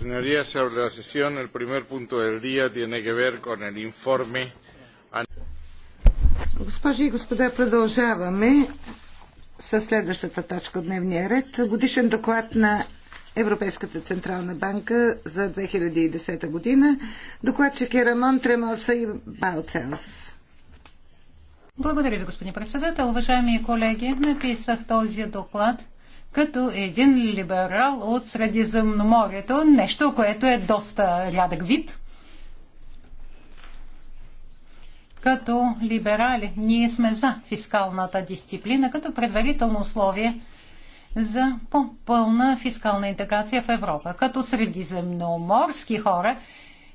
Señorías, sobre la sesión, el primer punto del día tiene que ver con el informe. Госпожи и господа, продължаваме с следващата точка от дневния ред. Годишен доклад на Европейската Централна банка за 2010 година. Докладчик е Рамон Тремоса и Балцелс. Благодаря ви, господин председател. Уважаеми колеги, написах този доклад като един либерал от Средиземноморието, нещо, което е доста рядък вид. Като либерали ние сме за фискалната дисциплина като предварително условие за по-пълна фискална интеграция в Европа. Като средиземноморски хора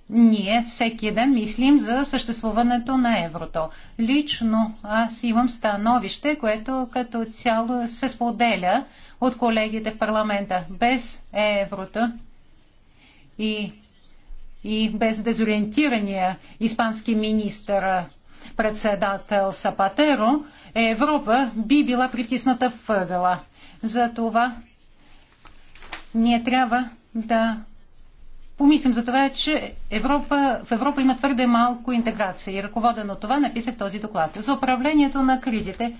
ние всеки ден мислим за съществуването на еврото. Лично аз имам становище, което като цяло се споделя от колегите в парламента. Без Еврота и, и без дезориентирания испански министър председател Сапатеро, Европа би била притисната в ъгъла. Затова ние трябва да помислим за това, че Европа, в Европа има твърде малко интеграция и ръководено това написах този доклад. За управлението на кризите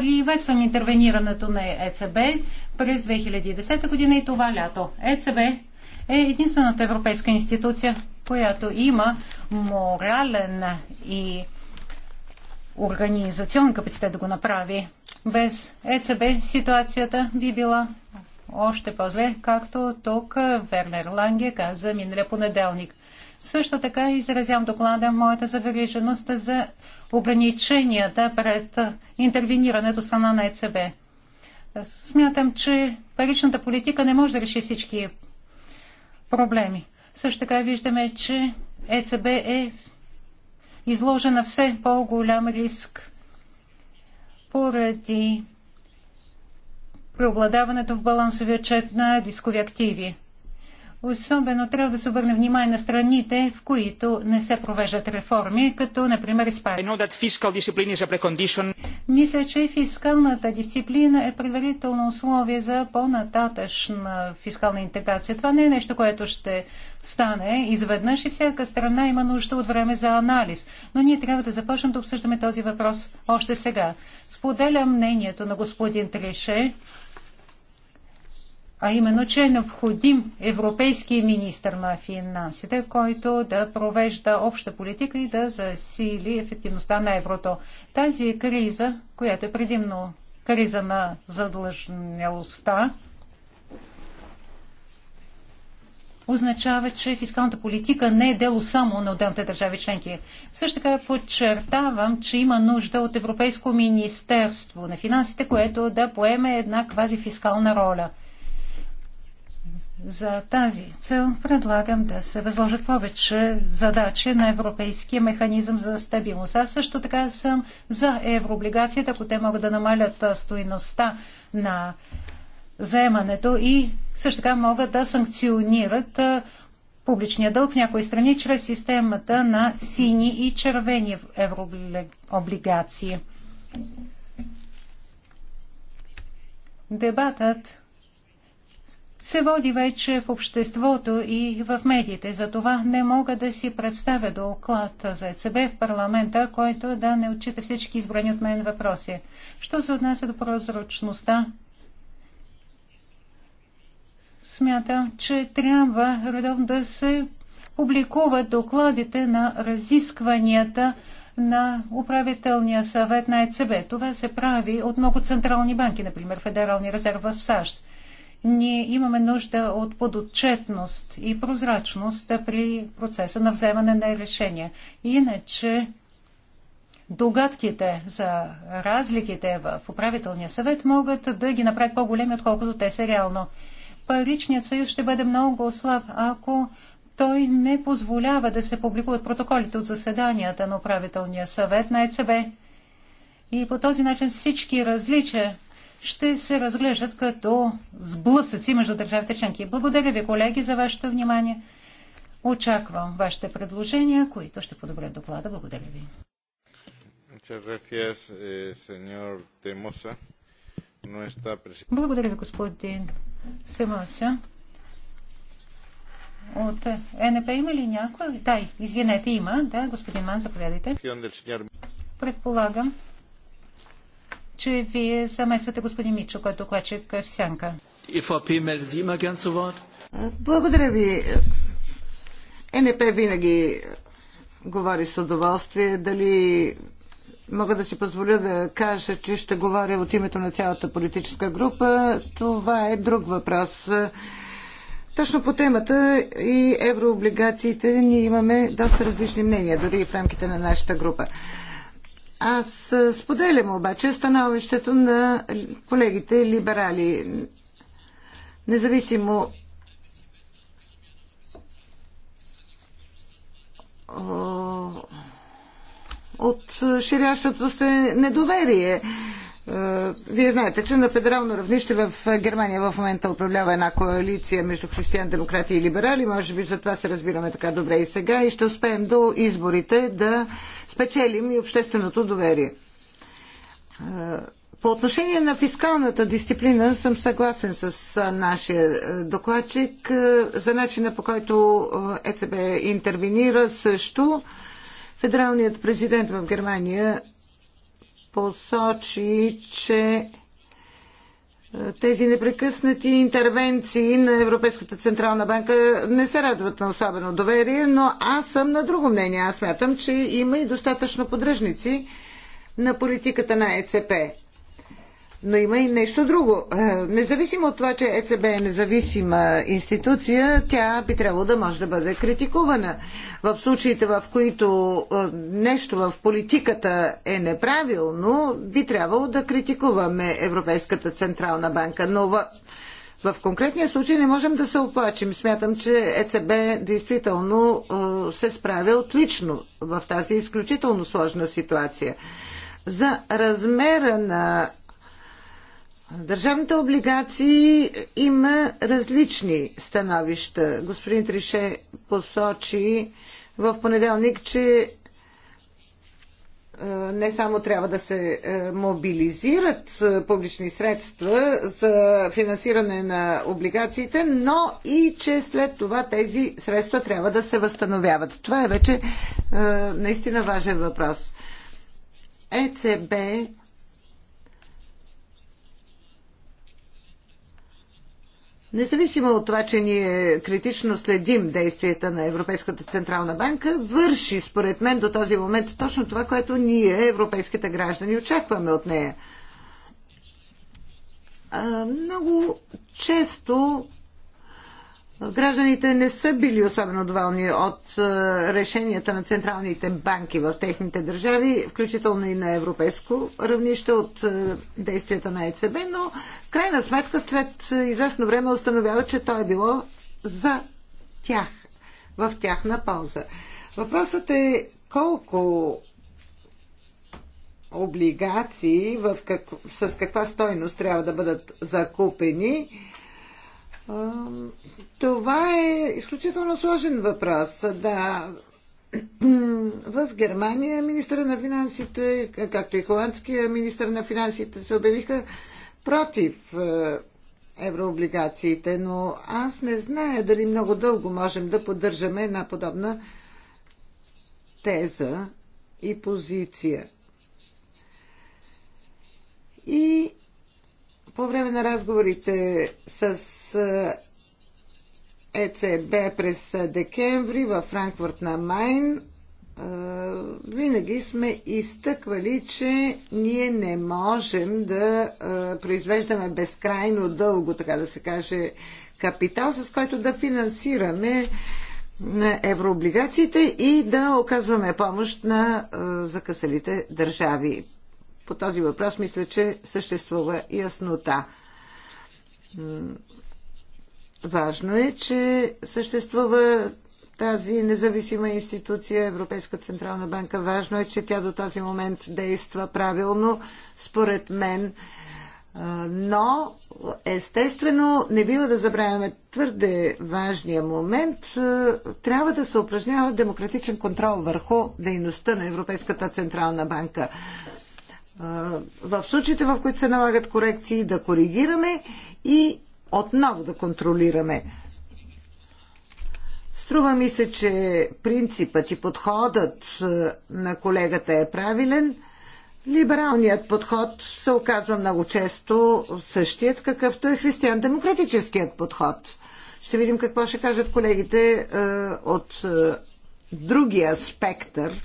Приветствам интервенирането на ЕЦБ през 2010 година и това лято. ЕЦБ е единствената европейска институция, която има морален и организационен капацитет да го направи. Без ЕЦБ ситуацията би била още по-зле, както тук Вернер Ланге каза миналия понеделник. Също така изразявам доклада моята загриженост за ограниченията пред интервенирането страна на ЕЦБ. Смятам, че паричната политика не може да реши всички проблеми. Също така виждаме, че ЕЦБ е изложена все по-голям риск поради преобладаването в балансовия чет на рискови активи. Особено трябва да се обърне внимание на страните, в които не се провеждат реформи, като например Испания. Мисля, че фискалната дисциплина е предварително условие за по-нататъчна фискална интеграция. Това не е нещо, което ще стане изведнъж и всяка страна има нужда от време за анализ. Но ние трябва да започнем да обсъждаме този въпрос още сега. Споделям мнението на господин Трише, а именно, че е необходим Европейския министр на финансите, който да провежда обща политика и да засили ефективността на еврото. Тази криза, която е предимно криза на задлъжнялостта, означава, че фискалната политика не е дело само на отделните държави членки. Също така подчертавам, че има нужда от Европейско министерство на финансите, което да поеме една квази фискална роля – за тази цел предлагам да се възложат повече задачи на Европейския механизъм за стабилност. Аз също така съм за еврооблигацията, ако те могат да намалят стоиността на заемането и също така могат да санкционират публичния дълг в някои страни чрез системата на сини и червени еврооблигации. Дебатът се води вече в обществото и в медиите. За това не мога да си представя доклад за ЕЦБ в парламента, който да не отчита всички избрани от мен въпроси. Що се отнася до прозрачността? Смятам, че трябва редовно да се публикуват докладите на разискванията на управителния съвет на ЕЦБ. Това се прави от много централни банки, например Федерални резерва в САЩ ние имаме нужда от подотчетност и прозрачност при процеса на вземане на решения. Иначе догадките за разликите в управителния съвет могат да ги направят по-големи, отколкото те са реално. Паричният съюз ще бъде много слаб, ако той не позволява да се публикуват протоколите от заседанията на управителния съвет на ЕЦБ. И по този начин всички различия ще се разглеждат като сблъсъци между държавите членки. Благодаря ви, колеги, за вашето внимание. Очаквам вашите предложения, които ще подобрят доклада. Благодаря ви. Eh, Благодаря ви, господин Семоса. От е НП има ли някой? Да, извинете, има. Да, господин Ман, заповядайте. Предполагам, че вие замествате господин Мичо, който е докладчик е в сянка. Е, благодаря ви. Е, НП винаги говори с удоволствие. Дали мога да си позволя да кажа, че ще говоря от името на цялата политическа група, това е друг въпрос. Точно по темата и еврооблигациите ние имаме доста различни мнения, дори и в рамките на нашата група. Аз споделям обаче становището на колегите либерали. Независимо от ширящото се недоверие. Е, вие знаете, че на федерално равнище в Германия в момента управлява една коалиция между християн, демократи и либерали. Може би за това се разбираме така добре и сега и ще успеем до изборите да спечелим и общественото доверие. Е, по отношение на фискалната дисциплина съм съгласен с нашия е, докладчик за начина по който ЕЦБ интервенира също. Федералният президент в Германия посочи, че е, тези непрекъснати интервенции на Европейската Централна банка не се радват на особено доверие, но аз съм на друго мнение. Аз смятам, че има и достатъчно подръжници на политиката на ЕЦП. Но има и нещо друго. Е, независимо от това, че ЕЦБ е независима институция, тя би трябвало да може да бъде критикувана. В случаите, в които е, нещо в политиката е неправилно, би трябвало да критикуваме Европейската централна банка. Но в, в конкретния случай не можем да се оплачим. Смятам, че ЕЦБ действително е, се справя отлично в тази изключително сложна ситуация. За размера на държавните облигации има различни становища. Господин Трише посочи в понеделник, че е, не само трябва да се е, мобилизират е, публични средства за финансиране на облигациите, но и че след това тези средства трябва да се възстановяват. Това е вече наистина важен въпрос. ЕЦБ Независимо от това, че ние критично следим действията на Европейската Централна банка, върши според мен до този момент точно това, което ние, европейските граждани, очакваме от нея. Много често Гражданите не са били особено доволни от е, решенията на централните банки в техните държави, включително и на европейско равнище от е, действията на ЕЦБ, но в крайна сметка след е, известно време установява, че то е било за тях, в тяхна полза. Въпросът е колко облигации, в как, с каква стойност трябва да бъдат закупени това е изключително сложен въпрос. Да, в Германия министра на финансите, както и холандския министр на финансите се обявиха против е, еврооблигациите, но аз не зная дали много дълго можем да поддържаме една подобна теза и позиция. И по време на разговорите с е, ЕЦБ през декември във Франкфурт на Майн, винаги сме изтъквали, че ние не можем да произвеждаме безкрайно дълго, така да се каже, капитал, с който да финансираме на еврооблигациите и да оказваме помощ на закъсалите държави. По този въпрос мисля, че съществува яснота. Важно е, че съществува тази независима институция, Европейска Централна банка. Важно е, че тя до този момент действа правилно, според мен. Но, естествено, не бива да забравяме твърде важния момент. Трябва да се упражнява демократичен контрол върху дейността на Европейската Централна банка. В случаите, в които се налагат корекции, да коригираме и отново да контролираме. Струва ми се, че принципът и подходът е, на колегата е правилен. Либералният подход се оказва много често същият, какъвто е християн-демократическият подход. Ще видим какво ще кажат колегите е, от е, другия спектър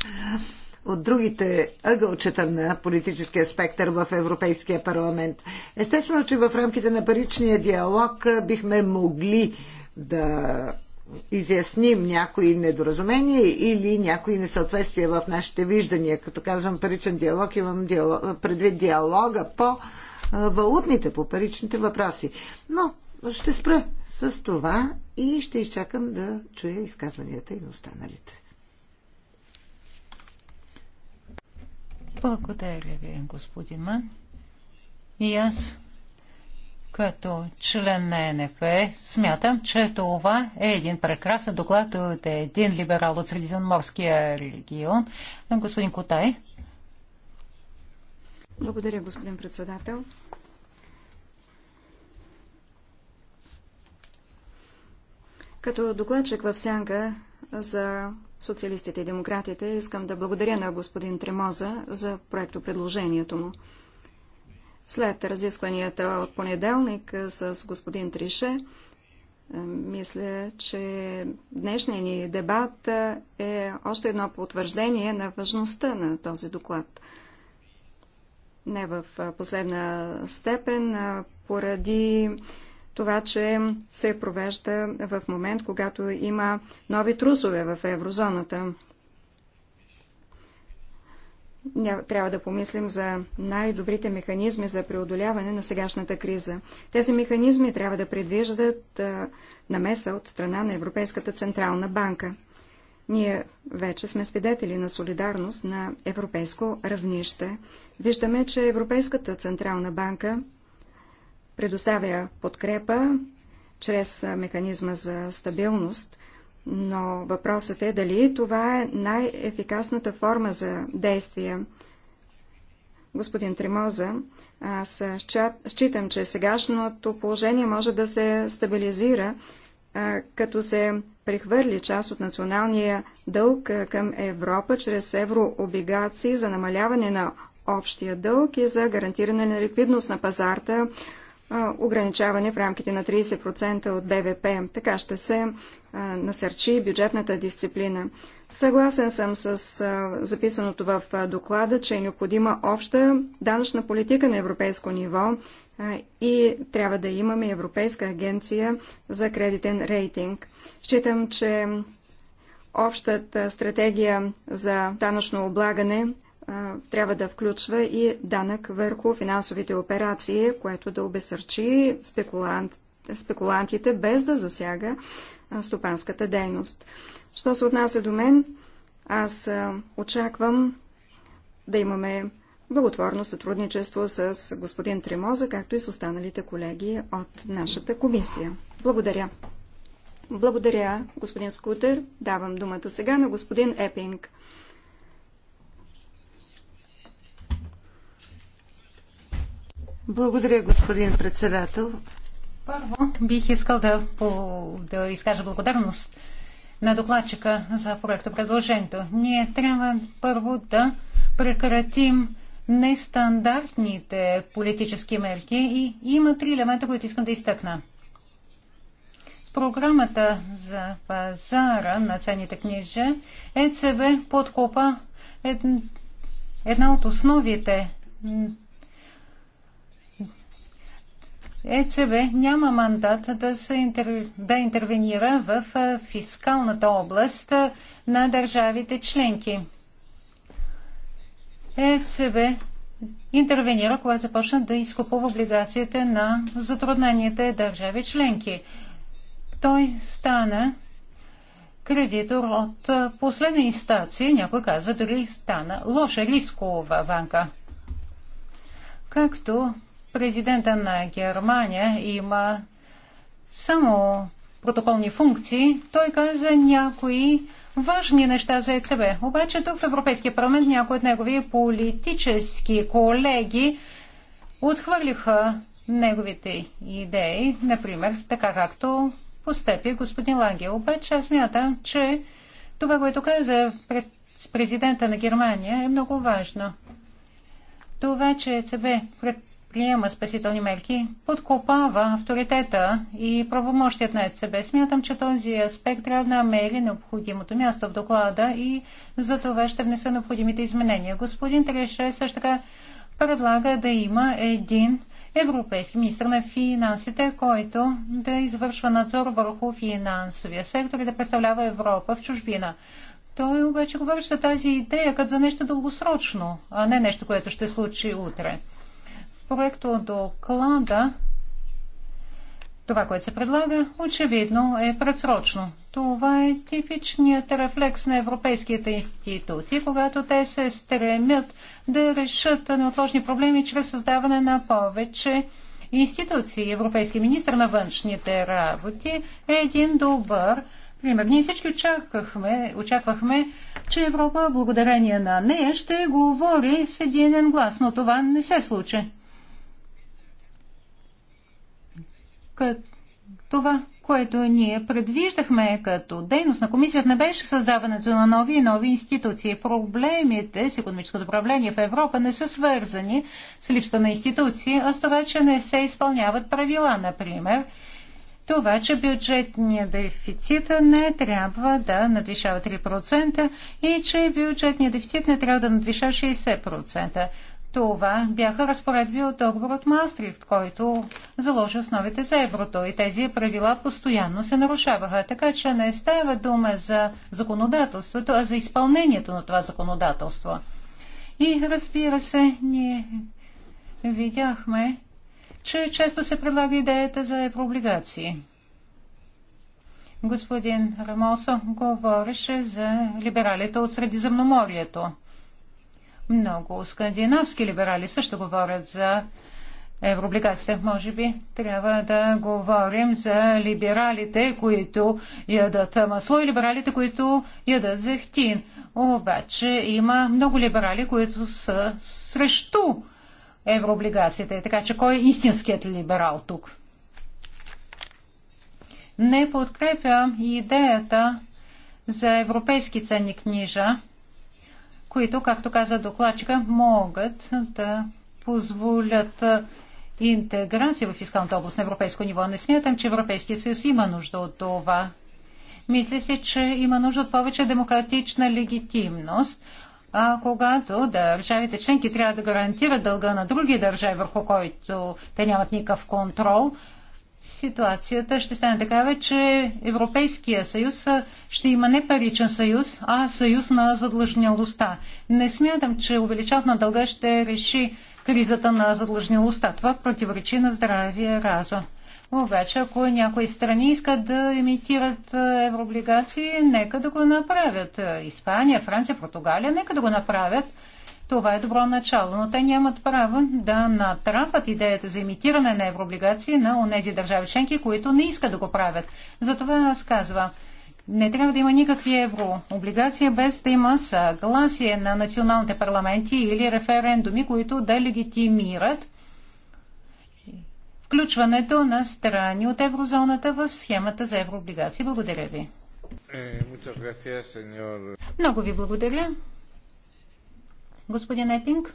от другите ъгълчета на политическия спектър в Европейския парламент. Естествено, че в рамките на паричния диалог бихме могли да изясним някои недоразумения или някои несъответствия в нашите виждания. Като казвам паричен диалог, имам диалог, предвид диалога по валутните, по паричните въпроси. Но ще спра с това и ще изчакам да чуя изказванията и на останалите. Благодаря ви, господин Ман. И аз, като член на НФ, смятам, че това е един прекрасен доклад от един либерал от Средиземноморския регион, господин Котай. Благодаря, господин председател. Като докладчик в Сянга за социалистите и демократите, искам да благодаря на господин Тремоза за проектопредложението предложението му. След разискванията от понеделник с господин Трише, е, мисля, че днешният ни дебат е още едно потвърждение на важността на този доклад. Не в последна степен, поради това, че се провежда в момент, когато има нови трусове в еврозоната. Трябва да помислим за най-добрите механизми за преодоляване на сегашната криза. Тези механизми трябва да предвиждат намеса от страна на Европейската Централна банка. Ние вече сме свидетели на солидарност на европейско равнище. Виждаме, че Европейската Централна банка предоставя подкрепа чрез механизма за стабилност, но въпросът е дали това е най-ефикасната форма за действие. Господин Тримоза, аз считам, че сегашното положение може да се стабилизира, като се прехвърли част от националния дълг към Европа чрез еврооблигации за намаляване на общия дълг и за гарантиране на ликвидност на пазарта, ограничаване в рамките на 30% от БВП. Така ще се насърчи бюджетната дисциплина. Съгласен съм с записаното в доклада, че е необходима обща данъчна политика на европейско ниво и трябва да имаме Европейска агенция за кредитен рейтинг. Считам, че общата стратегия за данъчно облагане трябва да включва и данък върху финансовите операции, което да обесърчи спекулант, спекулантите без да засяга стопанската дейност. Що се отнася до мен, аз очаквам да имаме благотворно сътрудничество с господин Тремоза, както и с останалите колеги от нашата комисия. Благодаря. Благодаря, господин Скутер. Давам думата сега на господин Епинг. Благодаря, господин председател. Първо бих искал да, по, да изкажа благодарност на докладчика за проекта предложението. Ние трябва първо да прекратим нестандартните политически мерки и има три елемента, които искам да изтъкна. Програмата за пазара на ценните книжа ЕЦБ подкопа една от основите ЕЦБ няма мандат да, се интер... да интервенира в фискалната област на държавите членки. ЕЦБ интервенира, когато започна да изкупува облигациите на затруднените държави членки. Той стана кредитор от последна инстанция, някой казва дори стана лоша рискова банка. Както президента на Германия има само протоколни функции, той каза някои важни неща за ЕЦБ. Обаче тук в Европейския парламент някои от негови политически колеги отхвърлиха неговите идеи, например, така както постъпи господин Ланге. Обаче аз мятам, че това, което каза пред президента на Германия е много важно. Това, че ЕЦБ пред приема спасителни мерки, подкопава авторитета и правомощият на ЕЦБ. Смятам, че този аспект трябва да намери необходимото място в доклада и за това ще внеса необходимите изменения. Господин Треше също така предлага да има един европейски министр на финансите, който да извършва надзор върху финансовия сектор и да представлява Европа в чужбина. Той обаче говори за тази идея като за нещо дългосрочно, а не нещо, което ще случи утре проекто доклада това, което се предлага, очевидно е предсрочно. Това е типичният рефлекс на европейските институции, когато те се стремят да решат неотложни проблеми чрез създаване на повече институции. Европейски министр на външните работи е един добър пример. Ние всички очаквахме, очаквахме, че Европа, благодарение на нея, ще говори с един глас, но това не се случи. това, което ние предвиждахме като дейност на комисията, не беше създаването на нови и нови институции. Проблемите с економическото управление в Европа не са свързани с липса на институции, а с това, че не се изпълняват правила, например. Това, че бюджетният дефицит не трябва да надвишава 3% и че бюджетният дефицит не трябва да надвишава 60%. Това бяха разпоредби от договор от Мастрихт, който заложи основите за еврото и тези правила постоянно се нарушаваха, така че не става дума за законодателството, а за изпълнението на това законодателство. И разбира се, ние видяхме, че често се предлага идеята за еврооблигации. Господин Рамосо говореше за либералите от Средиземноморието. Много скандинавски либерали също говорят за еврооблигациите. Може би трябва да говорим за либералите, които ядат масло и либералите, които ядат зехтин. Обаче има много либерали, които са срещу еврооблигациите. Така че кой е истинският либерал тук? Не подкрепям идеята за европейски ценни книжа които, както каза докладчика, могат да позволят интеграция в фискалната област на европейско ниво. Не смятам, че Европейският съюз има нужда от това. Мисля се, че има нужда от повече демократична легитимност, а когато държавите членки трябва да гарантират дълга на други държави, върху който те нямат никакъв контрол, ситуацията ще стане такава, че Европейския съюз ще има не паричен съюз, а съюз на задлъжнялостта. Не смятам, че увеличат на дълга ще реши кризата на задлъжнялостта. Това противоречи на здравия разум. Обаче, ако някои страни искат да емитират е, еврооблигации, нека да го направят. Е, Испания, Франция, Португалия, нека да го направят – това е добро начало, но те нямат право да натрапат идеята за имитиране на еврооблигации на онези държави членки, които не искат да го правят. Затова аз казвам, не трябва да има никакви еврооблигации без да има съгласие на националните парламенти или референдуми, които да легитимират включването на страни от еврозоната в схемата за еврооблигации. Благодаря ви. Е, е, Много ви благодаря господин Епинг.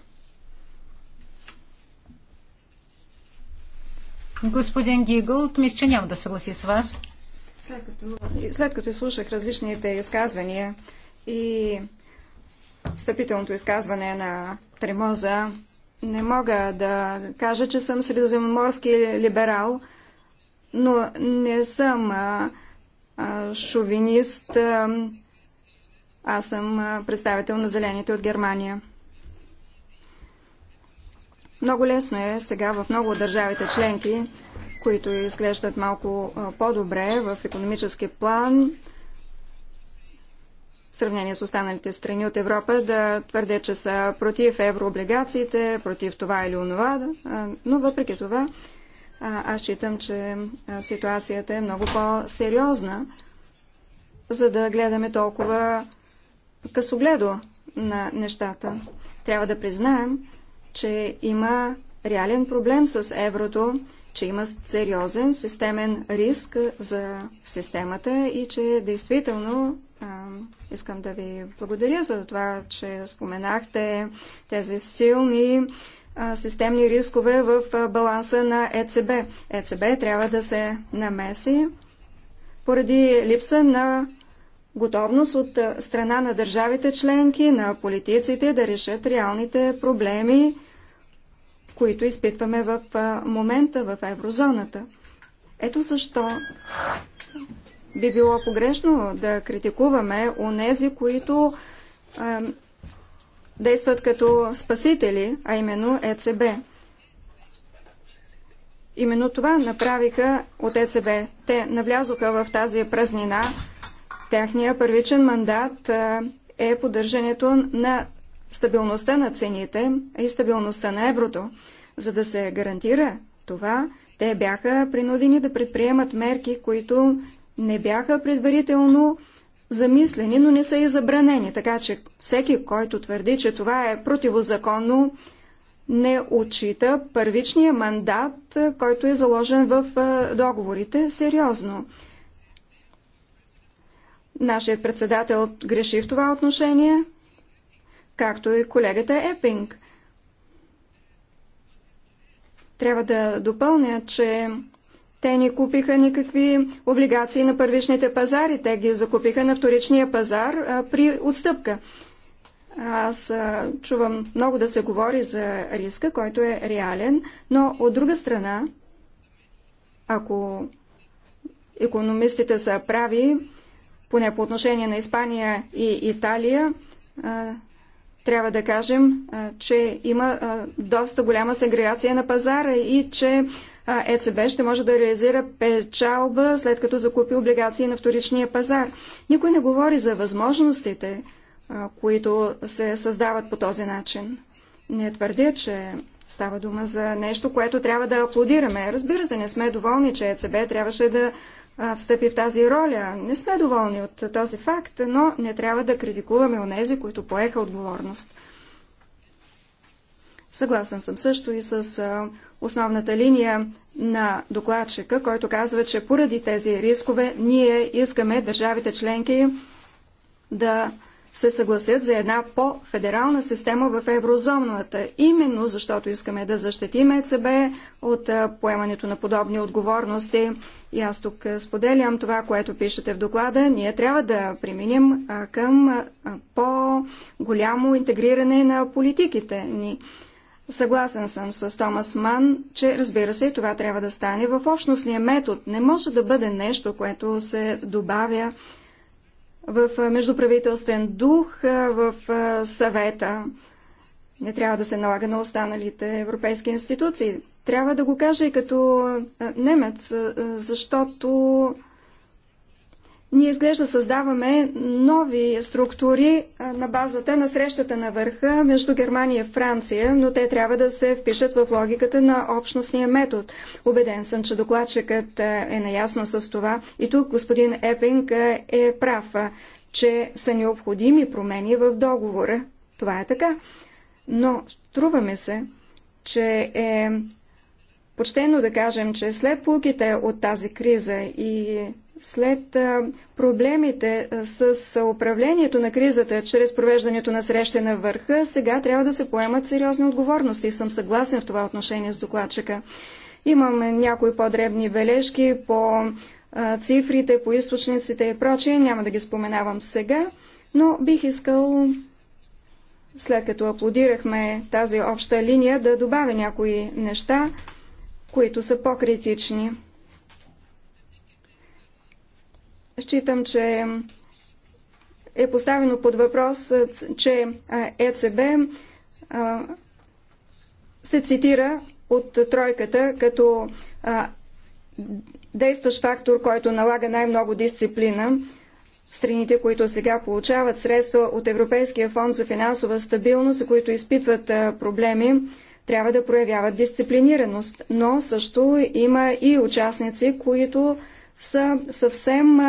Господин Гигълт, мисля, че няма да съгласи с вас. След като, след като слушах различните изказвания и встъпителното изказване на Тремоза, не мога да кажа, че съм средиземноморски либерал, но не съм а, а, шовинист. А, аз съм представител на зелените от Германия. Много лесно е сега в много от държавите членки, които изглеждат малко по-добре в економически план, в сравнение с останалите страни от Европа, да твърдят, че са против еврооблигациите, против това или онова, но въпреки това аз считам, че ситуацията е много по-сериозна, за да гледаме толкова късогледо на нещата. Трябва да признаем, че има реален проблем с еврото, че има сериозен системен риск за системата и че действително искам да ви благодаря за това, че споменахте тези силни системни рискове в баланса на ЕЦБ. ЕЦБ трябва да се намеси поради липса на готовност от страна на държавите членки, на политиците да решат реалните проблеми които изпитваме в момента в еврозоната. Ето защо би било погрешно да критикуваме онези, които е, действат като спасители, а именно ЕЦБ. Именно това направиха от ЕЦБ. Те навлязоха в тази празнина. Техният първичен мандат е поддържането на стабилността на цените и стабилността на еврото. За да се гарантира това, те бяха принудени да предприемат мерки, които не бяха предварително замислени, но не са и забранени. Така че всеки, който твърди, че това е противозаконно, не отчита първичния мандат, който е заложен в договорите, сериозно. Нашият председател греши в това отношение както и колегата Епинг. Трябва да допълня, че те не купиха никакви облигации на първичните пазари, те ги закупиха на вторичния пазар а, при отстъпка. Аз а, чувам много да се говори за риска, който е реален, но от друга страна, ако економистите са прави, поне по отношение на Испания и Италия, а, трябва да кажем, че има доста голяма сегрегация на пазара и че ЕЦБ ще може да реализира печалба след като закупи облигации на вторичния пазар. Никой не говори за възможностите, които се създават по този начин. Не твърдя, че става дума за нещо, което трябва да аплодираме. Разбира се, не сме доволни, че ЕЦБ трябваше да встъпи в тази роля. Не сме доволни от този факт, но не трябва да критикуваме онези, които поеха отговорност. Съгласен съм също и с основната линия на докладчика, който казва, че поради тези рискове ние искаме държавите членки да се съгласят за една по-федерална система в еврозоната, именно защото искаме да защитим ЕЦБ от поемането на подобни отговорности. И аз тук споделям това, което пишете в доклада. Ние трябва да применим към по-голямо интегриране на политиките ни. Съгласен съм с Томас Ман, че разбира се, това трябва да стане в общностния метод. Не може да бъде нещо, което се добавя в междуправителствен дух в съвета. Не трябва да се налага на останалите европейски институции. Трябва да го кажа и като немец, защото ние изглежда създаваме нови структури на базата на срещата на върха между Германия и Франция, но те трябва да се впишат в логиката на общностния метод. Обеден съм, че докладчикът е наясно с това и тук господин Епинг е прав, че са необходими промени в договора. Това е така. Но струваме се, че е почтено да кажем, че след пулките от тази криза и след проблемите с управлението на кризата чрез провеждането на среща на върха, сега трябва да се поемат сериозни отговорности. Съм съгласен в това отношение с докладчика. Имам някои по-дребни бележки по цифрите, по източниците и прочие. Няма да ги споменавам сега, но бих искал след като аплодирахме тази обща линия, да добавя някои неща които са по-критични. Считам, че е поставено под въпрос, че ЕЦБ се цитира от тройката като действащ фактор, който налага най-много дисциплина. Страните, които сега получават средства от Европейския фонд за финансова стабилност, които изпитват проблеми, трябва да проявяват дисциплинираност, но също има и участници, които са съвсем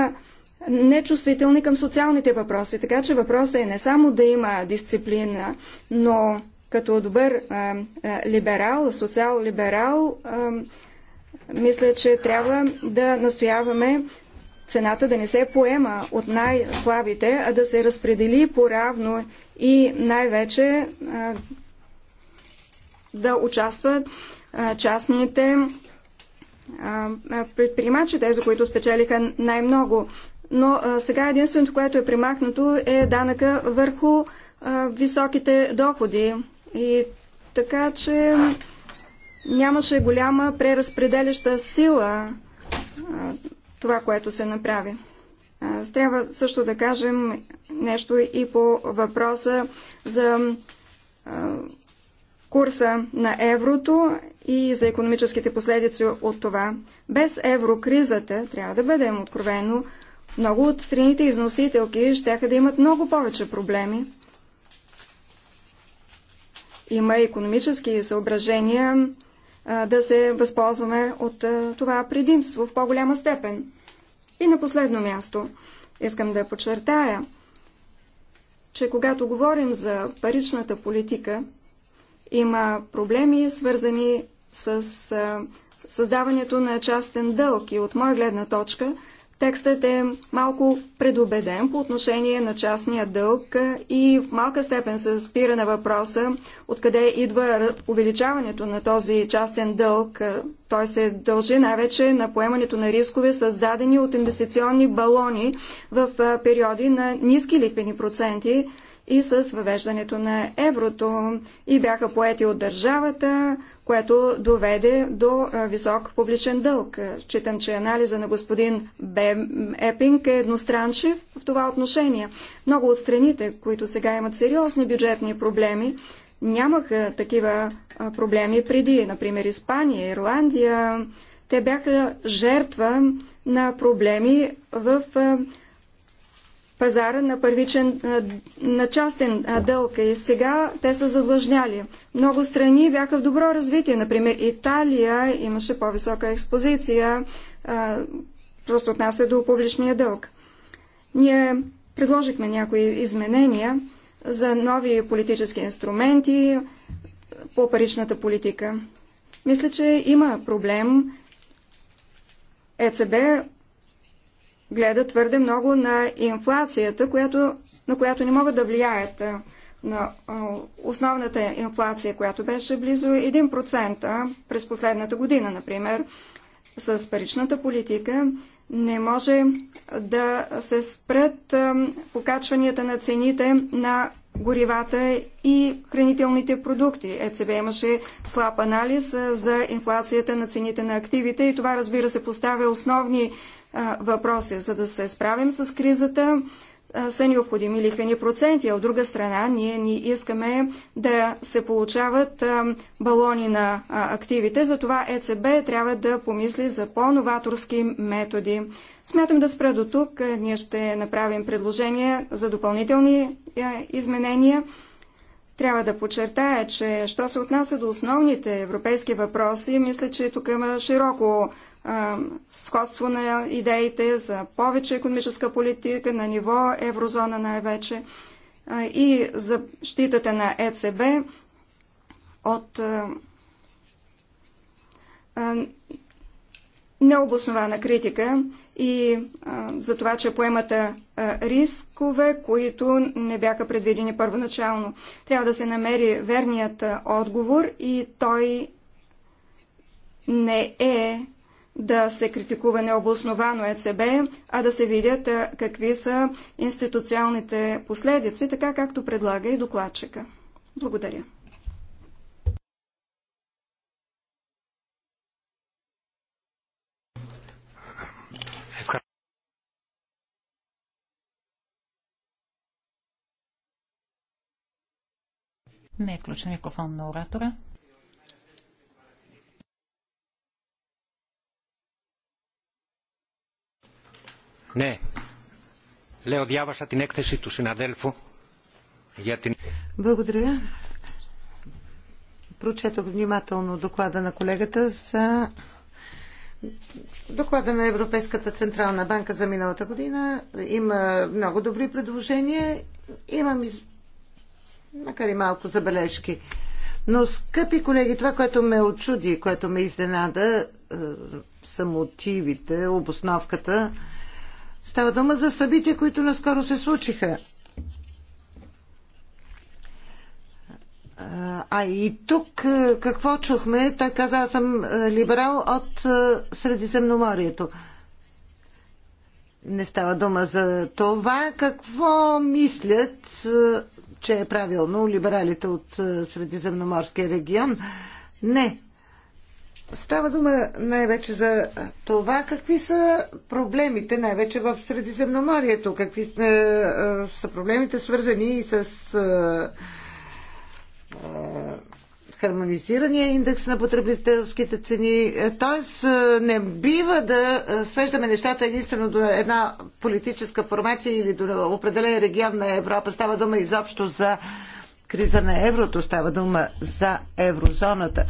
нечувствителни към социалните въпроси. Така че въпросът е не само да има дисциплина, но като добър а, а, либерал, социал-либерал, мисля, че трябва да настояваме цената да не се поема от най-слабите, а да се разпредели по-равно и най-вече да участват частните предприемачи, тези, които спечелиха най-много. Но сега единственото, което е примахнато, е данъка върху високите доходи. И така, че нямаше голяма преразпределяща сила това, което се направи. Трябва също да кажем нещо и по въпроса за курса на еврото и за економическите последици от това. Без еврокризата, трябва да бъдем откровено, много от страните износителки ще да имат много повече проблеми. Има економически съображения да се възползваме от това предимство в по-голяма степен. И на последно място искам да подчертая, че когато говорим за паричната политика, има проблеми, свързани с създаването на частен дълг и от моя гледна точка текстът е малко предубеден по отношение на частния дълг и в малка степен се спира на въпроса откъде идва увеличаването на този частен дълг. Той се дължи най-вече на поемането на рискове, създадени от инвестиционни балони в периоди на ниски ликвени проценти, и с въвеждането на еврото и бяха поети от държавата, което доведе до висок публичен дълг. Читам, че анализа на господин Бем Епинг е едностранчив в това отношение. Много от страните, които сега имат сериозни бюджетни проблеми, нямаха такива проблеми преди. Например, Испания, Ирландия, те бяха жертва на проблеми в пазара на първичен, на частен дълг и сега те са задлъжняли. Много страни бяха в добро развитие. Например, Италия имаше по-висока експозиция, просто отнася до публичния дълг. Ние предложихме някои изменения за нови политически инструменти по паричната политика. Мисля, че има проблем. ЕЦБ гледа твърде много на инфлацията, която, на която не могат да влияят на основната инфлация, която беше близо 1% през последната година, например, с паричната политика не може да се спрят покачванията на цените на горивата и хранителните продукти. ЕЦБ имаше слаб анализ за инфлацията на цените на активите и това, разбира се, поставя основни въпроси. За да се справим с кризата, са необходими лихвени проценти, а от друга страна ние ни искаме да се получават балони на активите, затова ЕЦБ трябва да помисли за по-новаторски методи. Смятам да спра до тук. Ние ще направим предложение за допълнителни изменения. Трябва да подчертая, че що се отнася до основните европейски въпроси, мисля, че тук има широко сходство на идеите за повече економическа политика на ниво еврозона най-вече и защитата на ЕЦБ от необоснована критика и за това, че поемата рискове, които не бяха предвидени първоначално. Трябва да се намери верният отговор и той не е да се критикува необосновано ЕЦБ, а да се видят какви са институционалните последици, така както предлага и докладчика. Благодаря. Не е включен микрофон на оратора. Ναι. Λέω, διάβασα την έκθεση του συναδέλφου για την... Благодаря. Прочетох внимателно доклада на колегата за доклада на Европейската Централна банка за миналата година. Има много добри предложения. Имам из... макар и малко забележки. Но, скъпи колеги, това, което ме очуди, което ме изненада, е, са мотивите, обосновката Става дума за събития, които наскоро се случиха. А и тук какво чухме? Той каза, аз съм либерал от Средиземноморието. Не става дума за това какво мислят, че е правилно либералите от Средиземноморския регион. Не, Става дума най-вече за това какви са проблемите, най-вече в Средиземноморието, какви е, е, са проблемите свързани и с е, хармонизирания индекс на потребителските цени. Тоест не бива да свеждаме нещата единствено до една политическа формация или до определен регион на Европа. Става дума изобщо за криза на еврото, става дума за еврозоната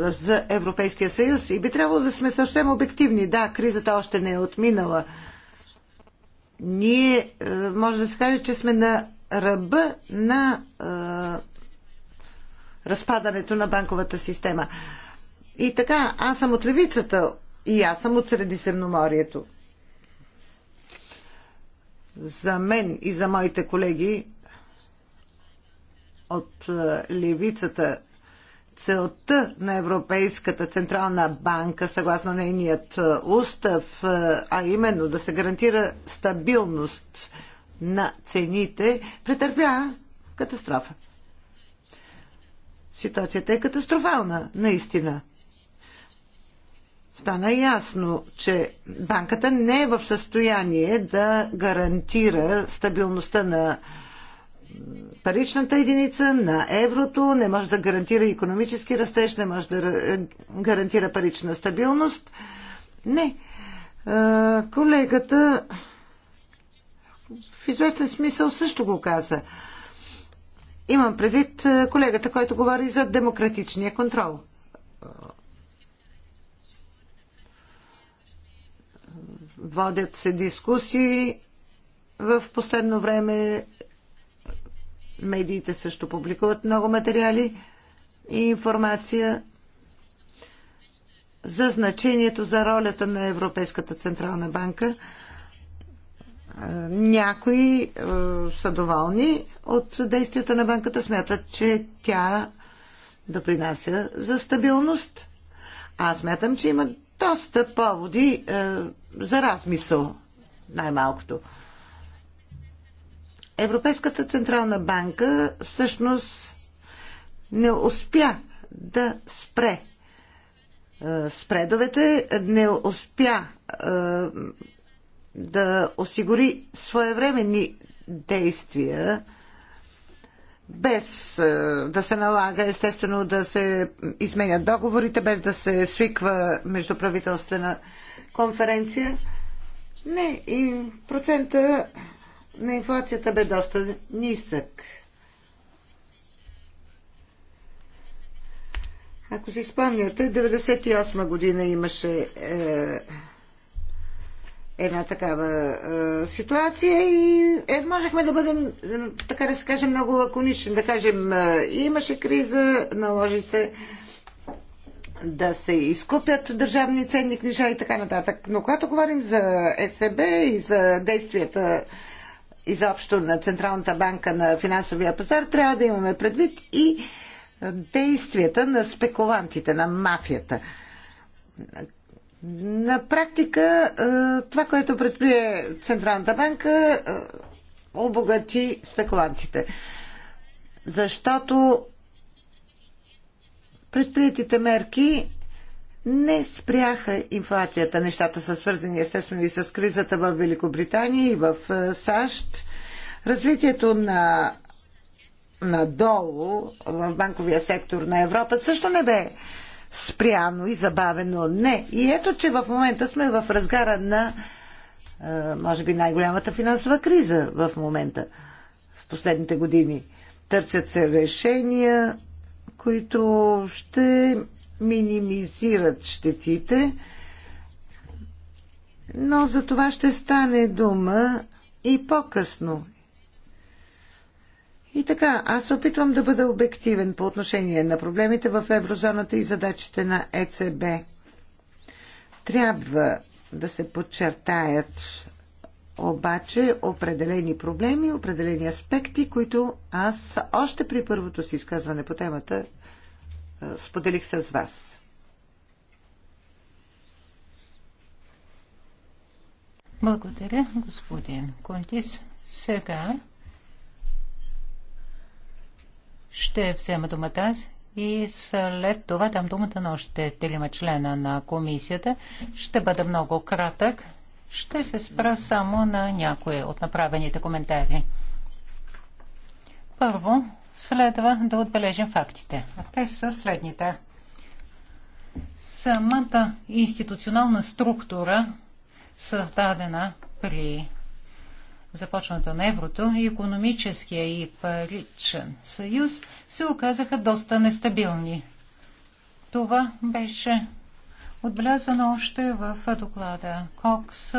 за Европейския съюз и би трябвало да сме съвсем обективни. Да, кризата още не е отминала. Ние е, може да се каже, че сме на ръба на е, разпадането на банковата система. И така, аз съм от левицата и аз съм от Средиземноморието. За мен и за моите колеги от е, левицата целта на Европейската централна банка, съгласно нейният е, устав, е, а именно да се гарантира стабилност на цените, претърпя катастрофа. Ситуацията е катастрофална, наистина. Стана ясно, че банката не е в състояние да гарантира стабилността на паричната единица, на еврото, не може да гарантира економически растеж, не може да гарантира парична стабилност. Не. Колегата в известен смисъл също го каза. Имам предвид колегата, който говори за демократичния контрол. Водят се дискусии в последно време Медиите също публикуват много материали и информация за значението, за ролята на Европейската Централна банка. Някои е, са доволни от действията на банката, смятат, че тя допринася за стабилност. Аз смятам, че има доста поводи е, за размисъл, най-малкото. Европейската централна банка всъщност не успя да спре е, спредовете, не успя е, да осигури своевременни действия без е, да се налага, естествено, да се изменят договорите, без да се свиква междуправителствена конференция. Не, и процента на инфлацията бе доста нисък. Ако си спомняте, 1998 година имаше е, една такава е, ситуация и е, можехме да бъдем, е, така да се каже, много лаконични. Да кажем, е, имаше криза, наложи се да се изкупят държавни ценни книжа и така нататък. Но когато говорим за ЕЦБ и за действията изобщо на Централната банка на финансовия пазар, трябва да имаме предвид и действията на спекулантите, на мафията. На практика е, това, което предприе Централната банка, е, обогати спекулантите. Защото предприятите мерки не спряха инфлацията. Нещата са свързани естествено и с кризата в Великобритания и в е, САЩ. Развитието на надолу в банковия сектор на Европа също не бе спряно и забавено. Не. И ето, че в момента сме в разгара на е, може би най-голямата финансова криза в момента, в последните години. Търсят се решения, които ще минимизират щетите, но за това ще стане дума и по-късно. И така, аз се опитвам да бъда обективен по отношение на проблемите в еврозоната и задачите на ЕЦБ. Трябва да се подчертаят обаче определени проблеми, определени аспекти, които аз още при първото си изказване по темата споделих с вас. Благодаря, господин Контис. Сега ще взема думата аз и след това дам думата на още трима члена на комисията. Ще бъда много кратък. Ще се спра само на някои от направените коментари. Първо, следва да отбележим фактите. А те са следните. Самата институционална структура, създадена при започването на еврото и економическия и паричен съюз, се оказаха доста нестабилни. Това беше отбелязано още в доклада Кокс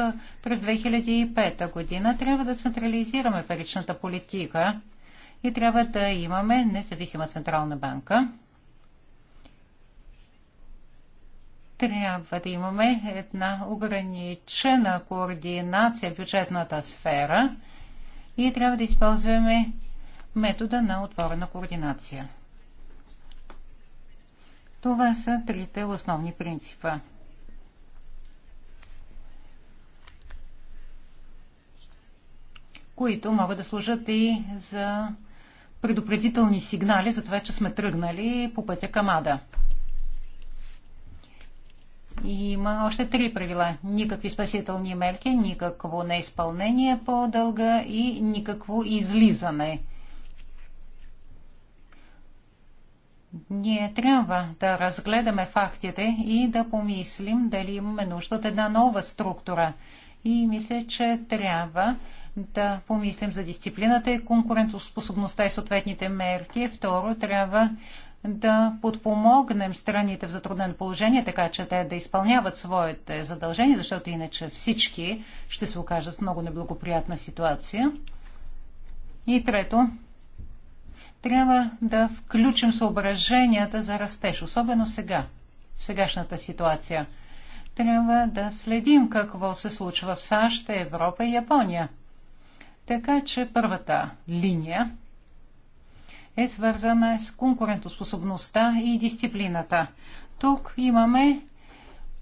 през 2005 година. Трябва да централизираме паричната политика и трябва да имаме независима централна банка. Трябва да имаме една ограничена координация в бюджетната сфера и трябва да използваме метода на отворена координация. Това са трите основни принципа. които могат да служат и за предупредителни сигнали за това, че сме тръгнали по пътя към Ада. Има още три правила. Никакви спасителни мерки, никакво неизпълнение по дълга и никакво излизане. Ние трябва да разгледаме фактите и да помислим дали имаме нужда от една нова структура. И мисля, че трябва да помислим за дисциплината и конкурентоспособността и съответните мерки. Второ, трябва да подпомогнем страните в затруднено положение, така че те да изпълняват своите задължения, защото иначе всички ще се окажат в много неблагоприятна ситуация. И трето, трябва да включим съображенията за растеж, особено сега, в сегашната ситуация. Трябва да следим какво се случва в САЩ, Европа и Япония. Така че първата линия е свързана с конкурентоспособността и дисциплината. Тук имаме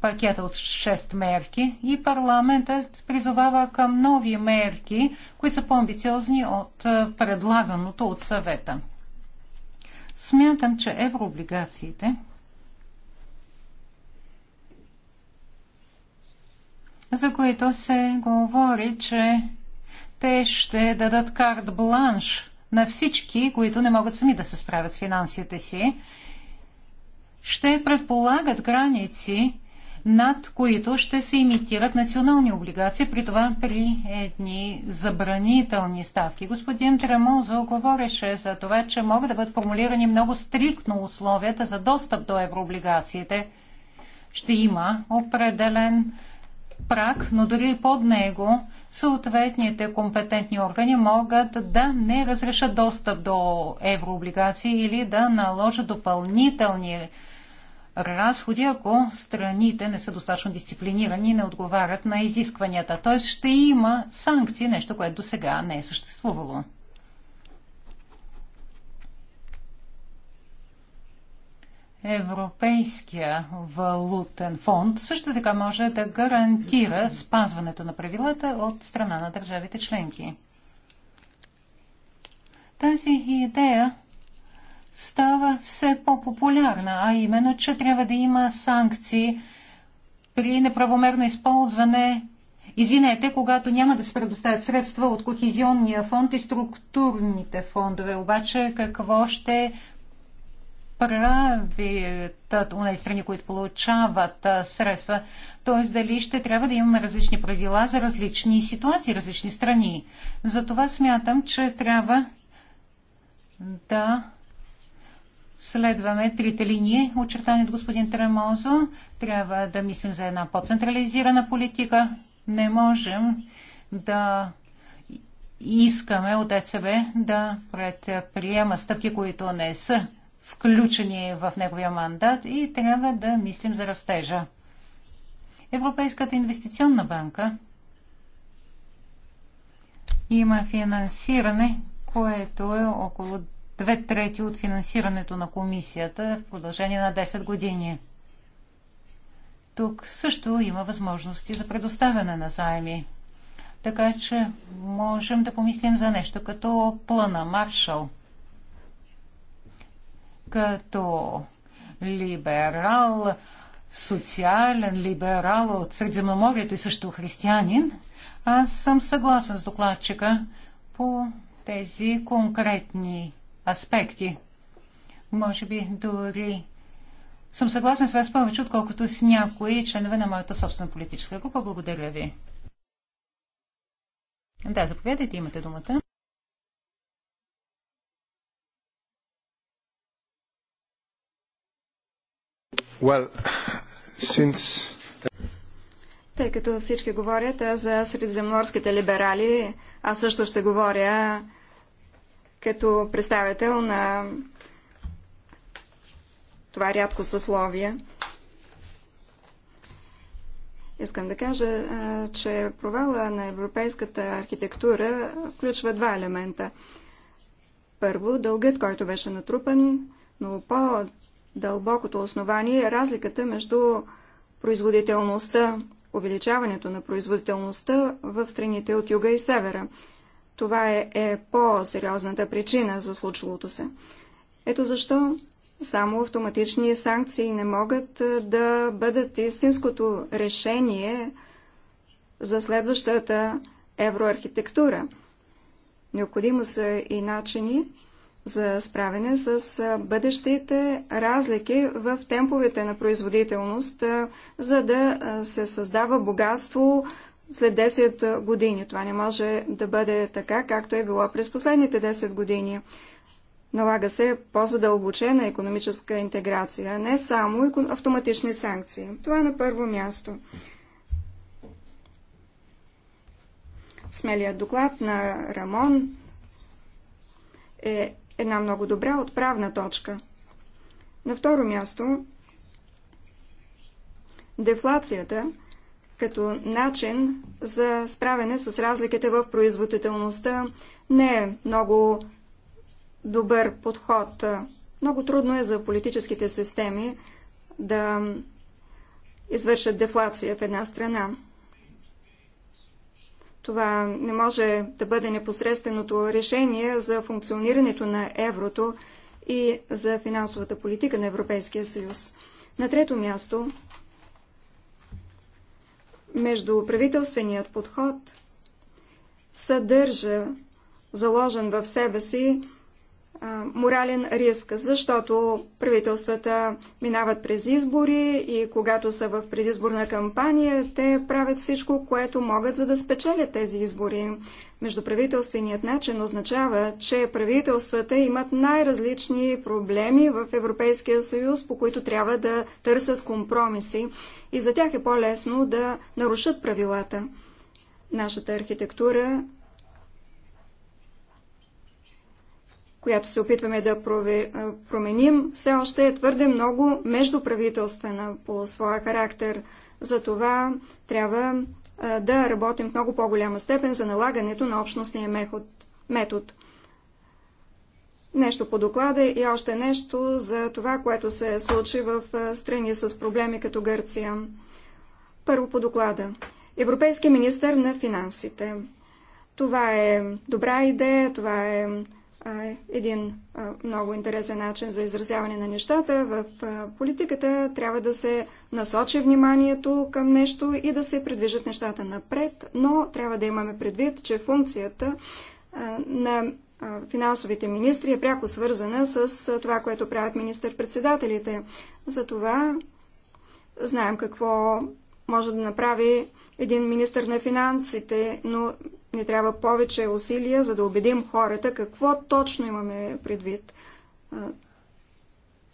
пакета от 6 мерки и парламентът призовава към нови мерки, които са по-амбициозни от е, предлаганото от съвета. Смятам, че еврооблигациите за които се говори, че те ще дадат карт бланш на всички, които не могат сами да се справят с финансите си. Ще предполагат граници, над които ще се имитират национални облигации, при това при едни забранителни ставки. Господин Тремозо говореше за това, че могат да бъдат формулирани много стриктно условията за достъп до еврооблигациите. Ще има определен прак, но дори под него съответните компетентни органи могат да не разрешат достъп до еврооблигации или да наложат допълнителни разходи, ако страните не са достатъчно дисциплинирани и не отговарят на изискванията. Т.е. ще има санкции, нещо, което до сега не е съществувало. Европейския валутен фонд също така може да гарантира спазването на правилата от страна на държавите членки. Тази идея става все по-популярна, а именно, че трябва да има санкции при неправомерно използване Извинете, когато няма да се предоставят средства от Кохизионния фонд и структурните фондове, обаче какво ще правят от тези страни, които получават средства. Т.е. дали ще трябва да имаме различни правила за различни ситуации, различни страни. Затова смятам, че трябва да следваме трите линии, очертани от господин Тремозо. Трябва да мислим за една по-централизирана политика. Не можем да искаме от ЕЦБ да предприема стъпки, които не са включени в неговия мандат и трябва да мислим за растежа. Европейската инвестиционна банка има финансиране, което е около две трети от финансирането на комисията в продължение на 10 години. Тук също има възможности за предоставяне на заеми. Така че можем да помислим за нещо като плана Маршал като либерал, социален либерал от Средиземноморието и също християнин, аз съм съгласен с докладчика по тези конкретни аспекти. Може би дори съм съгласен с вас повече, отколкото с някои членове на моята собствена политическа група. Благодаря ви. Да, заповядайте, имате думата. Well, since... Тъй като всички говорят за средиземноморските либерали, аз също ще говоря като представител на това рядко съсловие. Искам да кажа, че провала на европейската архитектура включва два елемента. Първо, дългът, който беше натрупан, но по Дълбокото основание е разликата между производителността, увеличаването на производителността в страните от юга и севера. Това е, е по-сериозната причина за случилото се. Ето защо само автоматични санкции не могат е, да бъдат истинското решение за следващата евроархитектура. Необходимо са и начини за справяне с бъдещите разлики в темповете на производителност, за да се създава богатство след 10 години. Това не може да бъде така, както е било през последните 10 години. Налага се по-задълбочена економическа интеграция, не само автоматични санкции. Това е на първо място. Смелият доклад на Рамон е една много добра отправна точка. На второ място, дефлацията като начин за справяне с разликите в производителността не е много добър подход. Много трудно е за политическите системи да извършат дефлация в една страна. Това не може да бъде непосредственото решение за функционирането на еврото и за финансовата политика на Европейския съюз. На трето място, междуправителственият подход съдържа заложен в себе си морален риск, защото правителствата минават през избори и когато са в предизборна кампания, те правят всичко, което могат, за да спечелят тези избори. Междуправителственият начин означава, че правителствата имат най-различни проблеми в Европейския съюз, по които трябва да търсят компромиси и за тях е по-лесно да нарушат правилата. Нашата архитектура която се опитваме да променим, все още е твърде много междуправителствена по своя характер. Затова трябва да работим в много по-голяма степен за налагането на общностния метод. Нещо по доклада и още нещо за това, което се случи в страни с проблеми като Гърция. Първо по доклада. Европейски министр на финансите. Това е добра идея, това е един много интересен начин за изразяване на нещата. В политиката трябва да се насочи вниманието към нещо и да се предвижат нещата напред, но трябва да имаме предвид, че функцията на финансовите министри е пряко свързана с това, което правят министър-председателите. Затова знаем какво може да направи един министър на финансите, но ни трябва повече усилия, за да убедим хората какво точно имаме предвид.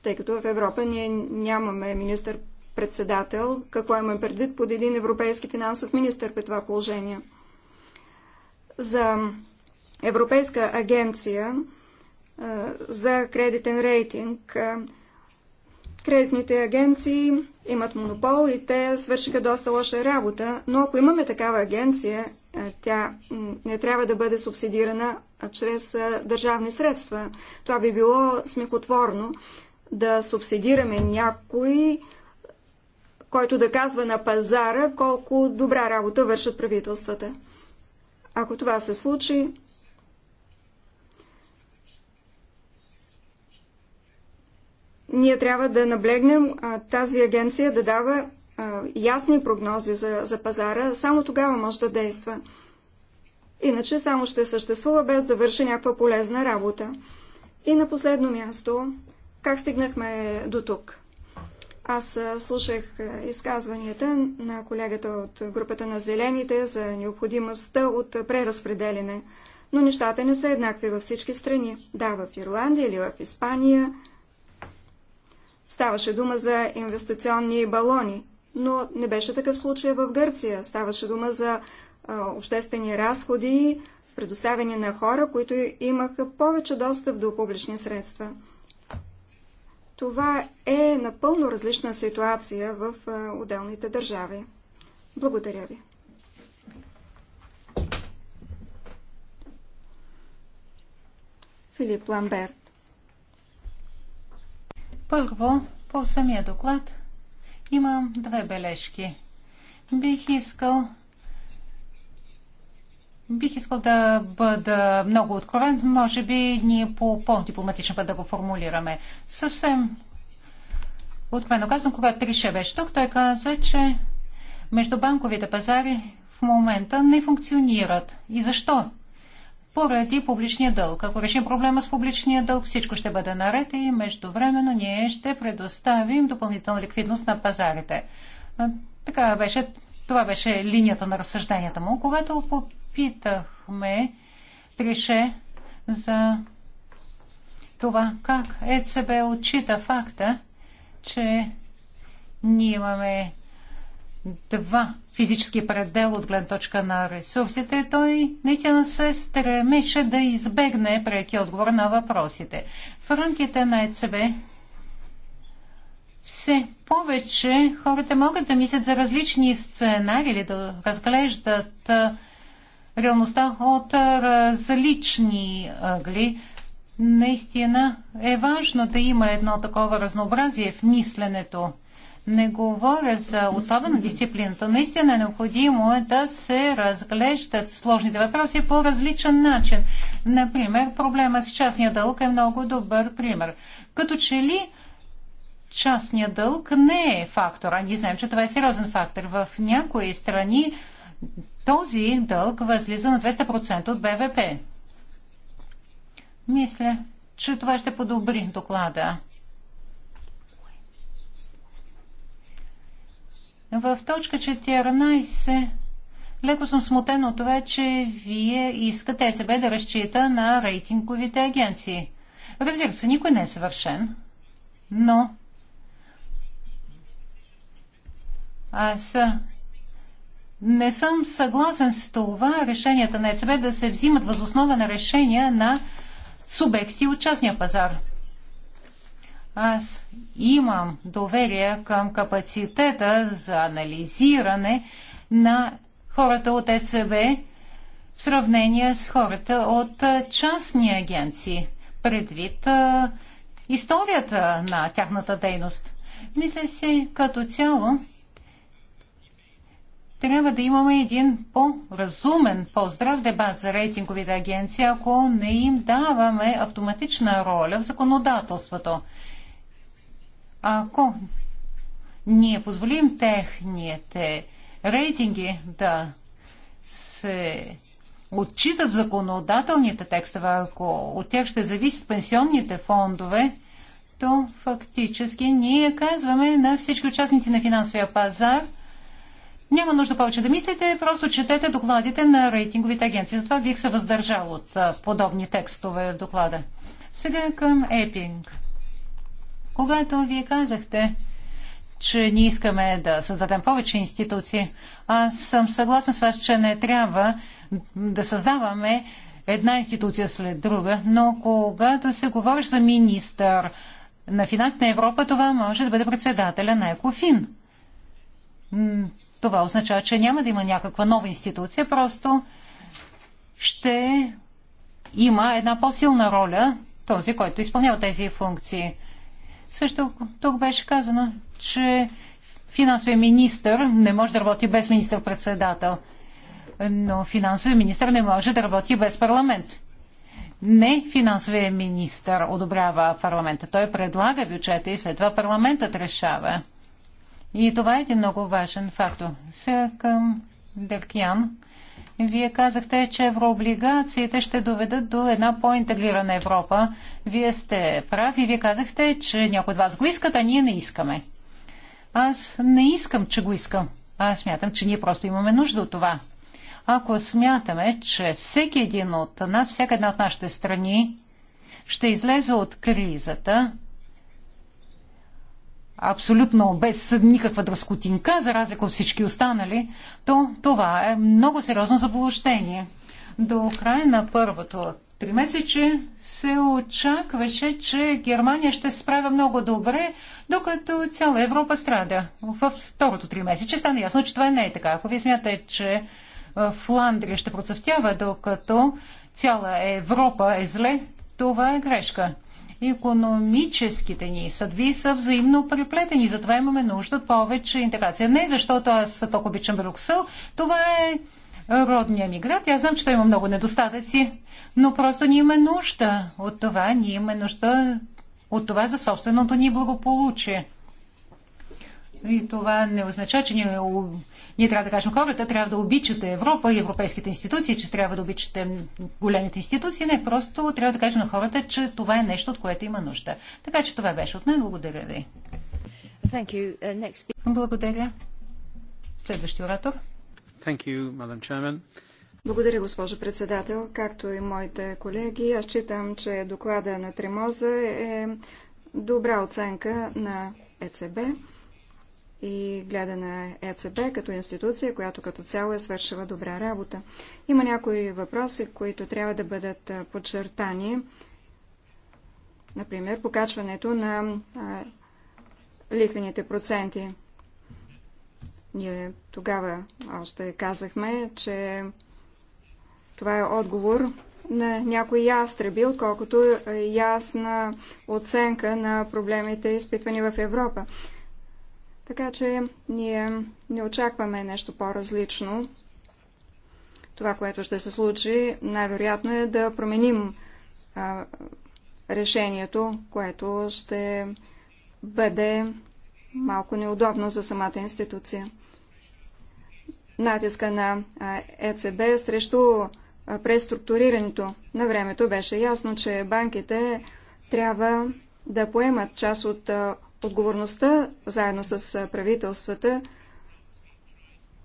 Тъй като в Европа ние нямаме министър-председател, какво имаме предвид под един европейски финансов министър при това положение. За Европейска агенция за кредитен рейтинг Кредитните агенции имат монопол и те свършиха доста лоша работа, но ако имаме такава агенция, е, тя не трябва да бъде субсидирана чрез е, държавни средства. Това би било смехотворно да субсидираме някой, който да казва на пазара колко добра работа вършат правителствата. Ако това се случи, Ние трябва да наблегнем а, тази агенция да дава а, ясни прогнози за, за пазара. Само тогава може да действа. Иначе само ще съществува без да върши някаква полезна работа. И на последно място, как стигнахме до тук? Аз слушах изказванията на колегата от групата на зелените за необходимостта от преразпределене, но нещата не са еднакви във всички страни. Да, в Ирландия или в Испания – Ставаше дума за инвестиционни балони, но не беше такъв случай в Гърция. Ставаше дума за а, обществени разходи, предоставени на хора, които имаха повече достъп до публични средства. Това е напълно различна ситуация в а, отделните държави. Благодаря ви. Филип Ламберт първо, по самия доклад имам две бележки. Бих искал Бих искал да бъда много откровен. Може би ние по по-дипломатичен път да го формулираме. Съвсем откровено казвам, когато Трише беше тук, той каза, че междубанковите пазари в момента не функционират. И защо поради публичния дълг. Ако решим проблема с публичния дълг, всичко ще бъде наред и междувременно ние ще предоставим допълнителна ликвидност на пазарите. Така беше, това беше линията на разсъжденията му. Когато попитахме Трише за това как ЕЦБ отчита факта, че ние имаме два физически предел от гледна точка на ресурсите, той наистина се стремеше да избегне прекия отговор на въпросите. В рамките на ЕЦБ все повече хората могат да мислят за различни сценари или да разглеждат реалността от различни ъгли. Наистина е важно да има едно такова разнообразие в мисленето не говоря за особена дисциплина, то Наистина е необходимо е да се разглеждат сложните въпроси по различен начин. Например, проблема с частния дълг е много добър пример. Като че ли частния дълг не е фактор, а ние знаем, че това е сериозен фактор. В някои страни този дълг възлиза на 200% от БВП. Мисля, че това ще подобри доклада. В точка 14 леко съм смутен от това, че вие искате ЕЦБ да разчита на рейтинговите агенции. Разбира се, никой не е съвършен, но аз не съм съгласен с това решенията на ЕЦБ да се взимат възоснова на решения на субекти от частния пазар. Аз имам доверие към капацитета за анализиране на хората от ЕЦБ в сравнение с хората от частни агенции, предвид а, историята на тяхната дейност. Мисля си, като цяло, трябва да имаме един по-разумен, по-здрав дебат за рейтинговите агенции, ако не им даваме автоматична роля в законодателството. Ако ние позволим техните рейтинги да се отчитат законодателните текстове, ако от тях ще зависят пенсионните фондове, то фактически ние казваме на всички участници на финансовия пазар, няма нужда повече да мислите, просто четете докладите на рейтинговите агенции. Затова бих се въздържал от подобни текстове в доклада. Сега към Епинг. Когато вие казахте, че ние искаме да създадем повече институции, аз съм съгласен с вас, че не трябва да създаваме една институция след друга, но когато се говориш за министър на финанси на Европа, това може да бъде председателя на Екофин. Това означава, че няма да има някаква нова институция, просто ще има една по-силна роля този, който изпълнява тези функции. Също тук беше казано, че финансовия министр не може да работи без министр-председател, но финансовия министр не може да работи без парламент. Не финансовия министр одобрява парламента. Той предлага бюджета и след това парламентът решава. И това е един много важен фактор. Сега към Деркиян, вие казахте, че еврооблигациите ще доведат до една по-интегрирана Европа. Вие сте прав и вие казахте, че някой от вас го искат, а ние не искаме. Аз не искам, че го искам. Аз смятам, че ние просто имаме нужда от това. Ако смятаме, че всеки един от нас, всяка една от нашите страни ще излезе от кризата, абсолютно без никаква дръскотинка, за разлика от всички останали, то това е много сериозно заблуждение. До края на първото три месече се очакваше, че Германия ще се справя много добре, докато цяла Европа страда. Във второто три месече стана ясно, че това не е така. Ако вие смятате, че Фландрия ще процъфтява, докато цяла Европа е зле, това е грешка економическите ни съдби са взаимно преплетени. Затова имаме нужда от повече интеграция. Не защото аз толкова обичам Брюксел. Това е родния ми град. Аз знам, че той има много недостатъци, но просто ние имаме нужда от това. Ние имаме нужда от това за собственото ни благополучие. И това не означава, че ние, ние трябва да кажем хората, трябва да обичате Европа и европейските институции, че трябва да обичате големите институции. Не, просто трябва да кажем на хората, че това е нещо, от което има нужда. Така че това беше от мен. Благодаря ви. Uh, next... Благодаря. Следващия оратор. You, Благодаря, госпожо председател. Както и моите колеги, аз считам, че доклада на Тремоза е добра оценка на ЕЦБ и гледа на ЕЦБ като институция, която като цяло е свършила добра работа. Има някои въпроси, които трябва да бъдат подчертани. Например, покачването на лихвените проценти. Ние тогава още казахме, че това е отговор на някои ястреби, отколкото е ясна оценка на проблемите, изпитвани в Европа. Така че ние не очакваме нещо по-различно. Това, което ще се случи, най-вероятно е да променим а, решението, което ще бъде малко неудобно за самата институция. Натиска на ЕЦБ срещу преструктурирането на времето беше ясно, че банките трябва да поемат част от отговорността заедно с правителствата.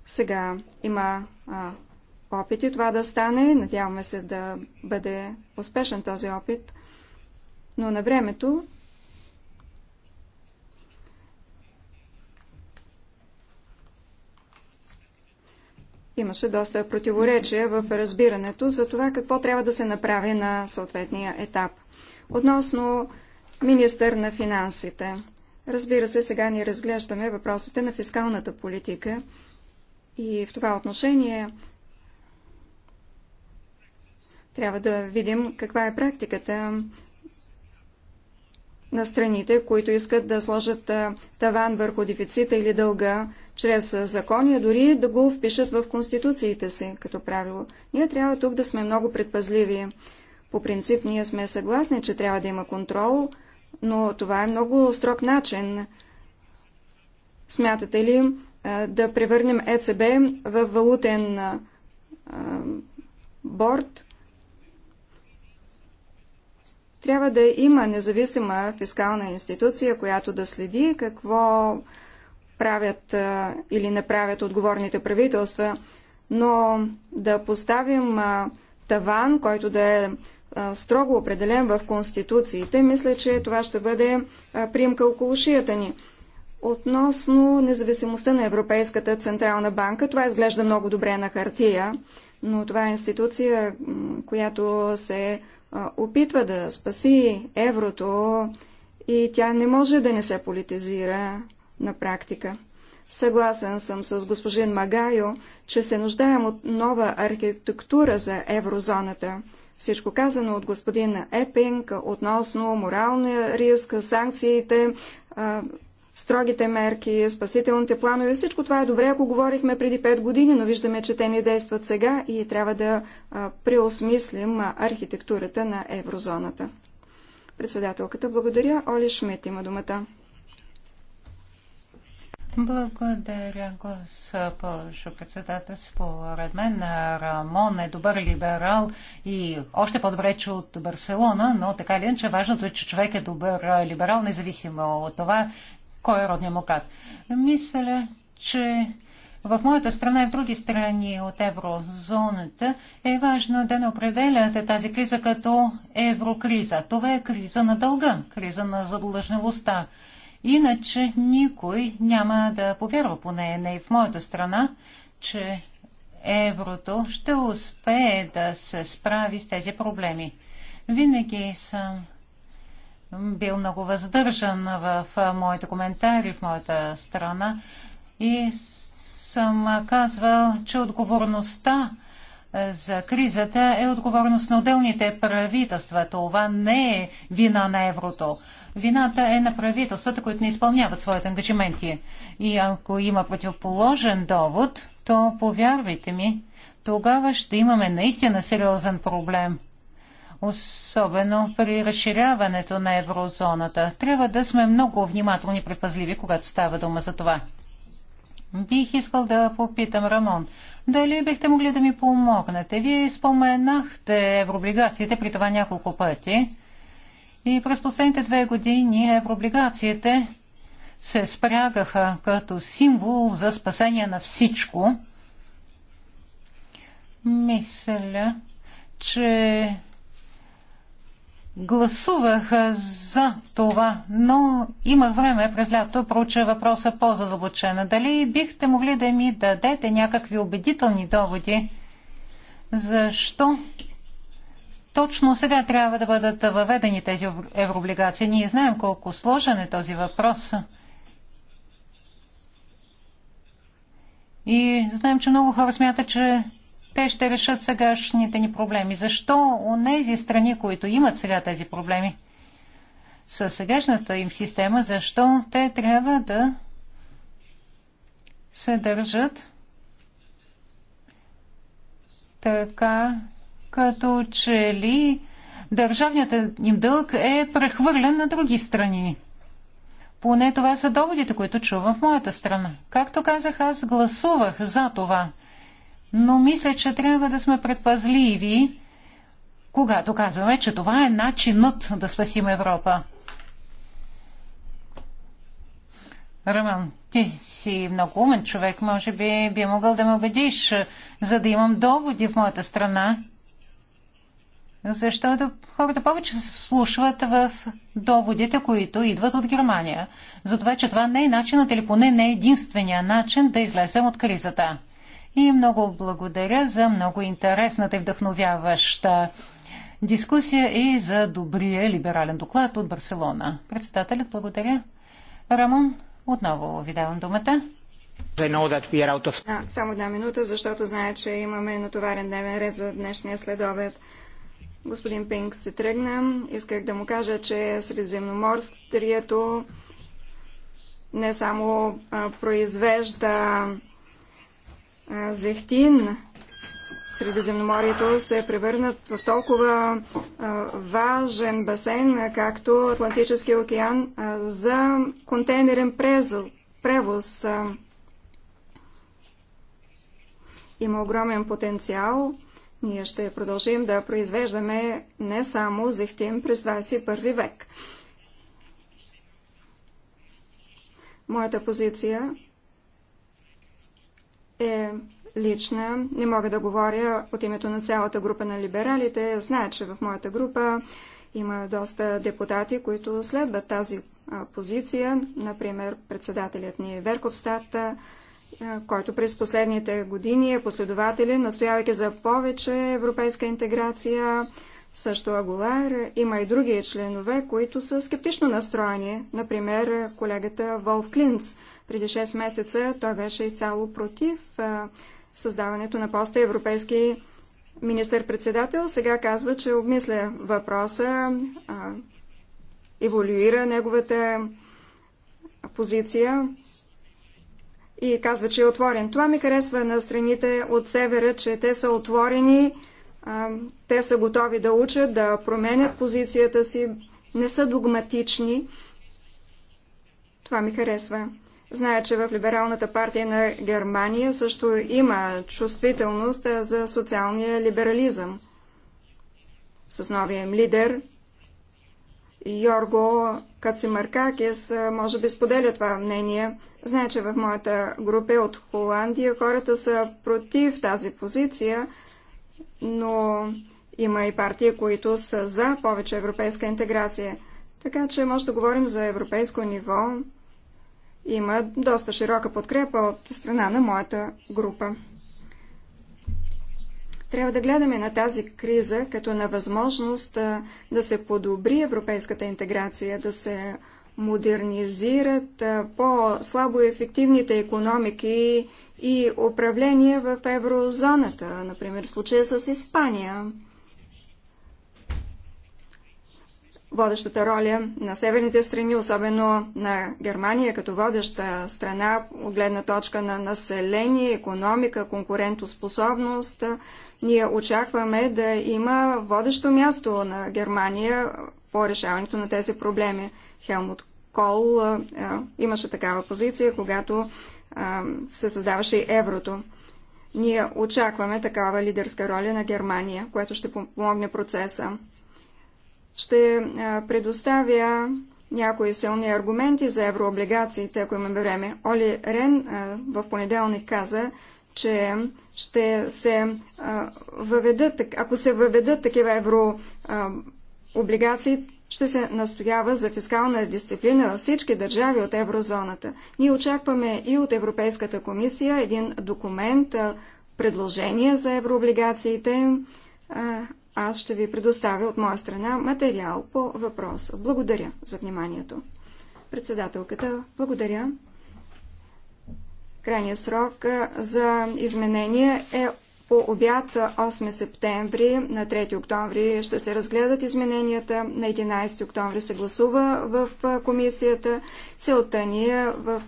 Сега има а, опити това да стане. Надяваме се да бъде успешен този опит. Но на времето имаше доста противоречия в разбирането за това какво трябва да се направи на съответния етап. Относно министър на финансите. Разбира се, сега ние разглеждаме въпросите на фискалната политика и в това отношение трябва да видим каква е практиката на страните, които искат да сложат таван върху дефицита или дълга чрез закони, а дори да го впишат в конституциите си, като правило. Ние трябва тук да сме много предпазливи. По принцип ние сме съгласни, че трябва да има контрол – но това е много строг начин. Смятате ли да превърнем ЕЦБ в валутен борт? Трябва да има независима фискална институция, която да следи какво правят или не правят отговорните правителства, но да поставим таван, който да е строго определен в конституциите, мисля, че това ще бъде приемка около шията ни. Относно независимостта на Европейската Централна банка, това изглежда много добре на хартия, но това е институция, която се опитва да спаси еврото и тя не може да не се политизира на практика. Съгласен съм с госпожин Магайо, че се нуждаем от нова архитектура за еврозоната – всичко казано от господин Епинг относно моралния риск, санкциите, строгите мерки, спасителните планове, всичко това е добре, ако говорихме преди 5 години, но виждаме, че те не действат сега и трябва да преосмислим архитектурата на еврозоната. Председателката благодаря. Оли Шмидт има думата. Благодаря, госпожо председател. Според мен Рамон е добър либерал и още по-добре че от Барселона, но така ли е, че важното е, че човек е добър либерал, независимо от това кой е родния му град. Мисля, че в моята страна и в други страни от еврозоната е важно да не определяте тази криза като еврокриза. Това е криза на дълга, криза на задлъжнилостта. Иначе никой няма да повярва, поне не и в моята страна, че еврото ще успее да се справи с тези проблеми. Винаги съм бил много въздържан в моите коментари, в моята страна и съм казвал, че отговорността за кризата е отговорност на отделните правителства. Това не е вина на еврото. Вината е на правителствата, които не изпълняват своите ангажименти. И ако има противоположен довод, то повярвайте ми, тогава ще имаме наистина сериозен проблем. Особено при разширяването на еврозоната. Трябва да сме много внимателни и предпазливи, когато става дума за това. Бих искал да попитам, Рамон, дали бихте могли да ми помогнете? Вие споменахте еврооблигациите, при това няколко пъти. И през последните две години еврооблигациите се спрягаха като символ за спасение на всичко. Мисля, че гласувах за това, но имах време през лято проуча въпроса по-задълбочена. Дали бихте могли да ми дадете някакви убедителни доводи, защо точно сега трябва да бъдат въведени тези еврооблигации? Ние знаем колко сложен е този въпрос. И знаем, че много хора смятат, че те ще решат сегашните ни проблеми. Защо тези страни, които имат сега тези проблеми с сегашната им система, защо те трябва да се държат така, като че ли държавният им дълг е прехвърлен на други страни. Поне това са доводите, които чувам в моята страна. Както казах, аз гласувах за това – но мисля, че трябва да сме предпазливи, когато казваме, че това е начинът да спасим Европа. Роман, ти си много умен човек, може би би могъл да ме убедиш, за да имам доводи в моята страна. Защото хората повече се слушват в доводите, които идват от Германия. За това, че това не е начинът или поне не е единствения начин да излезем от кризата и много благодаря за много интересната и вдъхновяваща дискусия и за добрия либерален доклад от Барселона. Председателят, благодаря. Рамон, отново ви давам думата. Да, само една минута, защото зная, че имаме натоварен дневен ред за днешния следобед. Господин Пинк се тръгна. Исках да му кажа, че Средиземноморскието не само произвежда Зехтин, Средиземноморието се е превърнат в толкова важен басейн, както Атлантическия океан за контейнерен превоз. Има огромен потенциал. Ние ще продължим да произвеждаме не само зехтин през 21 век. Моята позиция е лична. Не мога да говоря от името на цялата група на либералите. Знаят, че в моята група има доста депутати, които следват тази позиция. Например, председателят ни е Верковстат, който през последните години е последователен, настоявайки за повече европейска интеграция. Също Агулар има и други членове, които са скептично настроени. Например, колегата Волф Клинц – преди 6 месеца той беше и цяло против създаването на поста европейски министър-председател. Сега казва, че обмисля въпроса, еволюира неговата позиция и казва, че е отворен. Това ми харесва на страните от севера, че те са отворени, те са готови да учат, да променят позицията си, не са догматични. Това ми харесва. Зная, че в Либералната партия на Германия също има чувствителност за социалния либерализъм. С новия им лидер Йорго Кацимаркакис може би споделя това мнение. Знае, че в моята група от Холандия хората са против тази позиция, но има и партии, които са за повече европейска интеграция. Така че може да говорим за европейско ниво, има доста широка подкрепа от страна на моята група. Трябва да гледаме на тази криза като на възможност да се подобри европейската интеграция, да се модернизират по-слабо ефективните економики и управление в еврозоната, например в случая с Испания. водещата роля на северните страни, особено на Германия като водеща страна от гледна точка на население, економика, конкурентоспособност. Ние очакваме да има водещо място на Германия по решаването на тези проблеми. Хелмут Кол а, имаше такава позиция, когато а, се създаваше еврото. Ние очакваме такава лидерска роля на Германия, което ще помогне процеса. Ще предоставя някои силни аргументи за еврооблигациите, ако имаме време. Оли Рен в понеделник каза, че ще се въведат, ако се въведат такива еврооблигации, ще се настоява за фискална дисциплина във всички държави от еврозоната. Ние очакваме и от Европейската комисия един документ, предложение за еврооблигациите аз ще ви предоставя от моя страна материал по въпроса. Благодаря за вниманието. Председателката, благодаря. Крайния срок за изменение е по обяд 8 септември, на 3 октомври ще се разгледат измененията, на 11 октомври се гласува в комисията. Целта ни е в,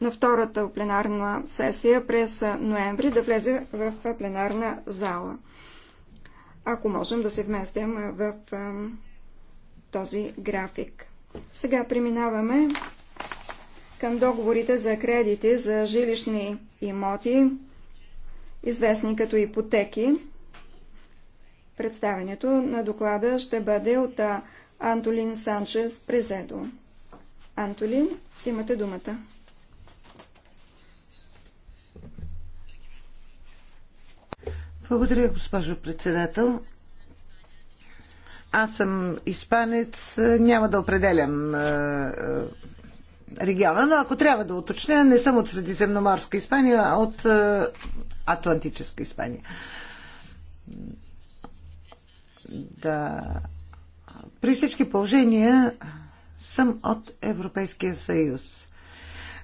на втората пленарна сесия през ноември да влезе в пленарна зала ако можем да се вместим в този график. Сега преминаваме към договорите за кредити за жилищни имоти, известни като ипотеки. Представенето на доклада ще бъде от Антолин Санчес Презедо. Антолин, имате думата. Благодаря, госпожо председател. Аз съм испанец, няма да определям региона, но ако трябва да уточня, не съм от Средиземноморска Испания, а от Атлантическа Испания. Да. При всички положения съм от Европейския съюз.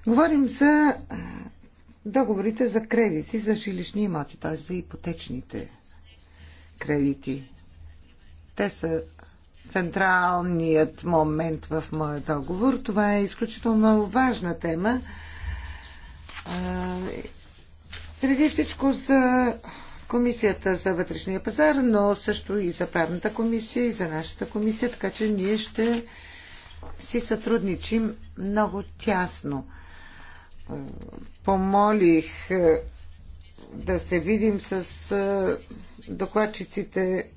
Говорим за договорите за кредити за жилищни имоти, т.е. за ипотечните кредити. Те са централният момент в моя договор. Това е изключително важна тема. Преди всичко за Комисията за вътрешния пазар, но също и за правната комисия, и за нашата комисия, така че ние ще си сътрудничим много тясно помолих е, да се видим с е, докладчиците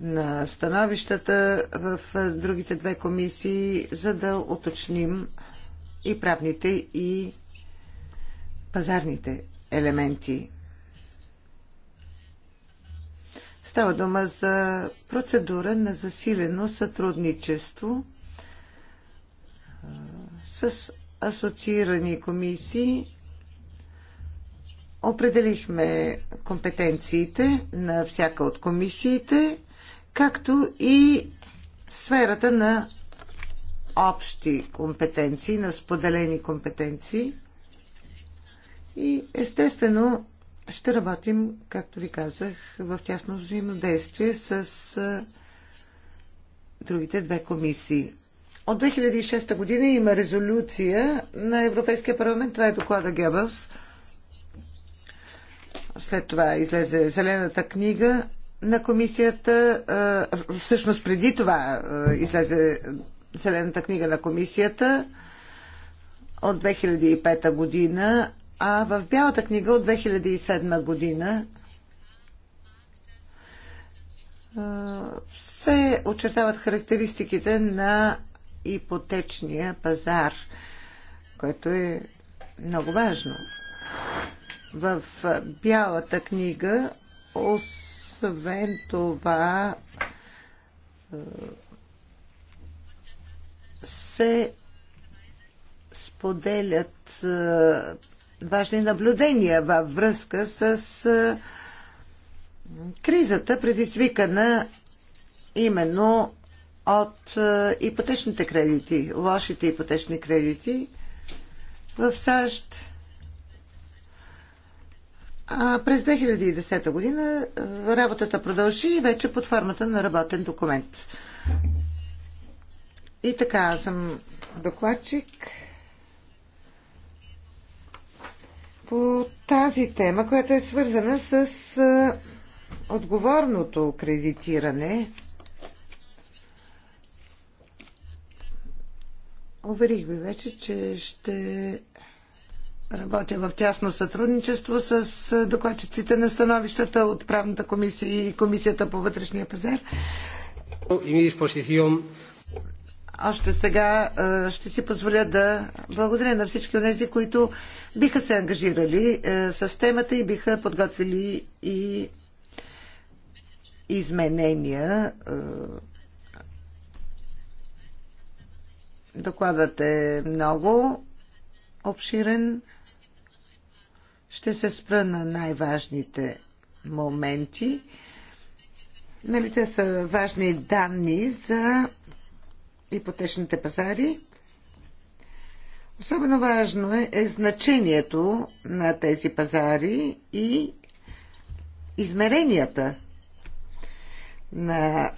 на становищата в е, другите две комисии, за да уточним и правните, и пазарните елементи. Става дума за процедура на засилено сътрудничество с асоциирани комисии определихме компетенциите на всяка от комисиите, както и сферата на общи компетенции, на споделени компетенции. И естествено ще работим, както ви казах, в тясно взаимодействие с другите две комисии. От 2006 година има резолюция на Европейския парламент, това е доклада Гебелс. След това излезе Зелената книга на комисията. Всъщност преди това излезе Зелената книга на комисията от 2005 година, а в Бялата книга от 2007 година се очертават характеристиките на ипотечния пазар, което е много важно. В Бялата книга, освен това, е, се споделят е, важни наблюдения във връзка с е, кризата, предизвикана именно от е, ипотечните кредити, лошите ипотечни кредити в САЩ. А през 2010 година е, работата продължи и вече под формата на работен документ. И така, аз съм докладчик по тази тема, която е свързана с е, отговорното кредитиране – Уверих ви вече, че ще работя в тясно сътрудничество с докладчиците на становищата от правната комисия и комисията по вътрешния пазар. Е Още сега ще си позволя да благодаря на всички от тези, които биха се ангажирали с темата и биха подготвили и изменения Докладът е много обширен. Ще се спра на най-важните моменти. Нали, те са важни данни за ипотечните пазари. Особено важно е, е значението на тези пазари и измеренията на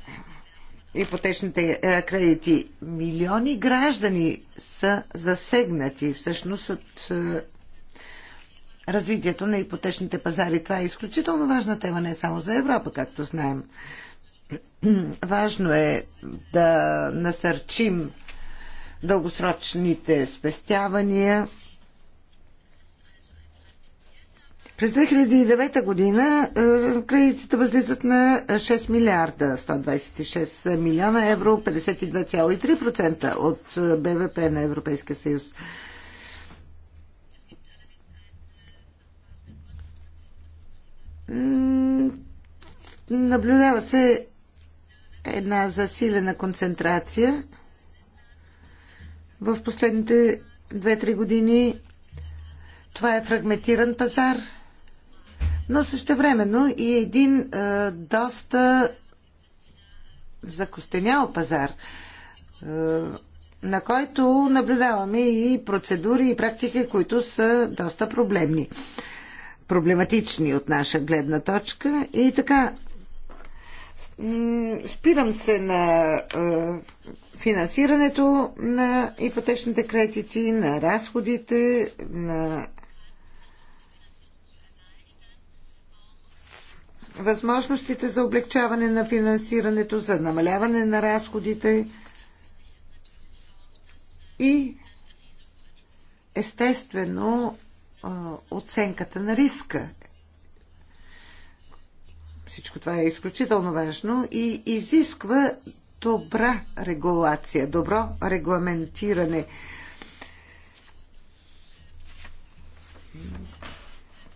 ипотечните е, кредити. Милиони граждани са засегнати всъщност от е, развитието на ипотечните пазари. Това е изключително важна тема не само за Европа, както знаем. Важно е да насърчим дългосрочните спестявания, през 2009 година е, кредитите възлизат на 6 милиарда, 126 милиона евро, 52,3% от е, БВП на Европейския съюз. Наблюдава се една засилена концентрация в последните 2-3 години. Това е фрагментиран пазар – но същевременно и един а, доста закостенял пазар, а, на който наблюдаваме и процедури и практики, които са доста проблемни, проблематични от наша гледна точка. И така, спирам се на а, финансирането на ипотечните кредити, на разходите, на възможностите за облегчаване на финансирането, за намаляване на разходите и естествено оценката на риска. Всичко това е изключително важно и изисква добра регулация, добро регламентиране.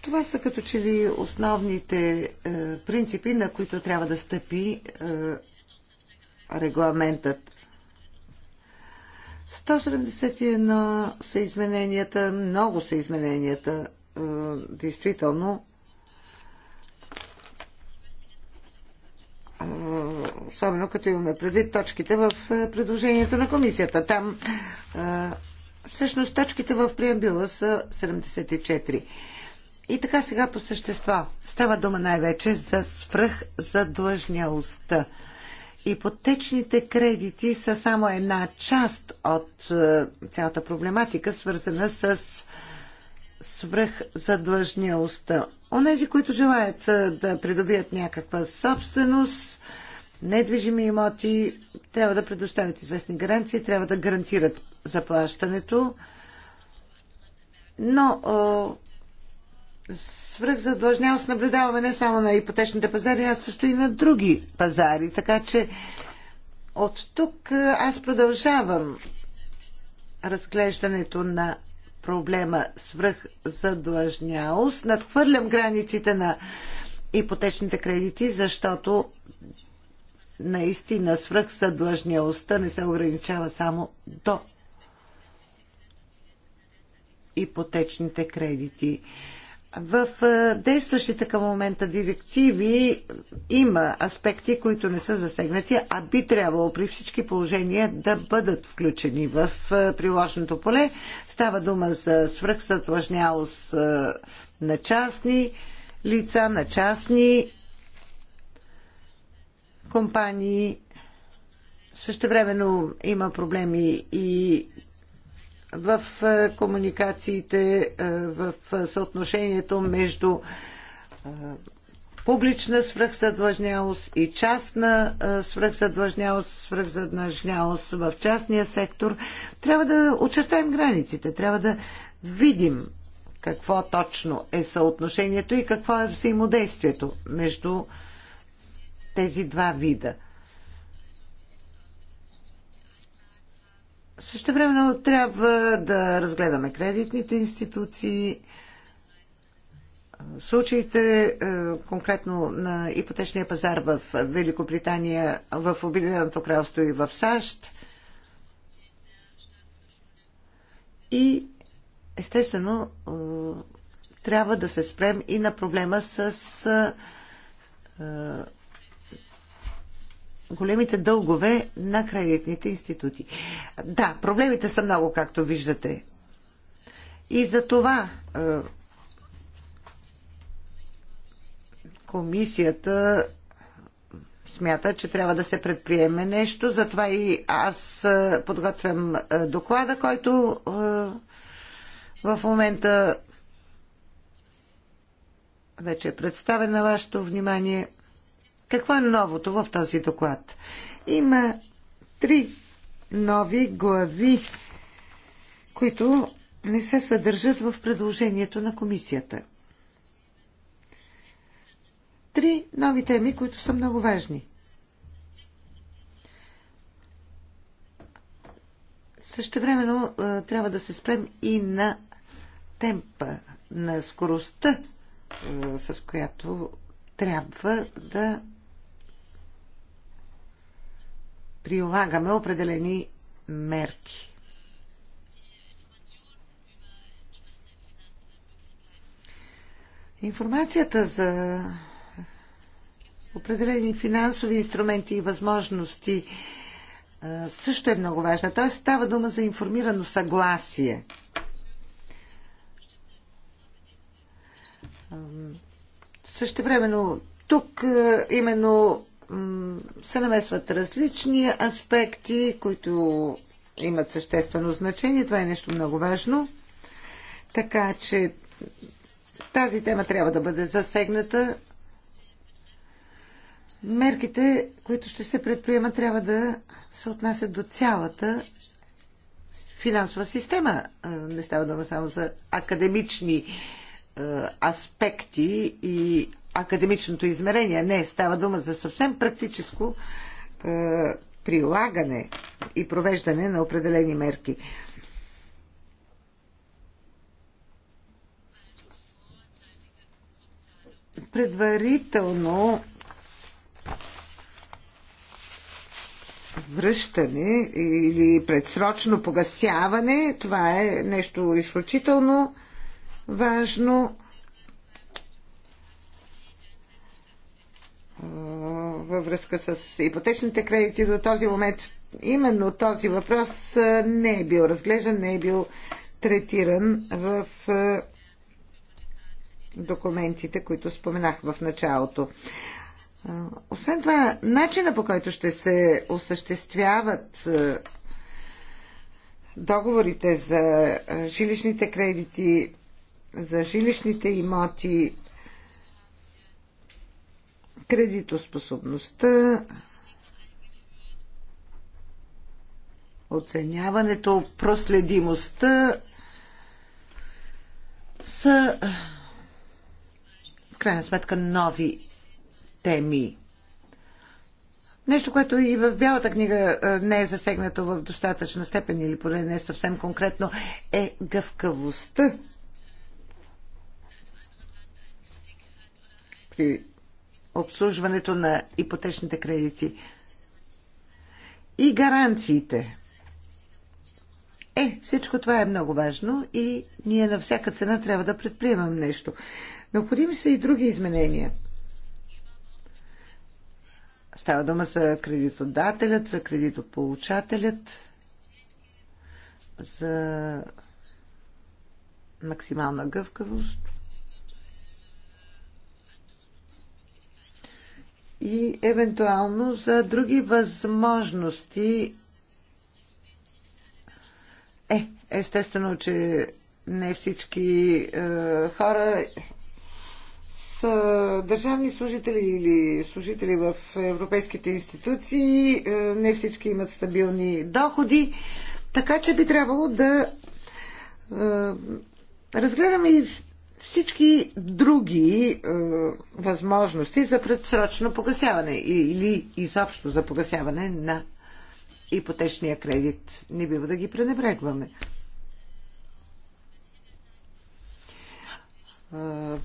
Това са като че ли основните е, принципи, на които трябва да стъпи е, регламентът. 171 са измененията, много са измененията, е, действително. Е, особено като имаме предвид точките в е, предложението на комисията. Там е, всъщност точките в преамбила са 74. И така сега по същество. Става дума най-вече за свръх задлъжнялостта. Ипотечните кредити са само една част от е, цялата проблематика, свързана с свръхзадлъжнялостта. Онези, които желаят е, да придобият някаква собственост, недвижими имоти, трябва да предоставят известни гаранции, трябва да гарантират заплащането. Но е, свръхзадлъжнялост наблюдаваме не само на ипотечните пазари, а също и на други пазари. Така че от тук е, аз продължавам разглеждането на проблема свръхзадлъжнялост. Надхвърлям границите на ипотечните кредити, защото наистина свръхзадлъжнялостта не се ограничава само до ипотечните кредити. В действащите към момента директиви има аспекти, които не са засегнати, а би трябвало при всички положения да бъдат включени в приложното поле. Става дума за свръхсътлъжнялост на частни лица, на частни компании. времено има проблеми и в е, комуникациите, е, в е, съотношението между публична свръхсъдлъжнялост и частна свръхсъдлъжнялост, свръхсъдлъжнялост в частния сектор. Трябва да очертаем границите, трябва да видим какво точно е съотношението и какво е взаимодействието между тези два вида – Също време трябва да разгледаме кредитните институции, случаите е, конкретно на ипотечния пазар в Великобритания, в Обединеното кралство и в САЩ. И естествено е, трябва да се спрем и на проблема с е, големите дългове на кредитните институти. Да, проблемите са много, както виждате. И за това е, комисията смята, че трябва да се предприеме нещо. Затова и аз е, подготвям е, доклада, който е, в момента вече е представен на вашето внимание. Какво е новото в този доклад? Има три нови глави, които не се съдържат в предложението на комисията. Три нови теми, които са много важни. Същевременно трябва да се спрем и на темпа, на скоростта, с която трябва да прилагаме определени мерки. Информацията за определени финансови инструменти и възможности също е много важна. Тоест става дума за информирано съгласие. Също времено тук именно се намесват различни аспекти, които имат съществено значение. Това е нещо много важно. Така че тази тема трябва да бъде засегната. Мерките, които ще се предприемат, трябва да се отнасят до цялата финансова система. Не става дума само за академични аспекти и академичното измерение. Не, става дума за съвсем практическо е, прилагане и провеждане на определени мерки. Предварително връщане или предсрочно погасяване, това е нещо изключително важно. във връзка с ипотечните кредити до този момент именно този въпрос не е бил разглеждан, не е бил третиран в документите, които споменах в началото. Освен това, начина по който ще се осъществяват договорите за жилищните кредити, за жилищните имоти, кредитоспособността, оценяването, проследимостта са в крайна сметка нови теми. Нещо, което и в Бялата книга не е засегнато в достатъчна степен или поне не е съвсем конкретно, е гъвкавостта при обслужването на ипотечните кредити и гаранциите. Е, всичко това е много важно и ние на всяка цена трябва да предприемам нещо. Необходими са и други изменения. Става дума за кредитодателят, за кредитополучателят, за максимална гъвкавост – и евентуално за други възможности. Е, естествено, че не всички е, хора са държавни служители или служители в европейските институции. Е, не всички имат стабилни доходи. Така че би трябвало да е, разгледаме и всички други е, възможности за предсрочно погасяване или изобщо за погасяване на ипотечния кредит. Не бива да ги пренебрегваме. Е,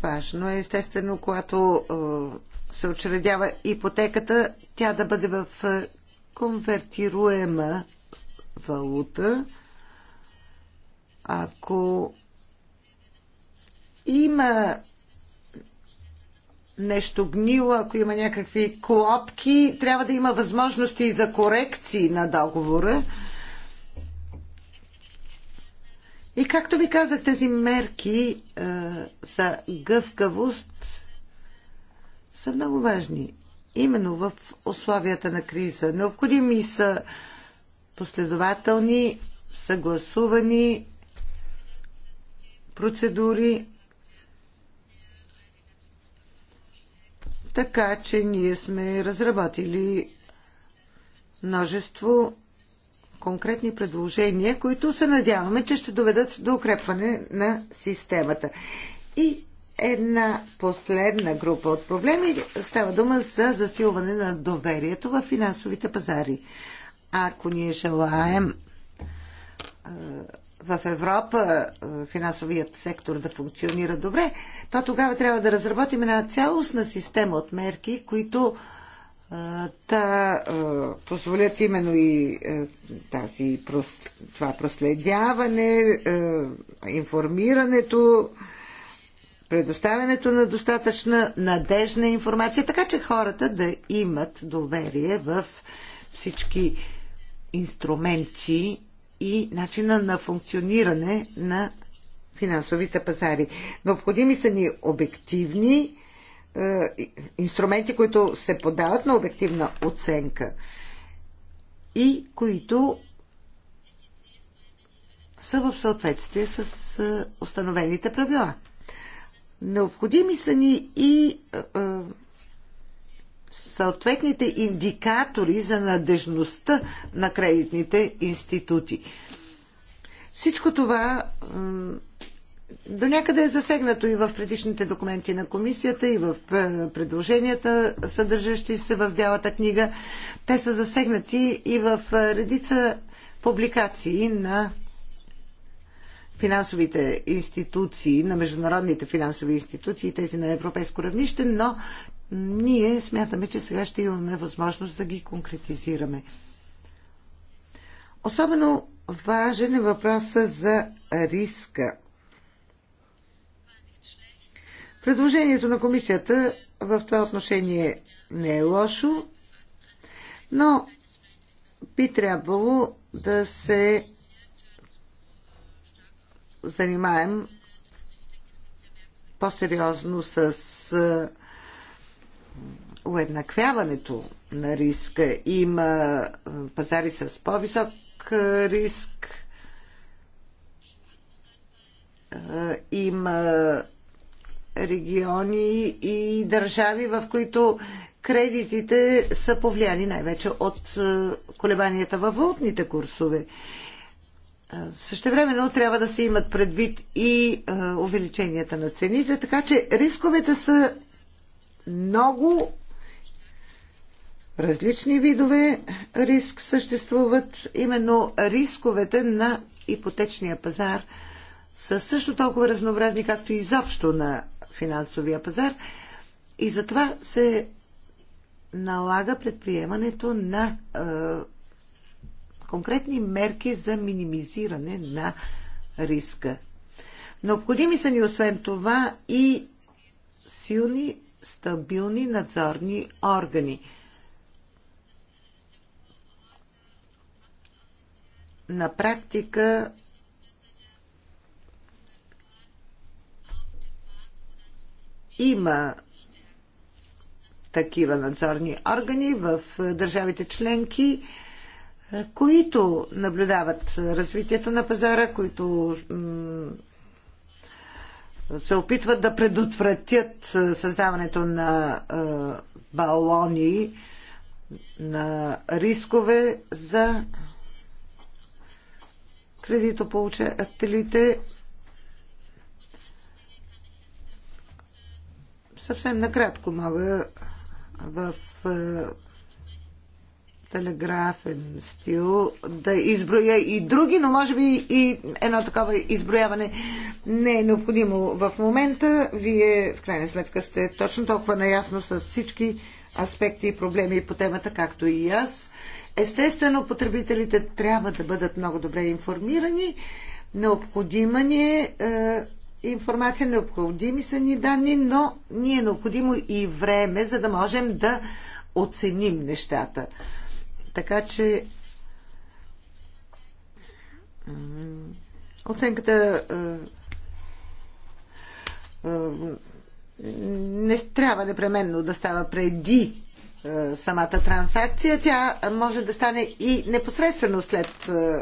важно е, естествено, когато е, се очредява ипотеката, тя да бъде в е, конвертируема валута. Ако има нещо гнило, ако има някакви клопки, трябва да има възможности и за корекции на договора. И както ви казах, тези мерки е, са гъвкавост са много важни. Именно в условията на криза. Необходими са последователни, съгласувани процедури, Така че ние сме разработили множество конкретни предложения, които се надяваме, че ще доведат до укрепване на системата. И една последна група от проблеми става дума за засилване на доверието в финансовите пазари. Ако ние желаем в Европа е, финансовият сектор да функционира добре, то тогава трябва да разработим една цялостна система от мерки, които е, да е, позволят именно и тази, това проследяване, информирането, предоставянето на достатъчна надежна информация, така че хората да имат доверие в всички инструменти и начина на функциониране на финансовите пазари. Необходими са ни обективни е, инструменти, които се подават на обективна оценка и които са в съответствие с е, установените правила. Необходими са ни и е, е съответните индикатори за надежността на кредитните институти. Всичко това до някъде е засегнато и в предишните документи на комисията, и в е, предложенията, съдържащи се в Бялата книга. Те са засегнати и в е, редица публикации на финансовите институции, на международните финансови институции, тези на европейско равнище, но ние смятаме, че сега ще имаме възможност да ги конкретизираме. Особено важен е въпроса за риска. Предложението на комисията в това отношение не е лошо, но би трябвало да се занимаем по-сериозно с уеднаквяването на риска. Има пазари с по-висок риск, има региони и държави, в които кредитите са повлияни най-вече от колебанията във валутните курсове. Същевременно трябва да се имат предвид и увеличенията на цените, така че рисковете са много Различни видове риск съществуват. Именно рисковете на ипотечния пазар са също толкова разнообразни, както и изобщо на финансовия пазар. И затова се налага предприемането на е, конкретни мерки за минимизиране на риска. Необходими са ни освен това и силни, стабилни надзорни органи – на практика има такива надзорни органи в е, държавите членки, е, които наблюдават развитието на пазара, които се опитват да предотвратят е, създаването на балони на рискове за кредитополучателите съвсем накратко мога в е, телеграфен стил да изброя и други, но може би и едно такова изброяване не е необходимо в момента. Вие в крайна сметка сте точно толкова наясно с всички аспекти и проблеми по темата, както и аз. Естествено, потребителите трябва да бъдат много добре информирани. Необходима ни е, е информация, необходими са ни данни, но ни е необходимо и време, за да можем да оценим нещата. Така че оценката е, е не трябва непременно да става преди е, самата транзакция. Тя може да стане и непосредствено след е,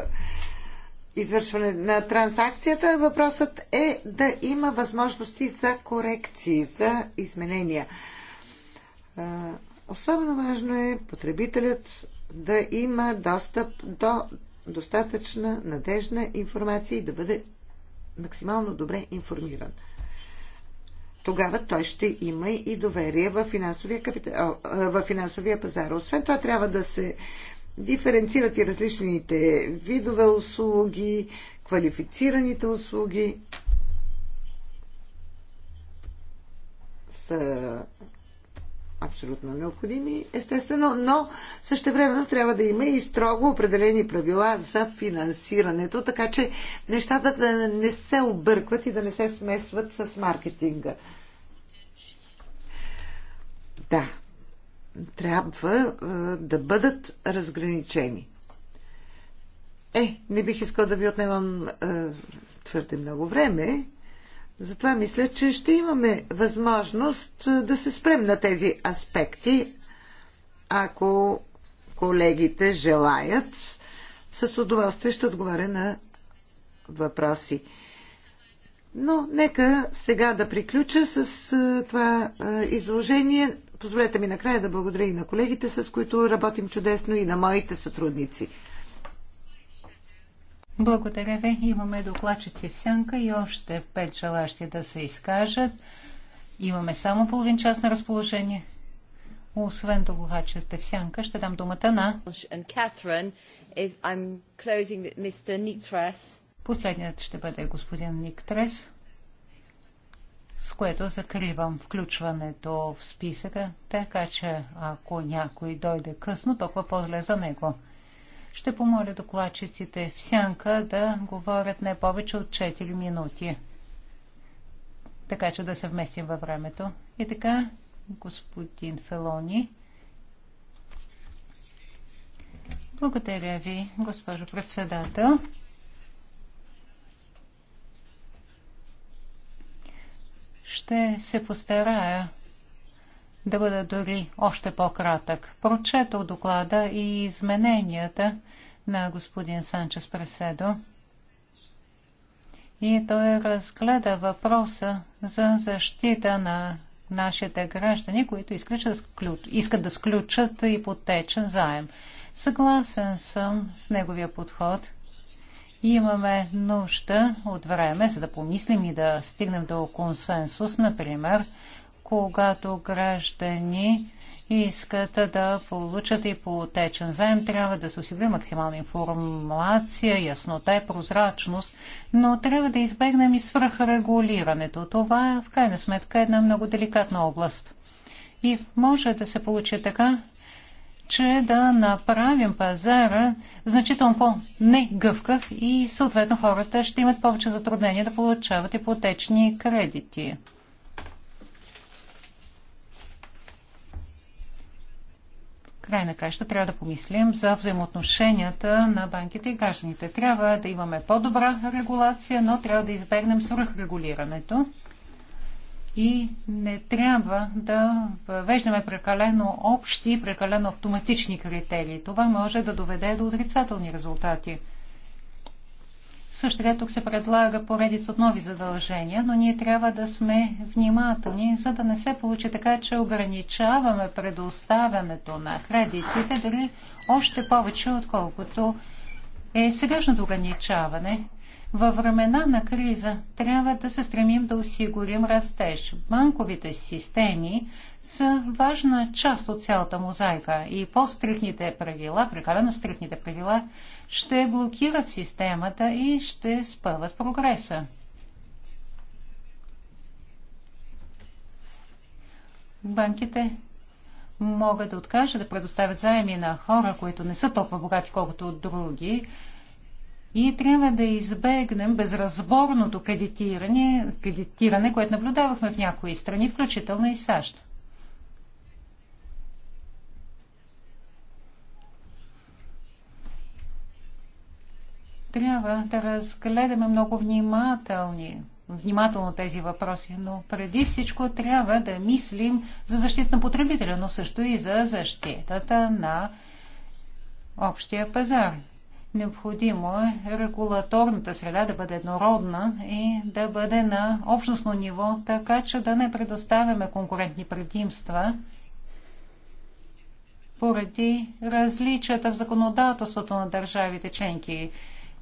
извършване на транзакцията. Въпросът е да има възможности за корекции, за изменения. Е, особено важно е потребителят да има достъп до достатъчна надежна информация и да бъде максимално добре информиран тогава той ще има и доверие в финансовия, капитал, в финансовия пазар. Освен това трябва да се диференцират и различните видове услуги, квалифицираните услуги абсолютно необходими, естествено, но същевременно трябва да има и строго определени правила за финансирането, така че нещата да не се объркват и да не се смесват с маркетинга. Да, трябва е, да бъдат разграничени. Е, не бих искал да ви отнемам е, твърде много време. Затова мисля, че ще имаме възможност да се спрем на тези аспекти, ако колегите желаят. С удоволствие ще отговаря на въпроси. Но нека сега да приключа с това изложение. Позволете ми накрая да благодаря и на колегите, с които работим чудесно, и на моите сътрудници. Благодаря ви. Имаме докладчици в сянка и още пет желащи да се изкажат. Имаме само половин час на разположение. Освен докладчиците в сянка, ще дам думата на... Последният ще бъде господин Трес, с което закривам включването в списъка, така че ако някой дойде късно, толкова по-зле за него. Ще помоля докладчиците в сянка да говорят не повече от 4 минути. Така че да се вместим във времето. И така, господин Фелони. Благодаря ви, госпожо председател. Ще се постарая да бъда дори още по-кратък. Прочетох доклада и измененията на господин Санчес Преседо и той разгледа въпроса за защита на нашите граждани, които искат да сключат ипотечен заем. Съгласен съм с неговия подход. Имаме нужда от време, за да помислим и да стигнем до консенсус, например, когато граждани искат да получат ипотечен заем, трябва да се осигури максимална информация, яснота и прозрачност, но трябва да избегнем и свръхрегулирането. Това в крайна сметка е една много деликатна област. И може да се получи така, че да направим пазара значително по-негъвкав и съответно хората ще имат повече затруднения да получават ипотечни кредити. край на краща трябва да помислим за взаимоотношенията на банките и гражданите. Трябва да имаме по-добра регулация, но трябва да избегнем свръхрегулирането и не трябва да въвеждаме прекалено общи и прекалено автоматични критерии. Това може да доведе до отрицателни резултати – също така тук се предлага поредица от нови задължения, но ние трябва да сме внимателни, за да не се получи така, че ограничаваме предоставянето на кредитите, дори още повече, отколкото е сегашното ограничаване. Във времена на криза трябва да се стремим да осигурим растеж. Банковите системи са важна част от цялата мозайка и по-стрихните правила, прекалено стрихните правила, ще блокират системата и ще спъват прогреса. Банките могат да откажат да предоставят заеми на хора, които не са толкова богати, колкото от други. И трябва да избегнем безразборното кредитиране, кредитиране, което наблюдавахме в някои страни, включително и САЩ. трябва да разгледаме много внимателни, внимателно тези въпроси, но преди всичко трябва да мислим за защита на потребителя, но също и за защитата на общия пазар. Необходимо е регулаторната среда да бъде еднородна и да бъде на общностно ниво, така че да не предоставяме конкурентни предимства поради различията в законодателството на държавите членки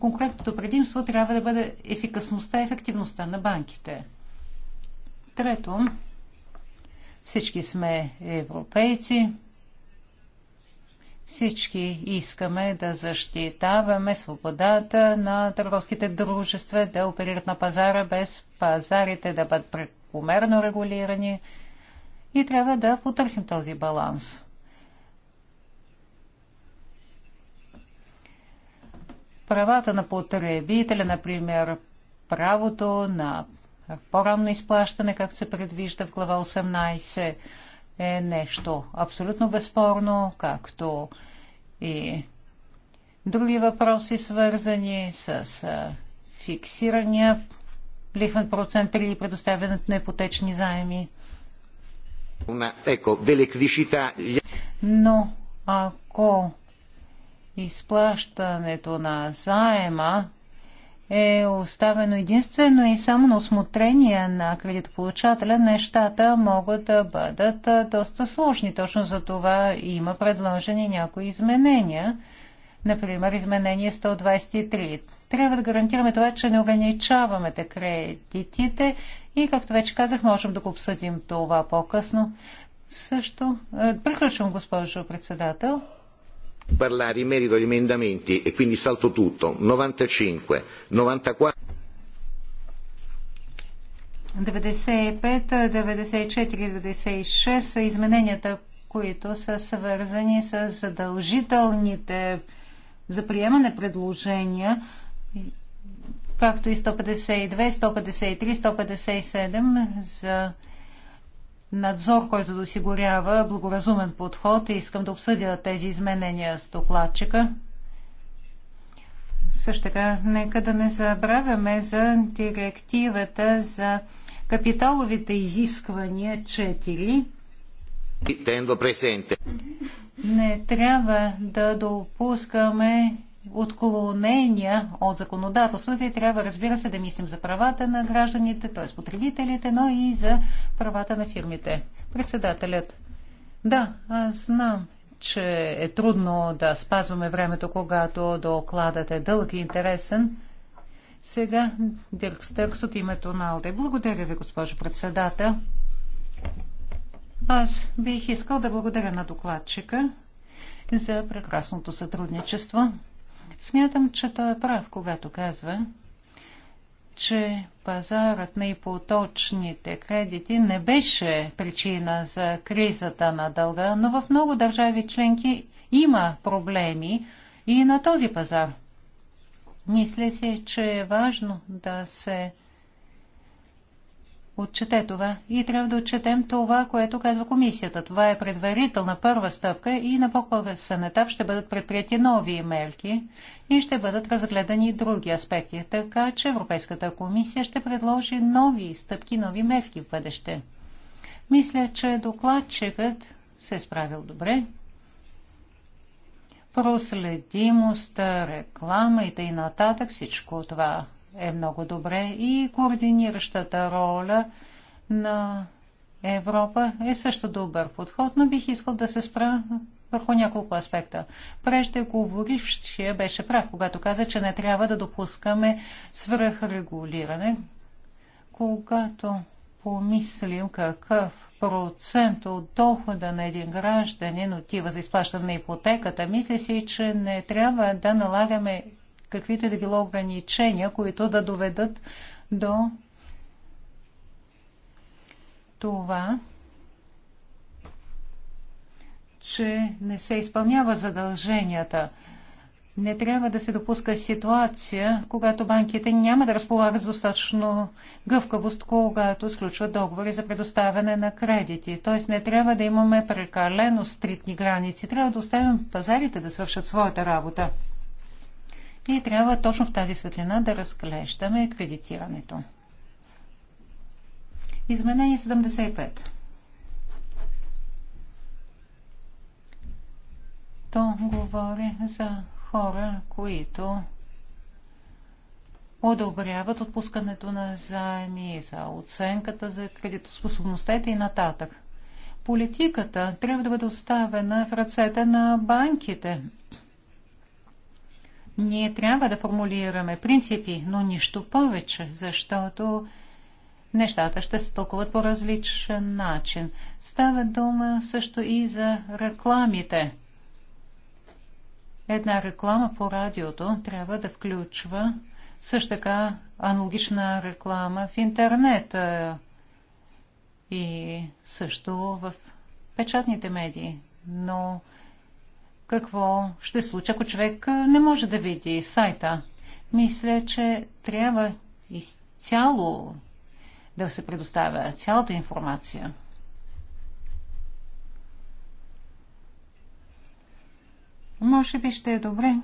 конкретното предимство трябва да бъде ефикасността и ефективността на банките. Трето, всички сме европейци, всички искаме да защитаваме свободата на търговските дружества да оперират на пазара без пазарите да бъдат прекомерно регулирани и трябва да потърсим този баланс. правата на потребителя, например, правото на по-ранно изплащане, както се предвижда в глава 18, е нещо абсолютно безспорно, както и други въпроси, свързани с фиксирания лихвен процент при предоставянето на ипотечни заеми. Но ако изплащането на заема е оставено единствено и само на осмотрение на кредитополучателя, нещата могат да бъдат доста сложни. Точно за това има предложени някои изменения. Например, изменение 123. Трябва да гарантираме това, че не ограничаваме те кредитите и, както вече казах, можем да го обсъдим това по-късно. Също. Приключвам, госпожо председател parlare in merito agli emendamenti e quindi salto tutto 95, 94 95, 94, 96 измененията, които са свързани с задължителните за приемане предложения, както и 152, 153, 157 за надзор, който да осигурява благоразумен подход и искам да обсъдя тези изменения с докладчика. Също така, нека да не забравяме за директивата за капиталовите изисквания 4. Не трябва да допускаме отклонения от законодателството и трябва, разбира се, да мислим за правата на гражданите, т.е. потребителите, но и за правата на фирмите. Председателят. Да, аз знам, че е трудно да спазваме времето, когато докладът е дълъг и интересен. Сега Дирк Стъркс от името на Алде. Благодаря ви, госпожо председател. Аз бих искал да благодаря на докладчика за прекрасното сътрудничество. Смятам, че той е прав, когато казва, че пазарът на ипоточните кредити не беше причина за кризата на дълга, но в много държави членки има проблеми и на този пазар. Мисля си, че е важно да се отчете това и трябва да отчетем това, което казва комисията. Това е предварителна първа стъпка и на по-късен етап ще бъдат предприяти нови мерки и ще бъдат разгледани и други аспекти. Така че Европейската комисия ще предложи нови стъпки, нови мерки в бъдеще. Мисля, че докладчикът се е справил добре. Проследимост, реклама и т.н. Всичко това е много добре и координиращата роля на Европа е също добър подход, но бих искал да се спра върху няколко аспекта. Преждеговорившия беше прав, когато каза, че не трябва да допускаме свръхрегулиране. Когато помислим какъв процент от дохода на един гражданин отива за изплащане на ипотеката, мисля си, че не трябва да налагаме каквито и да било ограничения, които да доведат до това, че не се изпълнява задълженията. Не трябва да се допуска ситуация, когато банките няма да разполагат с достатъчно гъвкавост, когато сключват договори за предоставяне на кредити. Т.е. не трябва да имаме прекалено стритни граници. Трябва да оставим пазарите да свършат своята работа. Ние трябва точно в тази светлина да разглеждаме кредитирането. Изменение 75. То говори за хора, които одобряват отпускането на заеми, за оценката за кредитоспособността и нататък. Политиката трябва да бъде оставена в ръцете на банките, ние трябва да формулираме принципи, но нищо повече, защото нещата ще се тълкуват по различен начин. Става дума също и за рекламите. Една реклама по радиото трябва да включва също така аналогична реклама в интернет и също в печатните медии. Но какво ще случи, ако човек не може да види сайта. Мисля, че трябва изцяло да се предоставя цялата информация. Може би ще е добре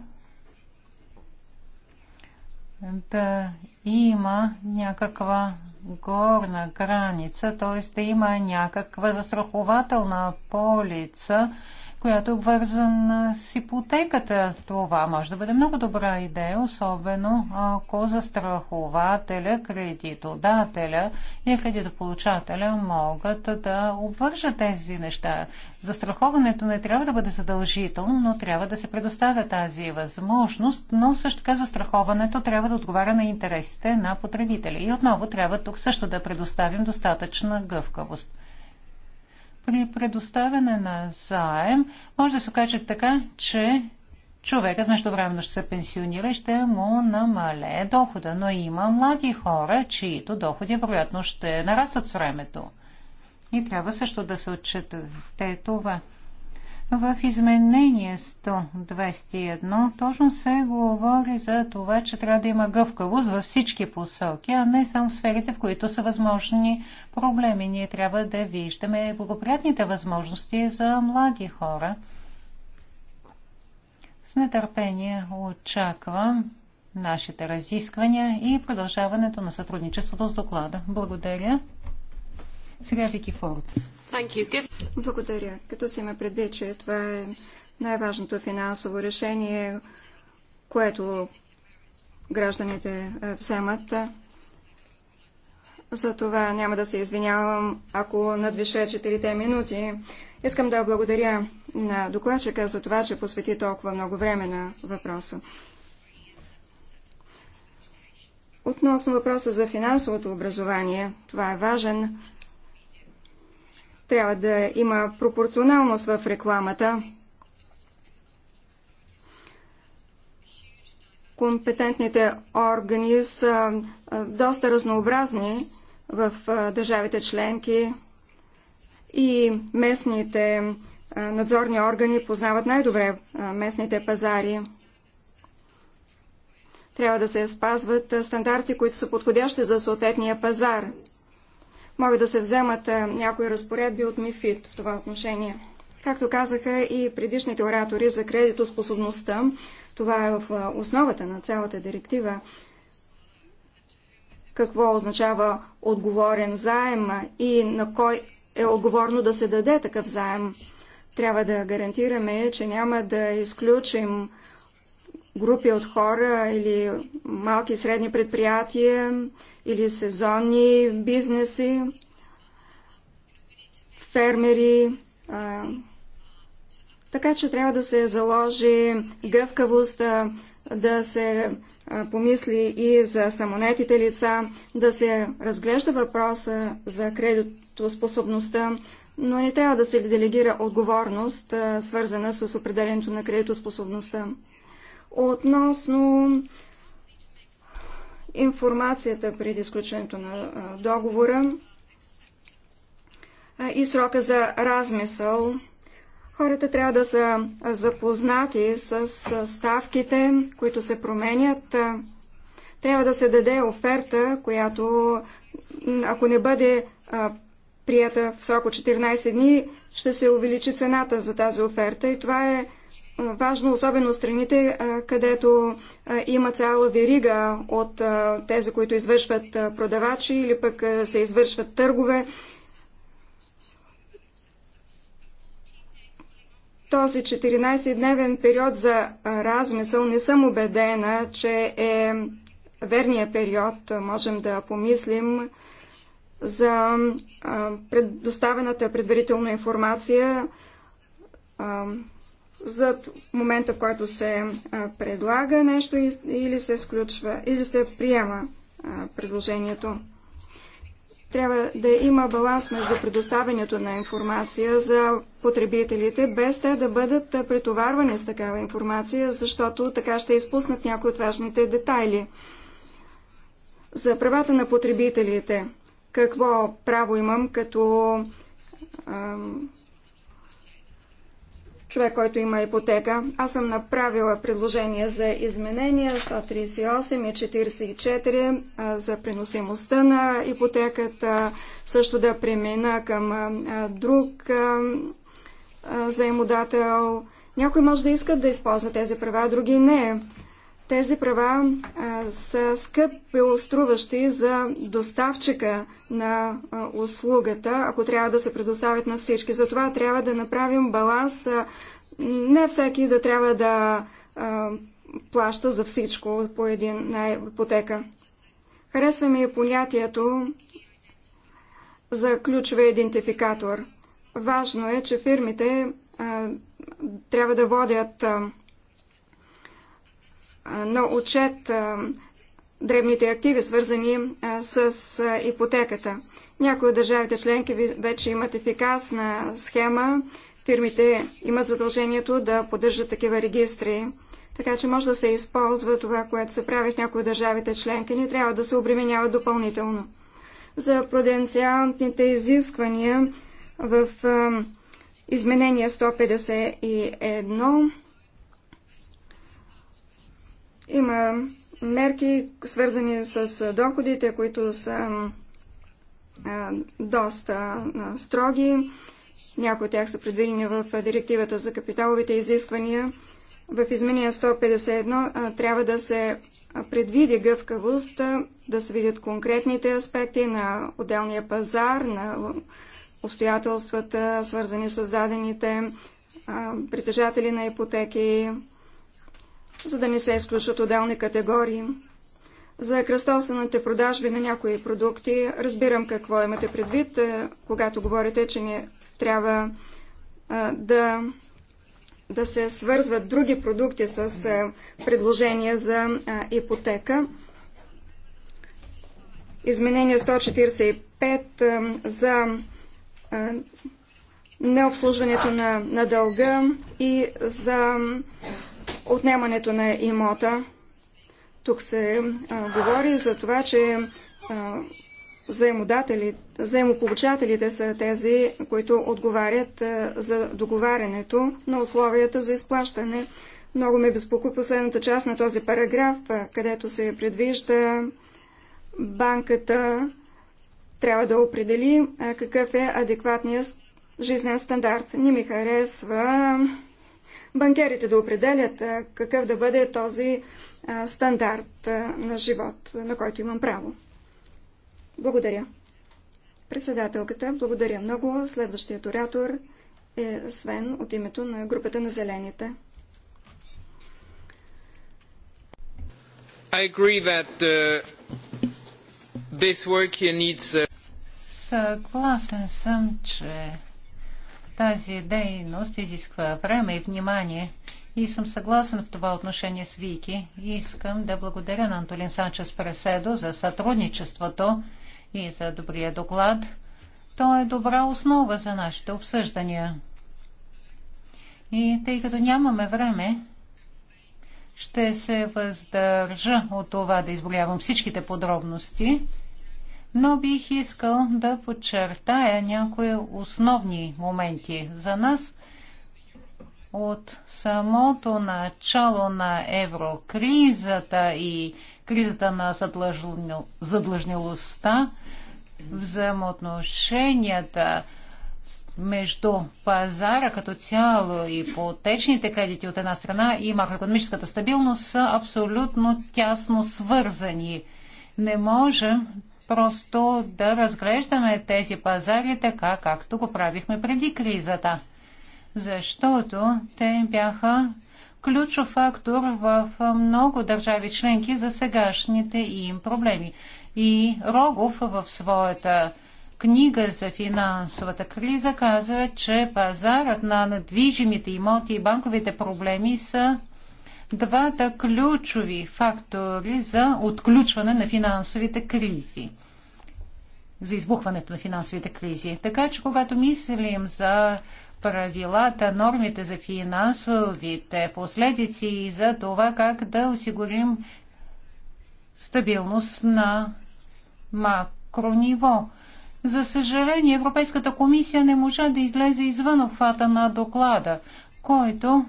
да има някаква горна граница, т.е. да има някаква застрахователна полица, която е обвързана с ипотеката. Това може да бъде много добра идея, особено ако застрахователя, кредитодателя и кредитополучателя могат да обвържат тези неща. Застраховането не трябва да бъде задължително, но трябва да се предоставя тази възможност, но също така застраховането трябва да отговаря на интересите на потребителя. И отново трябва тук също да предоставим достатъчна гъвкавост при предоставяне на заем може да се окаже така, че човекът време ще се пенсионира и ще му намале дохода. Но има млади хора, чието доходи вероятно ще нарастат с времето. И трябва също да се отчете това. В изменение 121 точно се говори за това, че трябва да има гъвкавост във всички посоки, а не само в сферите, в които са възможни проблеми. Ние трябва да виждаме благоприятните възможности за млади хора. С нетърпение очаквам нашите разисквания и продължаването на сътрудничеството с доклада. Благодаря. Сега Вики Форд. Благодаря. Като се има предвид, че това е най-важното финансово решение, което гражданите е, вземат. За това няма да се извинявам, ако надвиша 4 минути. Искам да благодаря на докладчика за това, че посвети толкова много време на въпроса. Относно въпроса за финансовото образование, това е важен трябва да има пропорционалност в рекламата. Компетентните органи са доста разнообразни в държавите членки и местните надзорни органи познават най-добре местните пазари. Трябва да се спазват стандарти, които са подходящи за съответния пазар. Могат да се вземат е, някои разпоредби от МИФИД в това отношение. Както казаха и предишните оратори за кредитоспособността, това е в е, основата на цялата директива. Какво означава отговорен заем и на кой е отговорно да се даде такъв заем? Трябва да гарантираме, че няма да изключим групи от хора или малки и средни предприятия или сезонни бизнеси, фермери. А, така че трябва да се заложи гъвкавост, да, да се а, помисли и за самонетите лица, да се разглежда въпроса за кредитоспособността, но не трябва да се делегира отговорност, а, свързана с определенето на кредитоспособността. Относно информацията преди изключването на договора и срока за размисъл, хората трябва да са запознати с ставките, които се променят. Трябва да се даде оферта, която ако не бъде прията в срок от 14 дни, ще се увеличи цената за тази оферта и това е е, важно, особено страните, е, където е, има цяла верига от тези, които извършват продавачи или пък се извършват търгове. Този 14-дневен период за размисъл не съм убедена, че е верния период. Можем да помислим за предоставената предварителна информация за момента, в който се предлага нещо или се сключва, или се приема предложението. Трябва да има баланс между предоставянето на информация за потребителите, без те да бъдат претоварвани с такава информация, защото така ще изпуснат някои от важните детайли. За правата на потребителите, какво право имам като човек, който има ипотека. Аз съм направила предложение за изменения 138 и 44 за приносимостта на ипотеката, също да премина към друг заемодател. Някой може да искат да използва тези права, други не. Тези права а, са скъпо струващи за доставчика на а, услугата, ако трябва да се предоставят на всички. Затова трябва да направим баланс. А, не всеки да трябва да а, плаща за всичко по една ипотека. Харесва ми понятието за ключове идентификатор. Важно е, че фирмите а, трябва да водят а, на отчет древните активи, свързани с ипотеката. Някои от държавите членки вече имат ефикасна схема. Фирмите имат задължението да поддържат такива регистри. Така че може да се използва това, което се прави в някои държавите членки. Не трябва да се обременява допълнително. За пруденциалните изисквания в изменение 151 има мерки, свързани с доходите, които са доста строги. Някои от тях са предвидени в директивата за капиталовите изисквания. В изменение 151 трябва да се предвиди гъвкавост, да се видят конкретните аспекти на отделния пазар, на обстоятелствата, свързани с дадените притежатели на ипотеки, за да не се изключат отделни категории. За кръстосаните продажби на някои продукти разбирам какво имате предвид, е, когато говорите, че не трябва е, да, да се свързват други продукти с е, предложения за ипотека. Изменение 145 за необслужването на, на дълга и за Отнемането на имота. Тук се а, говори за това, че а, заемополучателите са тези, които отговарят а, за договарянето на условията за изплащане. Много ме безпокои последната част на този параграф, където се предвижда банката трябва да определи какъв е адекватният жизнен стандарт. Не ми харесва банкерите да определят какъв да бъде този стандарт на живот, на който имам право. Благодаря. Председателката, благодаря много. Следващият оратор е Свен от името на групата на зелените. I agree that uh, this work here needs... Uh... Съгласен съм, че тази дейност изисква време и внимание и съм съгласен в това отношение с Вики. И искам да благодаря на Антолин Санчес Преседо за сътрудничеството и за добрия доклад. Той е добра основа за нашите обсъждания. И тъй като нямаме време, ще се въздържа от това да изброявам всичките подробности но бих искал да подчертая някои основни моменти. За нас от самото начало на еврокризата и кризата на задлъжнилостта, взаимоотношенията между пазара като цяло и потечните кредити от една страна и макроекономическата стабилност са абсолютно тясно свързани. Не можем просто да разглеждаме тези пазари така, както го правихме преди кризата. Защото те бяха ключов фактор в много държави членки за сегашните им проблеми. И Рогов в своята книга за финансовата криза казва, че пазарът на недвижимите имоти и банковите проблеми са двата ключови фактори за отключване на финансовите кризи, за избухването на финансовите кризи. Така че, когато мислим за правилата, нормите за финансовите последици и за това как да осигурим стабилност на макрониво. За съжаление, Европейската комисия не можа да излезе извън обхвата на доклада, който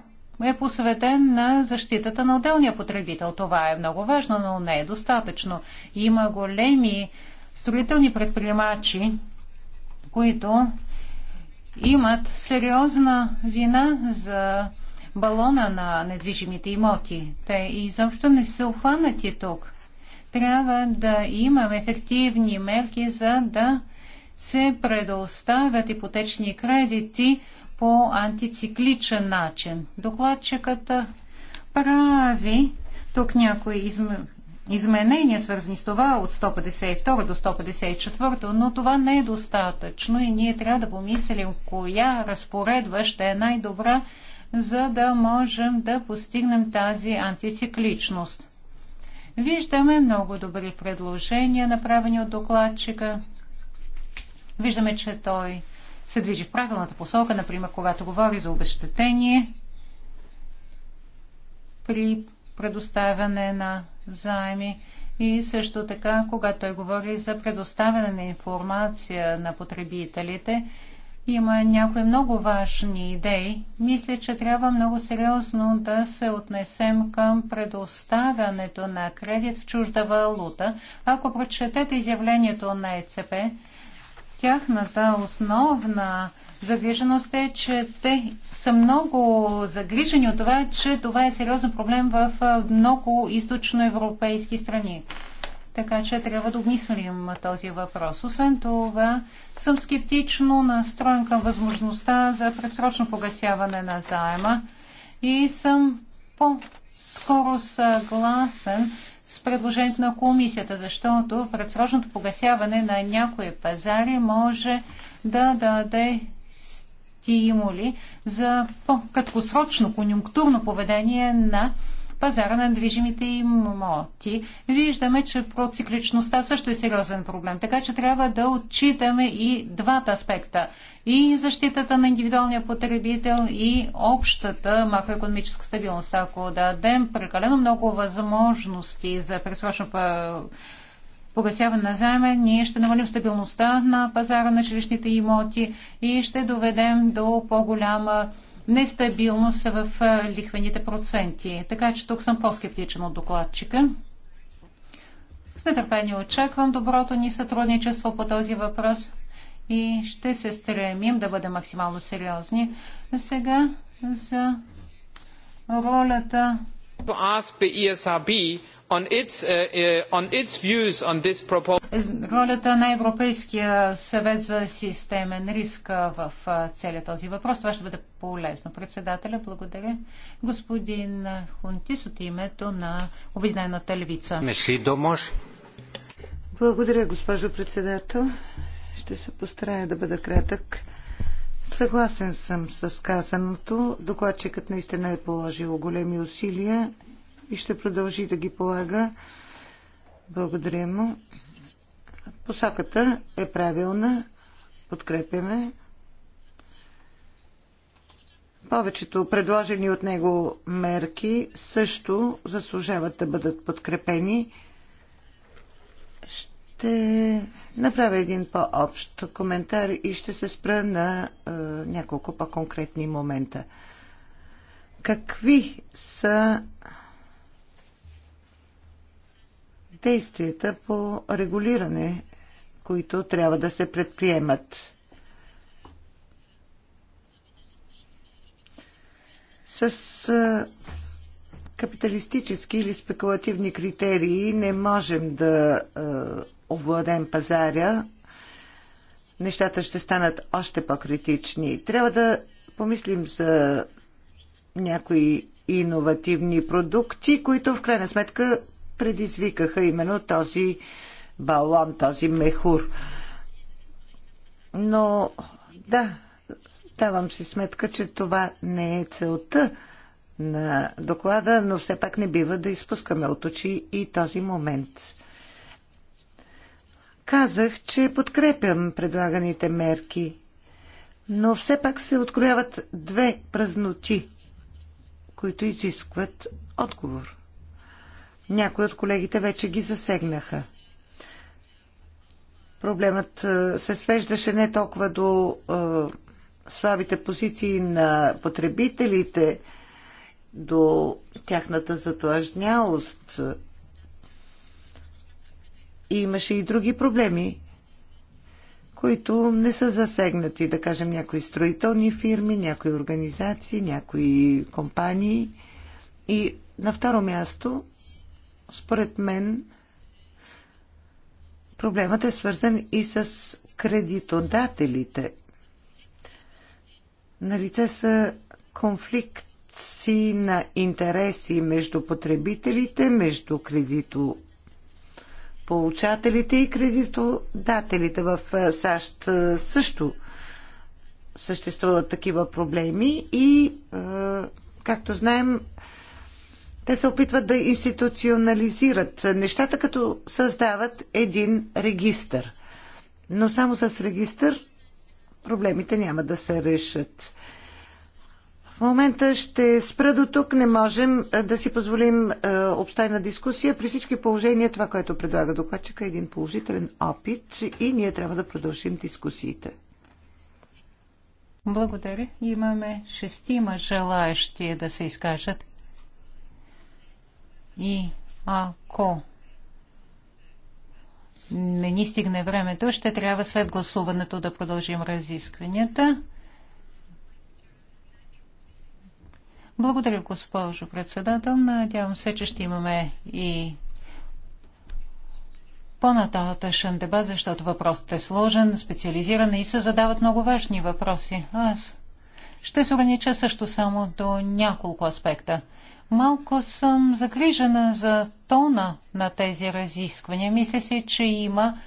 е посветен на защитата на отделния потребител. Това е много важно, но не е достатъчно. Има големи строителни предприемачи, които имат сериозна вина за балона на недвижимите имоти. Те изобщо не са обхванати тук. Трябва да имаме ефективни мерки, за да се предоставят ипотечни кредити по антицикличен начин. Докладчикът прави тук някои изм... изменения, свързани с това от 152 до 154, но това не е достатъчно и ние трябва да помислим коя разпоредба ще е най-добра, за да можем да постигнем тази антицикличност. Виждаме много добри предложения, направени от докладчика. Виждаме, че той се движи в правилната посока, например, когато говори за обещетение при предоставяне на заеми и също така, когато той говори за предоставяне на информация на потребителите, има някои много важни идеи. Мисля, че трябва много сериозно да се отнесем към предоставянето на кредит в чужда валута. Ако прочетете изявлението на ЕЦП, Тяхната основна загриженост е, че те са много загрижени от това, че това е сериозен проблем в много източноевропейски страни. Така че трябва да обмислим този въпрос. Освен това, съм скептично настроен към възможността за предсрочно погасяване на заема и съм по-скоро съгласен с предложението на комисията, защото предсрочното погасяване на някои пазари може да даде стимули за по-краткосрочно конюнктурно поведение на пазара на движимите имоти. Виждаме, че процикличността също е сериозен проблем, така че трябва да отчитаме и двата аспекта и защитата на индивидуалния потребител и общата макроекономическа стабилност. Ако дадем прекалено много възможности за пресрочно погасяване на заема, ние ще намалим стабилността на пазара на жилищните имоти и ще доведем до по-голяма нестабилност в лихвените проценти. Така че тук съм по-скептичен от докладчика. С нетърпение очаквам доброто ни сътрудничество по този въпрос и ще се стремим да бъдем максимално сериозни. Сега за ролята Ролята на Европейския съвет за системен риск в целият този въпрос. Това ще бъде полезно. Председателя, благодаря. Господин Хунтис от името на Обединената левица. Благодаря, госпожо председател. Ще се постарая да бъда кратък. Съгласен съм с казаното. Докладчикът наистина е положил големи усилия и ще продължи да ги полага. Благодаря му. Посаката е правилна. Подкрепяме. Повечето предложени от него мерки също заслужават да бъдат подкрепени. Ще направя един по-общ коментар и ще се спра на е, няколко по-конкретни момента. Какви са действията по регулиране, които трябва да се предприемат? С е, капиталистически или спекулативни критерии не можем да. Е, овладен пазаря, нещата ще станат още по-критични. Трябва да помислим за някои иновативни продукти, които в крайна сметка предизвикаха именно този балон, този мехур. Но да, давам си сметка, че това не е целта на доклада, но все пак не бива да изпускаме от очи и този момент. Казах, че подкрепям предлаганите мерки, но все пак се открояват две празноти, които изискват отговор. Някои от колегите вече ги засегнаха. Проблемът се свеждаше не толкова до е, слабите позиции на потребителите, до тяхната затлъжнялост, имаше и други проблеми, които не са засегнати, да кажем, някои строителни фирми, някои организации, някои компании. И на второ място, според мен, проблемът е свързан и с кредитодателите. Налице са конфликти на интереси между потребителите, между кредито получателите и кредитодателите в е, САЩ е, също съществуват такива проблеми и, е, както знаем, те се опитват да институционализират нещата, като създават един регистър. Но само с регистър проблемите няма да се решат. В момента ще спра до тук. Не можем да си позволим е, обстайна дискусия. При всички положения това, което предлага докладчика е един положителен опит и ние трябва да продължим дискусиите. Благодаря. Имаме шестима желаящи да се изкажат. И ако не ни стигне времето, ще трябва след гласуването да продължим разискванията. Благодаря, госпожо председател. Надявам се, че ще имаме и по-нататъшен дебат, защото въпросът е сложен, специализиран и се задават много важни въпроси. Аз ще се огранича също само до няколко аспекта. Малко съм загрижена за тона на тези разисквания. Мисля се, че има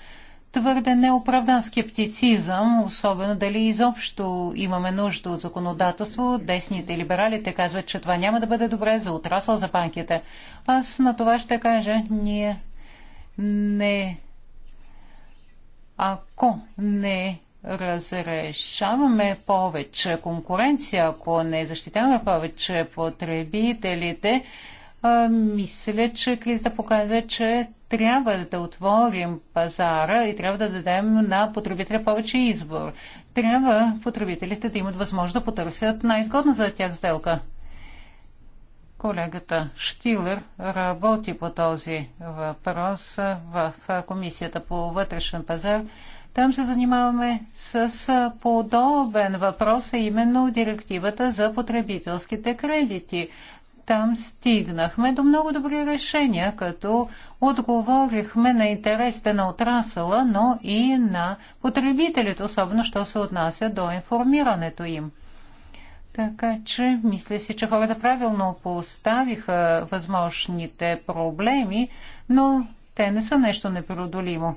твърде неоправдан скептицизъм, особено дали изобщо имаме нужда от законодателство. Десните либералите казват, че това няма да бъде добре за отрасъл за банките. Аз на това ще кажа, ние не... Ако не разрешаваме повече конкуренция, ако не защитаваме повече потребителите, мисля, че кризата показва, че трябва да отворим пазара и трябва да дадем на потребителя повече избор. Трябва потребителите да имат възможност да потърсят най-изгодна за тях сделка. Колегата Штилер работи по този въпрос в Комисията по вътрешен пазар. Там се занимаваме с подобен въпрос, а именно директивата за потребителските кредити там стигнахме до много добри решения, като отговорихме на интересите на отрасъла, но и на потребителите, особено що се отнася до информирането им. Така че, мисля си, че хората правилно поставиха възможните проблеми, но те не са нещо непреодолимо.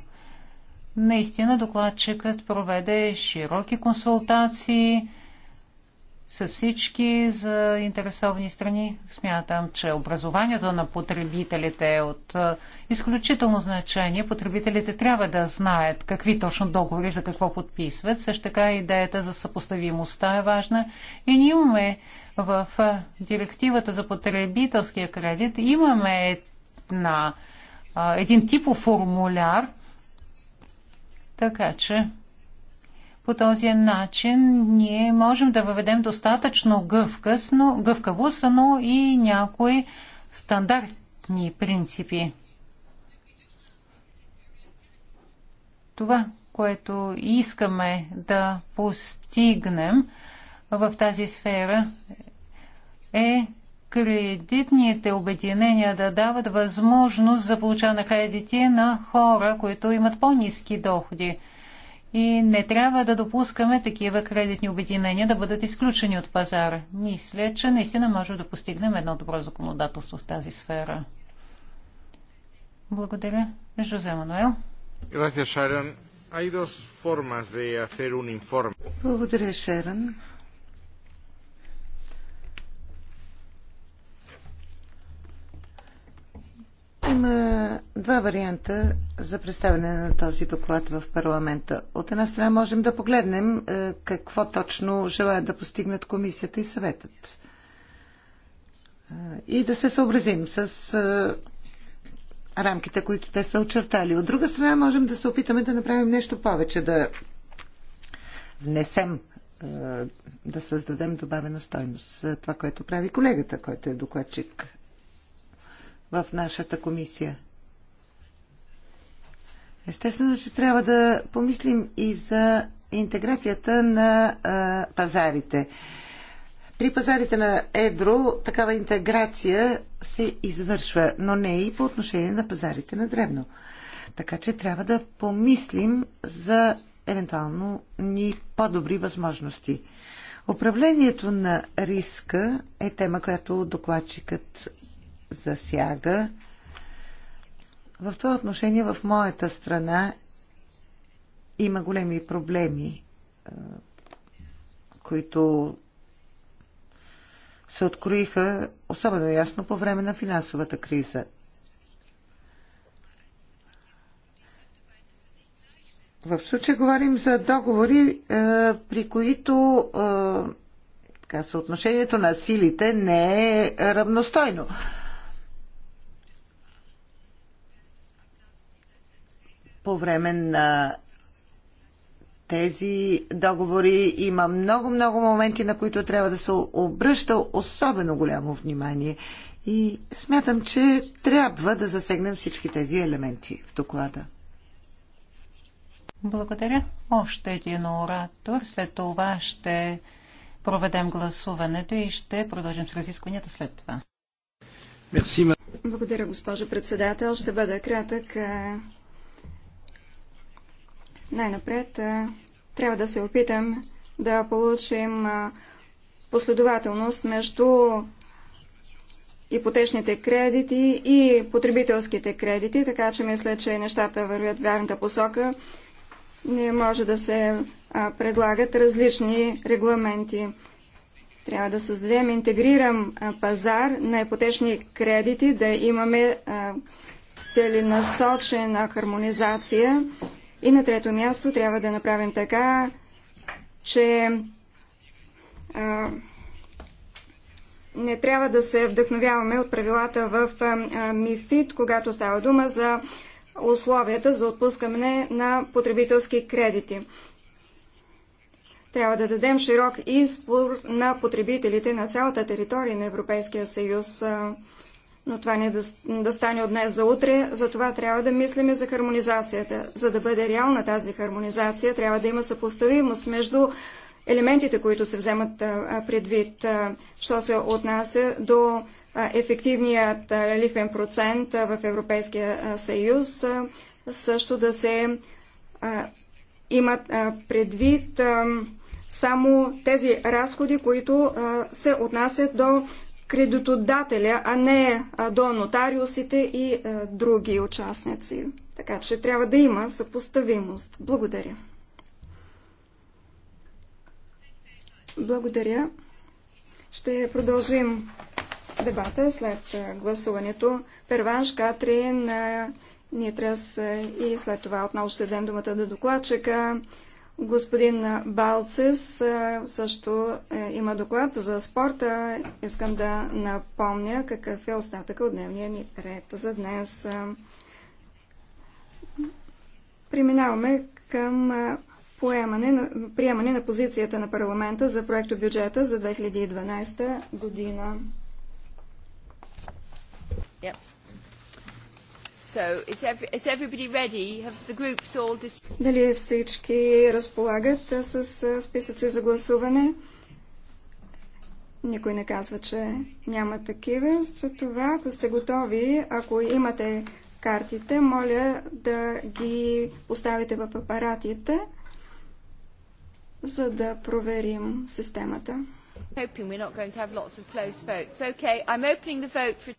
Наистина докладчикът проведе широки консултации, с всички заинтересовани страни. Смятам, че образованието на потребителите е от е, изключително значение. Потребителите трябва да знаят какви точно договори за какво подписват. Също така идеята за съпоставимостта е важна. И ние имаме в е, директивата за потребителския кредит имаме една, е, един типов формуляр, така че по този начин ние можем да въведем достатъчно гъвкъс, но, гъвкавост, но и някои стандартни принципи. Това, което искаме да постигнем в тази сфера е кредитните обединения да дават възможност за получаване на кредити на хора, които имат по-низки доходи – и не трябва да допускаме такива кредитни обединения да бъдат изключени от пазара. Мисля, че наистина може да постигнем едно добро законодателство в тази сфера. Благодаря. Жозе Мануел. Благодаря, Шаран. Благодаря, Шаран. Има два варианта за представяне на този доклад в парламента. От една страна можем да погледнем е, какво точно желаят да постигнат комисията и съветът. Е, и да се съобразим с е, рамките, които те са очертали. От друга страна можем да се опитаме да направим нещо повече, да внесем, да създадем добавена стойност. Това, което прави колегата, който е докладчик в нашата комисия. Естествено, че трябва да помислим и за интеграцията на а, пазарите. При пазарите на Едро такава интеграция се извършва, но не и по отношение на пазарите на Древно. Така че трябва да помислим за евентуално ни по-добри възможности. Управлението на риска е тема, която докладчикът засяга. В това отношение в моята страна има големи проблеми, е, които се откроиха особено ясно по време на финансовата криза. В случая говорим за договори, е, при които е, така, съотношението на силите не е равностойно. По време на тези договори има много-много моменти, на които трябва да се обръща особено голямо внимание. И смятам, че трябва да засегнем всички тези елементи в доклада. Благодаря. Още един оратор. След това ще проведем гласуването и ще продължим с разискванията след това. Благодаря, госпожо председател. Ще бъда кратък. Най-напред е, трябва да се опитам да получим е, последователност между ипотечните кредити и потребителските кредити, така че мисля, че нещата вървят вярната посока. Не може да се е, предлагат различни регламенти. Трябва да създадем интегриран пазар на ипотечни кредити, да имаме целенасочена хармонизация и на трето място трябва да направим така, че а, не трябва да се вдъхновяваме от правилата в МИФИД, когато става дума за условията за отпускане на потребителски кредити. Трябва да дадем широк избор на потребителите на цялата територия на Европейския съюз но това не да, да стане от днес за утре, затова трябва да мислиме за хармонизацията. За да бъде реална тази хармонизация, трябва да има съпоставимост между елементите, които се вземат предвид, що се отнася до ефективният лихвен процент в Европейския съюз, също да се имат предвид само тези разходи, които се отнасят до кредитодателя, а не до нотариусите и е, други участници. Така че трябва да има съпоставимост. Благодаря. Благодаря. Ще продължим дебата след е, гласуването. Перванш, Катрин, е, Нитрас и след това отново ще дадем думата до докладчика. Господин Балцис е, също е, има доклад за спорта. Искам да напомня какъв е остатъка от дневния ни ред за днес. Е, преминаваме към поемане приемане на позицията на парламента за проекто бюджета за 2012 година. So, is, every, is everybody ready? Have the groups all dis... Дали всички разполагат с списъци за гласуване? Никой не казва, че няма такива. Затова, ако сте готови, ако имате картите, моля да ги поставите в апаратите, за да проверим системата. Hoping we're not going to have lots of close votes. Okay, I'm opening the vote for...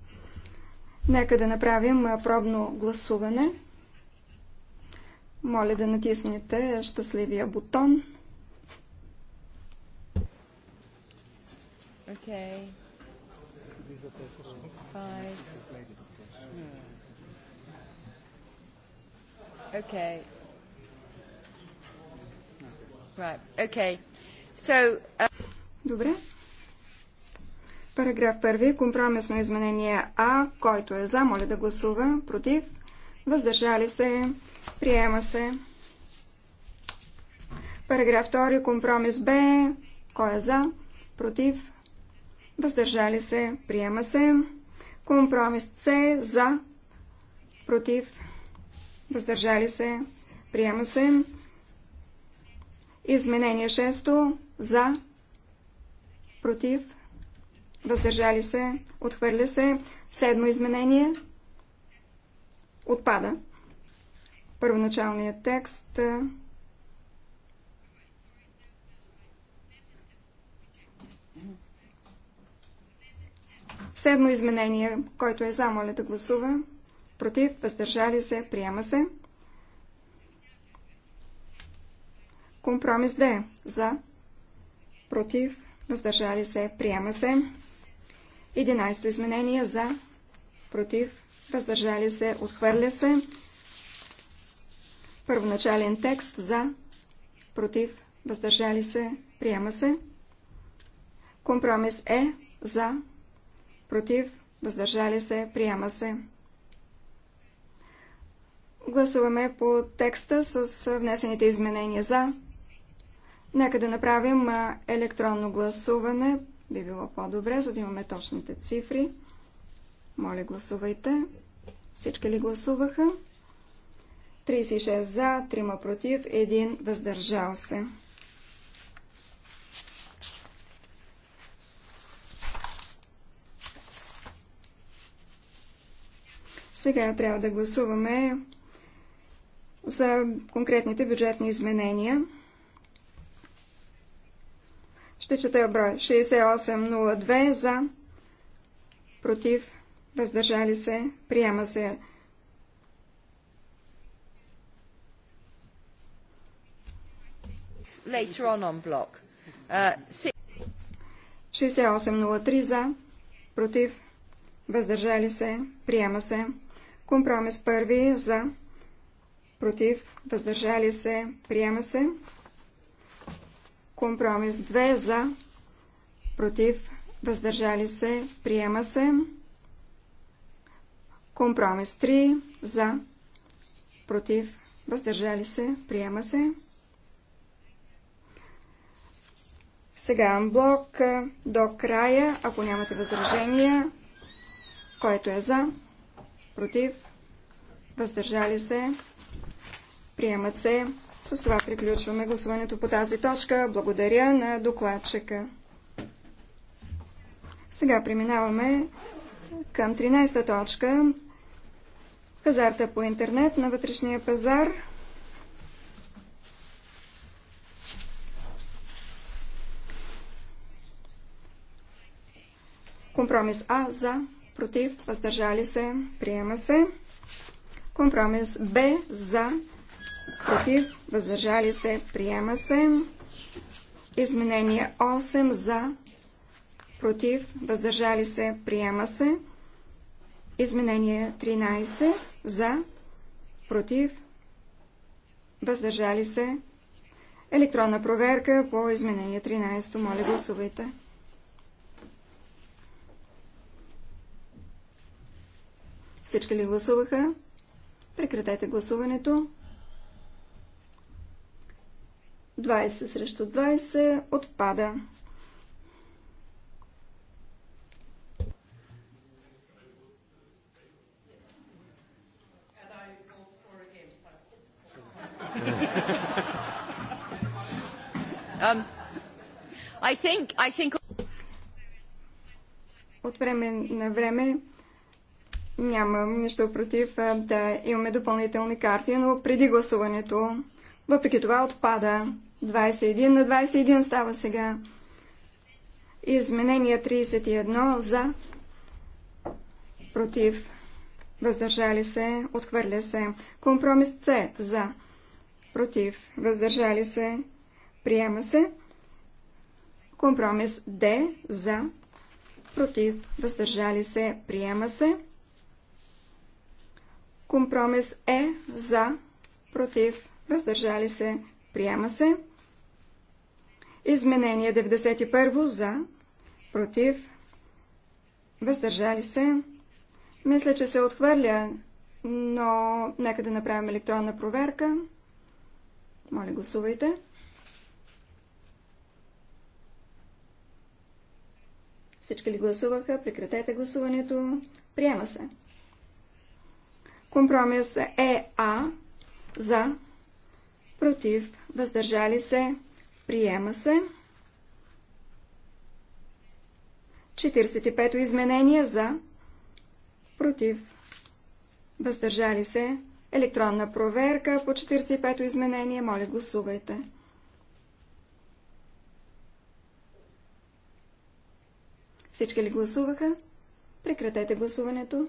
Нека да направим пробно гласуване. Моля да натиснете щастливия бутон. Okay. Five. Okay. Right. Okay. So, uh... Добре. Параграф 1. Компромисно изменение А. Който е за, моля да гласува. Против. Въздържали се. Приема се. Параграф 2. Компромис Б. Кой е за? Против. Въздържали се. Приема се. Компромис С. За. Против. Въздържали се. Приема се. Изменение 6. За. Против въздържали се, отхвърля се. Седмо изменение отпада. Първоначалният текст Седмо изменение, който е за, моля да гласува. Против, въздържали се, приема се. Компромис Д. За. Против, въздържали се, приема се. 11 изменение за, против, въздържали се, отхвърля се. Първоначален текст за, против, въздържали се, приема се. Компромис е за, против, въздържали се, приема се. Гласуваме по текста с внесените изменения за. Нека да направим електронно гласуване би било по-добре, за да имаме точните цифри. Моля, гласувайте. Всички ли гласуваха? 36 за, 3 против, 1 въздържал се. Сега трябва да гласуваме за конкретните бюджетни изменения. Ще чета брой. 6802 за, против, въздържали се, приема се. Later on on block. Uh, 6803 за, против, въздържали се, приема се. Компромис първи за, против, въздържали се, приема се. Компромис 2 за, против, въздържали се, приема се. Компромис 3 за, против, въздържали се, приема се. Сега блок до края, ако нямате възражения, който е за, против, въздържали се, приемат се с това приключваме гласуването по тази точка. Благодаря на докладчика. Сега преминаваме към 13-та точка. Пазарта по интернет на вътрешния пазар. Компромис А за, против, въздържали се, приема се. Компромис Б за, против, въздържали се, приема се. Изменение 8 за, против, въздържали се, приема се. Изменение 13 за, против, въздържали се. Електронна проверка по изменение 13. Моля гласувайте. Всички ли гласуваха? Прекратете гласуването. 20 срещу 20 отпада. Um, I think, I think... От време на време нямам нищо против да имаме допълнителни карти, но преди гласуването, въпреки това, отпада. 21 на 21 става сега. Изменение 31 за, против, въздържали се, отхвърля се. Компромис С за, против, въздържали се, приема се. Компромис Д за, против, въздържали се, приема се. Компромис Е за, против, въздържали се, приема се. Изменение 91 за, против, въздържали се. Мисля, че се отхвърля, но нека да направим електронна проверка. Моля, гласувайте. Всички ли гласуваха? Прекратете гласуването. Приема се. Компромис е А за, против, въздържали се, Приема се. 45-то изменение за. Против. Въздържали се. Електронна проверка по 45-то изменение. Моля, гласувайте. Всички ли гласуваха? Прекратете гласуването.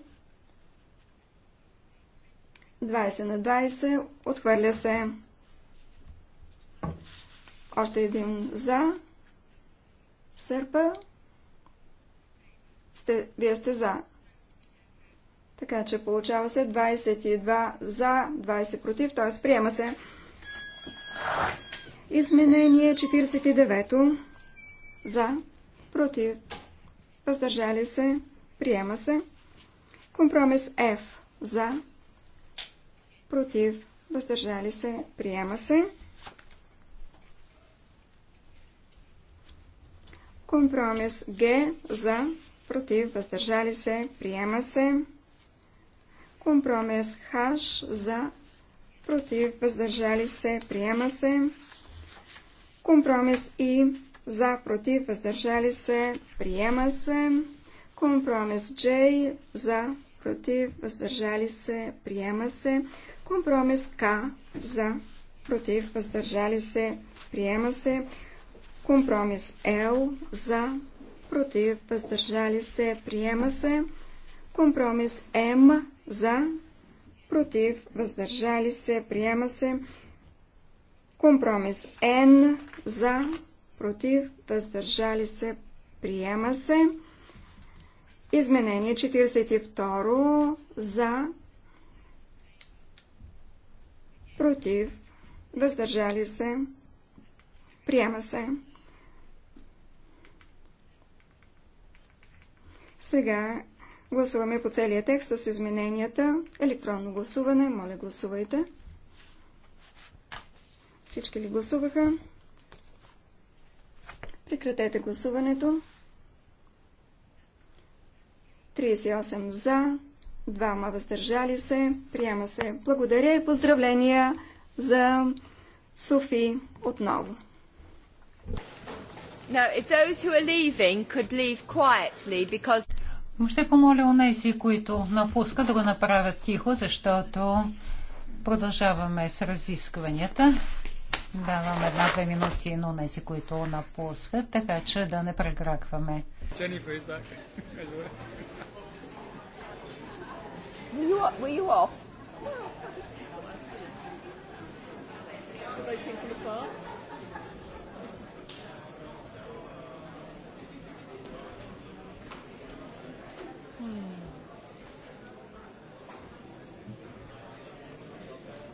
20 на 20. Отхвърля се. Още един за. Сърпа. Сте, вие сте за. Така че получава се 22 за, 20 против, т.е. приема се. Изменение 49 то за, против, въздържали се, приема се. Компромис F за, против, въздържали се, приема се. Компромис Г за, против, въздържали се, приема се. Компромис Х за, против, въздържали се, приема се. Компромис И за, против, въздържали се, приема се. Компромис J за, против, въздържали се, приема се. Компромис К за, против, въздържали се, приема се. Компромис Л за, против, въздържали се, приема се. Компромис М за, против, въздържали се, приема се. Компромис Н за, против, въздържали се, приема се. Изменение 42 за, против, въздържали се, приема се. Сега гласуваме по целия текст с измененията. Електронно гласуване. Моля, гласувайте. Всички ли гласуваха? Прекратете гласуването. 38 за, 2 въздържали се. Приема се. Благодаря и поздравления за Софи отново. Ще помоля онези, които напускат, да го направят тихо, защото продължаваме с разискванията. Давам една-две минути на тези, които напускат, така че да не прегракваме. Were you, were you off? Just waiting from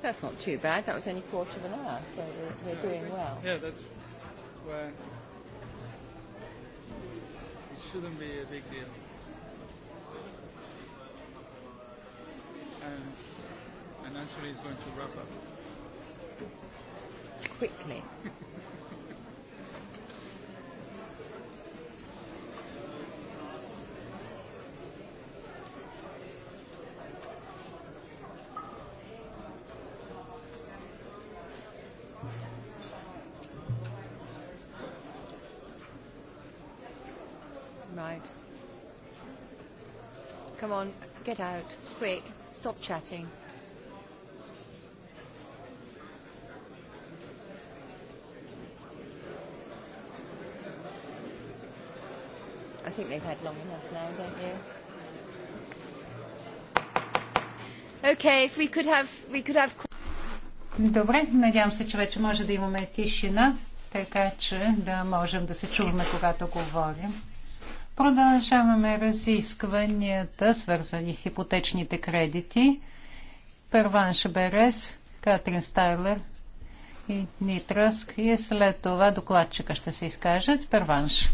That's not too bad. That was only quarter of an hour, so we're, we're doing well. Yeah, that's where it shouldn't be a big deal. And, and actually, it's going to wrap up quickly. Come on, get out, quick. Stop chatting. I think they've had long enough now, don't you? Okay, if we could have, we could have... Добре, надявам се, че вече може да имаме тишина, така че да можем да се чуваме, когато говорим. Продължаваме разискванията, свързани с ипотечните кредити. Първан Берес, Катрин Стайлер и Нитраск и след това докладчика ще се изкажат. Първанш.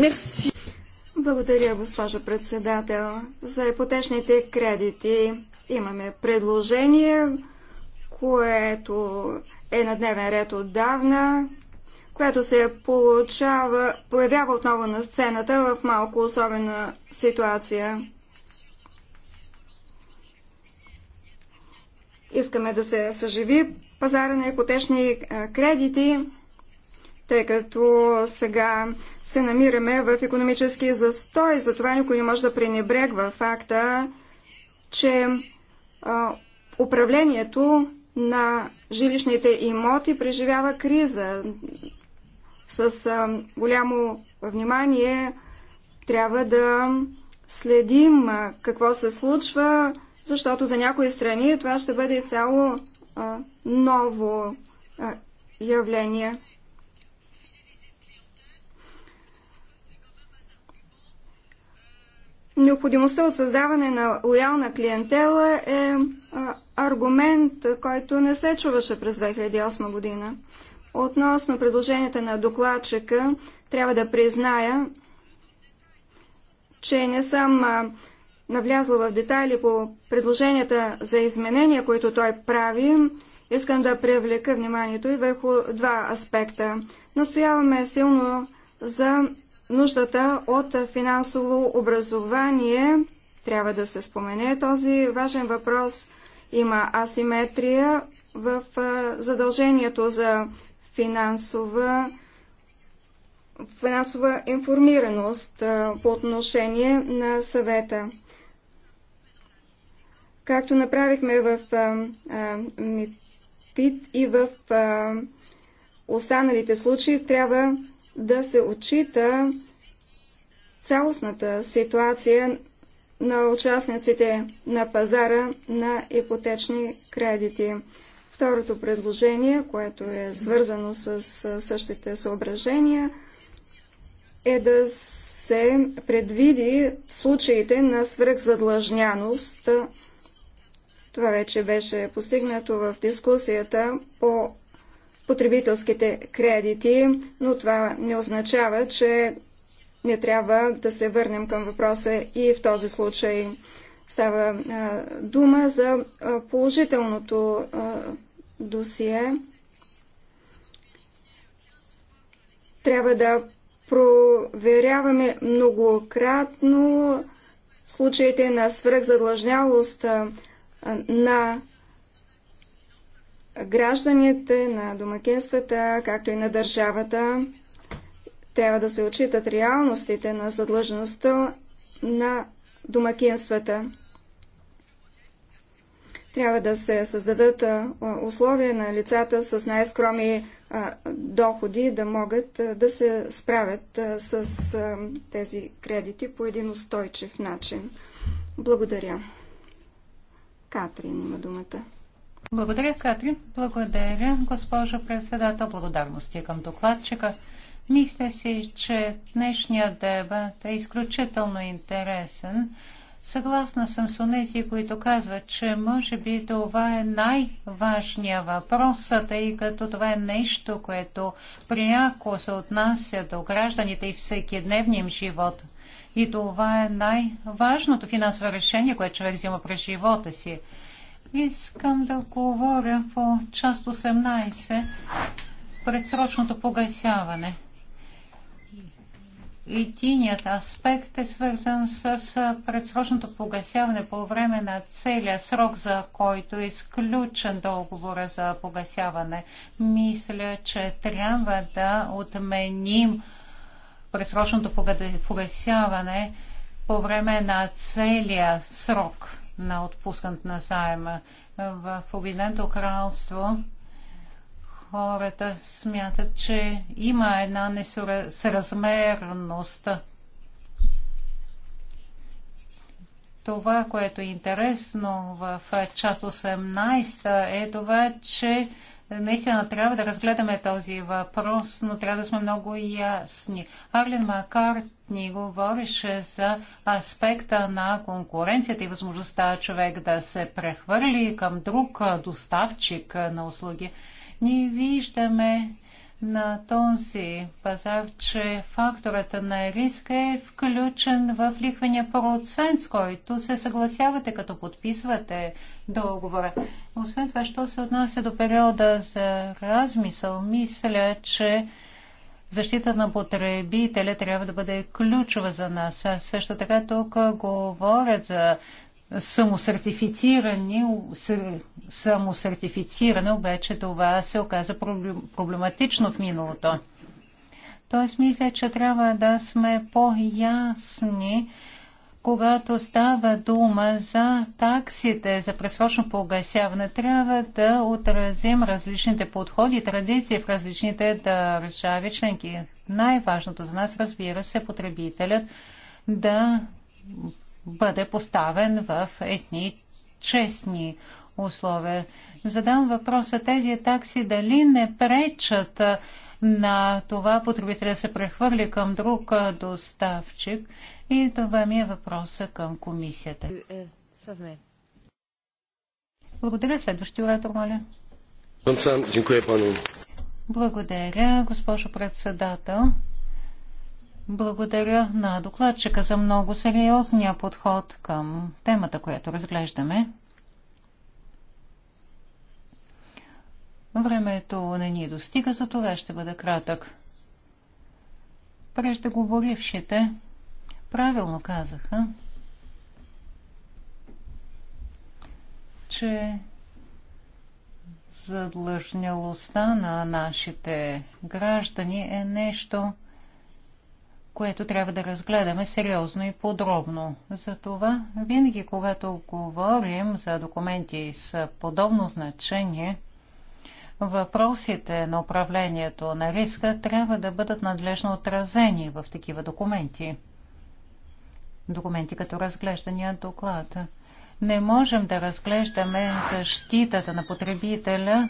Мерси. Благодаря, госпожо председател. За ипотечните кредити имаме предложение, което е на дневен ред отдавна която се получава, появява отново на сцената в малко особена ситуация. Искаме да се съживи пазара на ипотечни е, кредити, тъй като сега се намираме в економически застой, затова никой не може да пренебрегва факта, че а, е, управлението на жилищните имоти преживява криза с голямо внимание трябва да следим какво се случва, защото за някои страни това ще бъде цяло ново явление. Необходимостта от създаване на лоялна клиентела е аргумент, който не се чуваше през 2008 година. Относно предложенията на докладчика, трябва да призная, че не съм навлязла в детайли по предложенията за изменения, които той прави. Искам да привлека вниманието и върху два аспекта. Настояваме силно за нуждата от финансово образование. Трябва да се спомене този важен въпрос. Има асиметрия в задължението за финансова, финансова информираност по отношение на съвета. Както направихме в МИПИТ и в останалите случаи, трябва да се отчита цялостната ситуация на участниците на пазара на ипотечни кредити. Второто предложение, което е свързано с същите съображения, е да се предвиди случаите на свръхзадлъжняност. Това вече беше постигнато в дискусията по потребителските кредити, но това не означава, че не трябва да се върнем към въпроса и в този случай. Става дума за положителното досие. Трябва да проверяваме многократно случаите на свръхзадлъжнявост на гражданите, на домакинствата, както и на държавата. Трябва да се отчитат реалностите на задлъжността на домакинствата. Трябва да се създадат условия на лицата с най-скроми доходи да могат да се справят с тези кредити по един устойчив начин. Благодаря. Катрин има думата. Благодаря, Катрин. Благодаря, госпожо председател. Благодарности към докладчика. Мисля си, че днешният дебат е изключително интересен. Съгласна съм с онези, които казват, че може би това е най-важният въпрос, тъй като това е нещо, което пряко се отнася до гражданите и всеки дневния живот. И това е най-важното финансово решение, което човек взима през живота си. Искам да говоря по част 18, предсрочното погасяване – Единият аспект е свързан с предсрочното погасяване по време на целия срок, за който е изключен договора за погасяване. Мисля, че трябва да отменим предсрочното погасяване по време на целия срок на отпускането на заема. В Обединеното кралство хората смятат, че има една несъразмерност. Това, което е интересно в част 18 е това, че наистина трябва да разгледаме този въпрос, но трябва да сме много ясни. Арлен Маккартни говореше за аспекта на конкуренцията и възможността човек да се прехвърли към друг доставчик на услуги. Ние виждаме на този пазар, че факторът на риска е включен в лихвения процент, с който се съгласявате, като подписвате договора. Освен това, що се отнася до периода за размисъл, мисля, че защита на потребителя трябва да бъде ключова за нас. Също така тук говорят за самосертифицирани, самосертифициране, обаче това се оказа проблематично в миналото. Тоест, мисля, че трябва да сме по-ясни, когато става дума за таксите за пресрочно погасяване, трябва да отразим различните подходи и традиции в различните държави членки. Най-важното за нас, разбира се, потребителят да бъде поставен в едни честни условия. Задам въпроса тези такси дали не пречат на това потребителя се прехвърли към друг доставчик. И това ми е въпроса към комисията. Благодаря. Следващия оратор, моля. Благодаря, госпожо председател. Благодаря на докладчика за много сериозния подход към темата, която разглеждаме. Времето не ни достига, за това ще бъда кратък. Преждеговорившите правилно казаха, че задлъжнялостта на нашите граждани е нещо, което трябва да разгледаме сериозно и подробно. Затова винаги, когато говорим за документи с подобно значение, въпросите на управлението на риска трябва да бъдат надлежно отразени в такива документи. Документи като разглеждания доклад. Не можем да разглеждаме защитата на потребителя,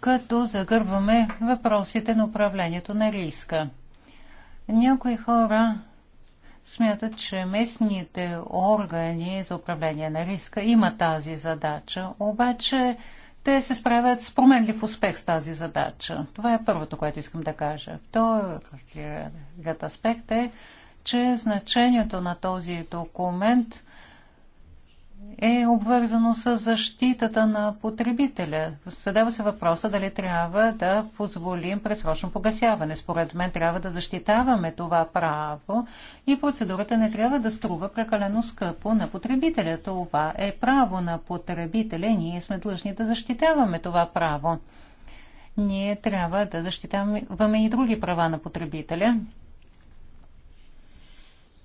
като загърбваме въпросите на управлението на риска. Някои хора смятат, че местните органи за управление на риска имат тази задача, обаче те се справят с променлив успех с тази задача. Това е първото, което искам да кажа. Вторият аспект е, че значението на този документ е обвързано с защитата на потребителя. Съдава се въпроса дали трябва да позволим предсрочно погасяване. Според мен трябва да защитаваме това право и процедурата не трябва да струва прекалено скъпо на потребителя. Това е право на потребителя и ние сме длъжни да защитаваме това право. Ние трябва да защитаваме и други права на потребителя.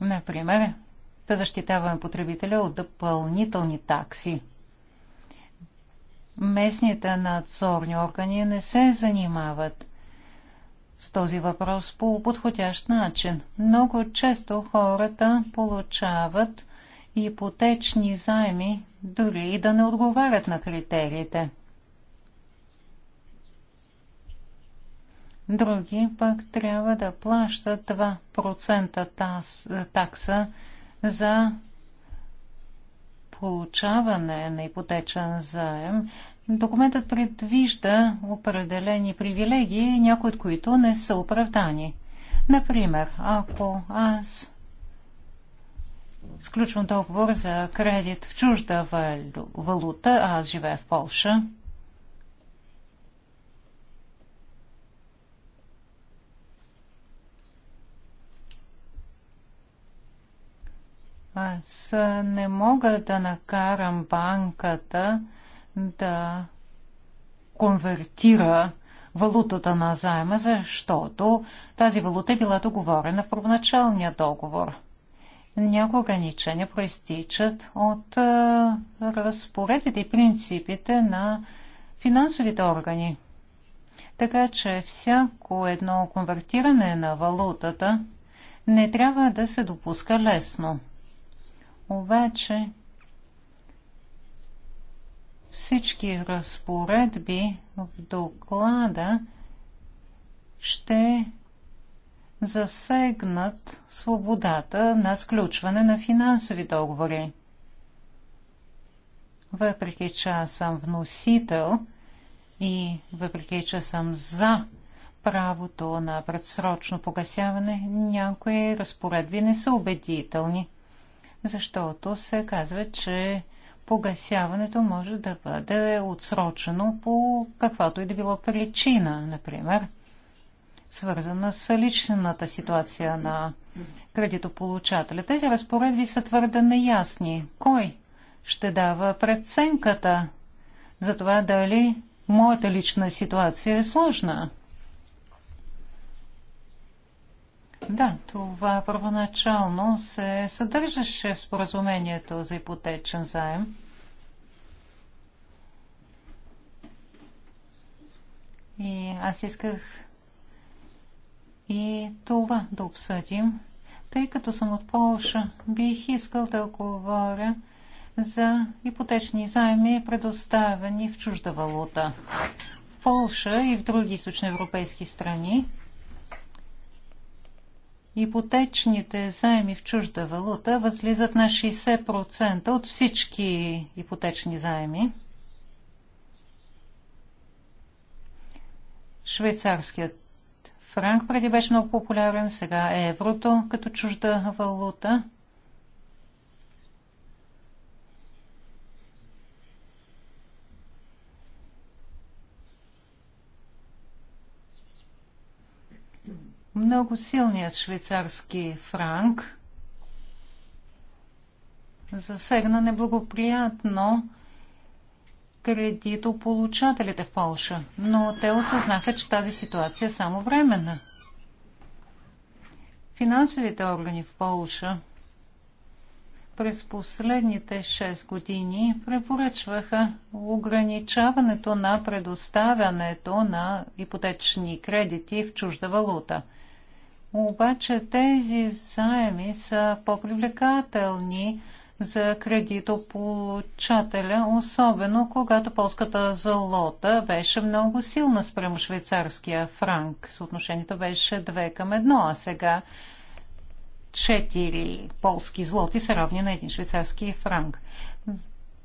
Например, да защитаваме потребителя от допълнителни такси. Местните надзорни органи не се занимават с този въпрос по подходящ начин. Много често хората получават ипотечни заеми, дори и да не отговарят на критериите. Други пък трябва да плащат 2% такса за получаване на ипотечен заем, документът предвижда определени привилегии, някои от които не са оправдани. Например, ако аз сключвам договор за кредит в чужда валюта, аз живея в Полша, Аз не мога да накарам банката да конвертира валутата на заема, защото тази валута е била договорена в първоначалния договор. Някои ограничения проистичат от разпоредите и принципите на финансовите органи. Така че всяко едно конвертиране на валутата не трябва да се допуска лесно. Обаче всички разпоредби в доклада ще засегнат свободата на сключване на финансови договори. Въпреки, че аз съм вносител и въпреки, че съм за правото на предсрочно погасяване, някои разпоредби не са убедителни защото се казва, че погасяването може да бъде отсрочено по каквато и да било причина, например, свързана с личната ситуация на кредитополучателя. Тези разпоредби са твърде неясни. Кой ще дава преценката за това дали моята лична ситуация е сложна? Да, това първоначално се съдържаше в споразумението за ипотечен заем. И аз исках и това да обсъдим. Тъй като съм от Полша, бих искал да говоря за ипотечни заеми, предоставени в чужда валута. В Полша и в други източноевропейски страни ипотечните заеми в чужда валута възлизат на 60% от всички ипотечни заеми. Швейцарският франк преди беше много популярен, сега е еврото като чужда валута – много силният швейцарски франк засегна неблагоприятно кредитополучателите в Полша, но те осъзнаха, че тази ситуация е само временна. Финансовите органи в Полша през последните 6 години препоръчваха ограничаването на предоставянето на ипотечни кредити в чужда валута – обаче тези заеми са по-привлекателни за кредитополучателя, особено когато полската злота беше много силна спрямо швейцарския франк. Съотношението беше 2 към 1, а сега 4 полски злоти са равни на един швейцарски франк.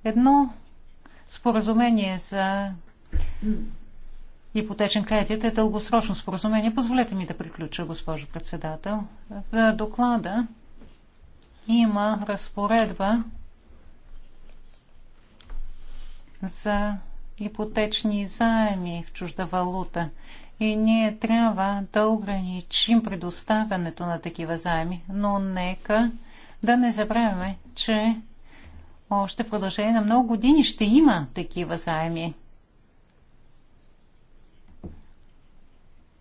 Едно споразумение за ипотечен кредит е дългосрочно споразумение. Позволете ми да приключа, госпожо председател. В доклада има разпоредба за ипотечни заеми в чужда валута и ние трябва да ограничим предоставянето на такива заеми, но нека да не забравяме, че още в продължение на много години ще има такива заеми.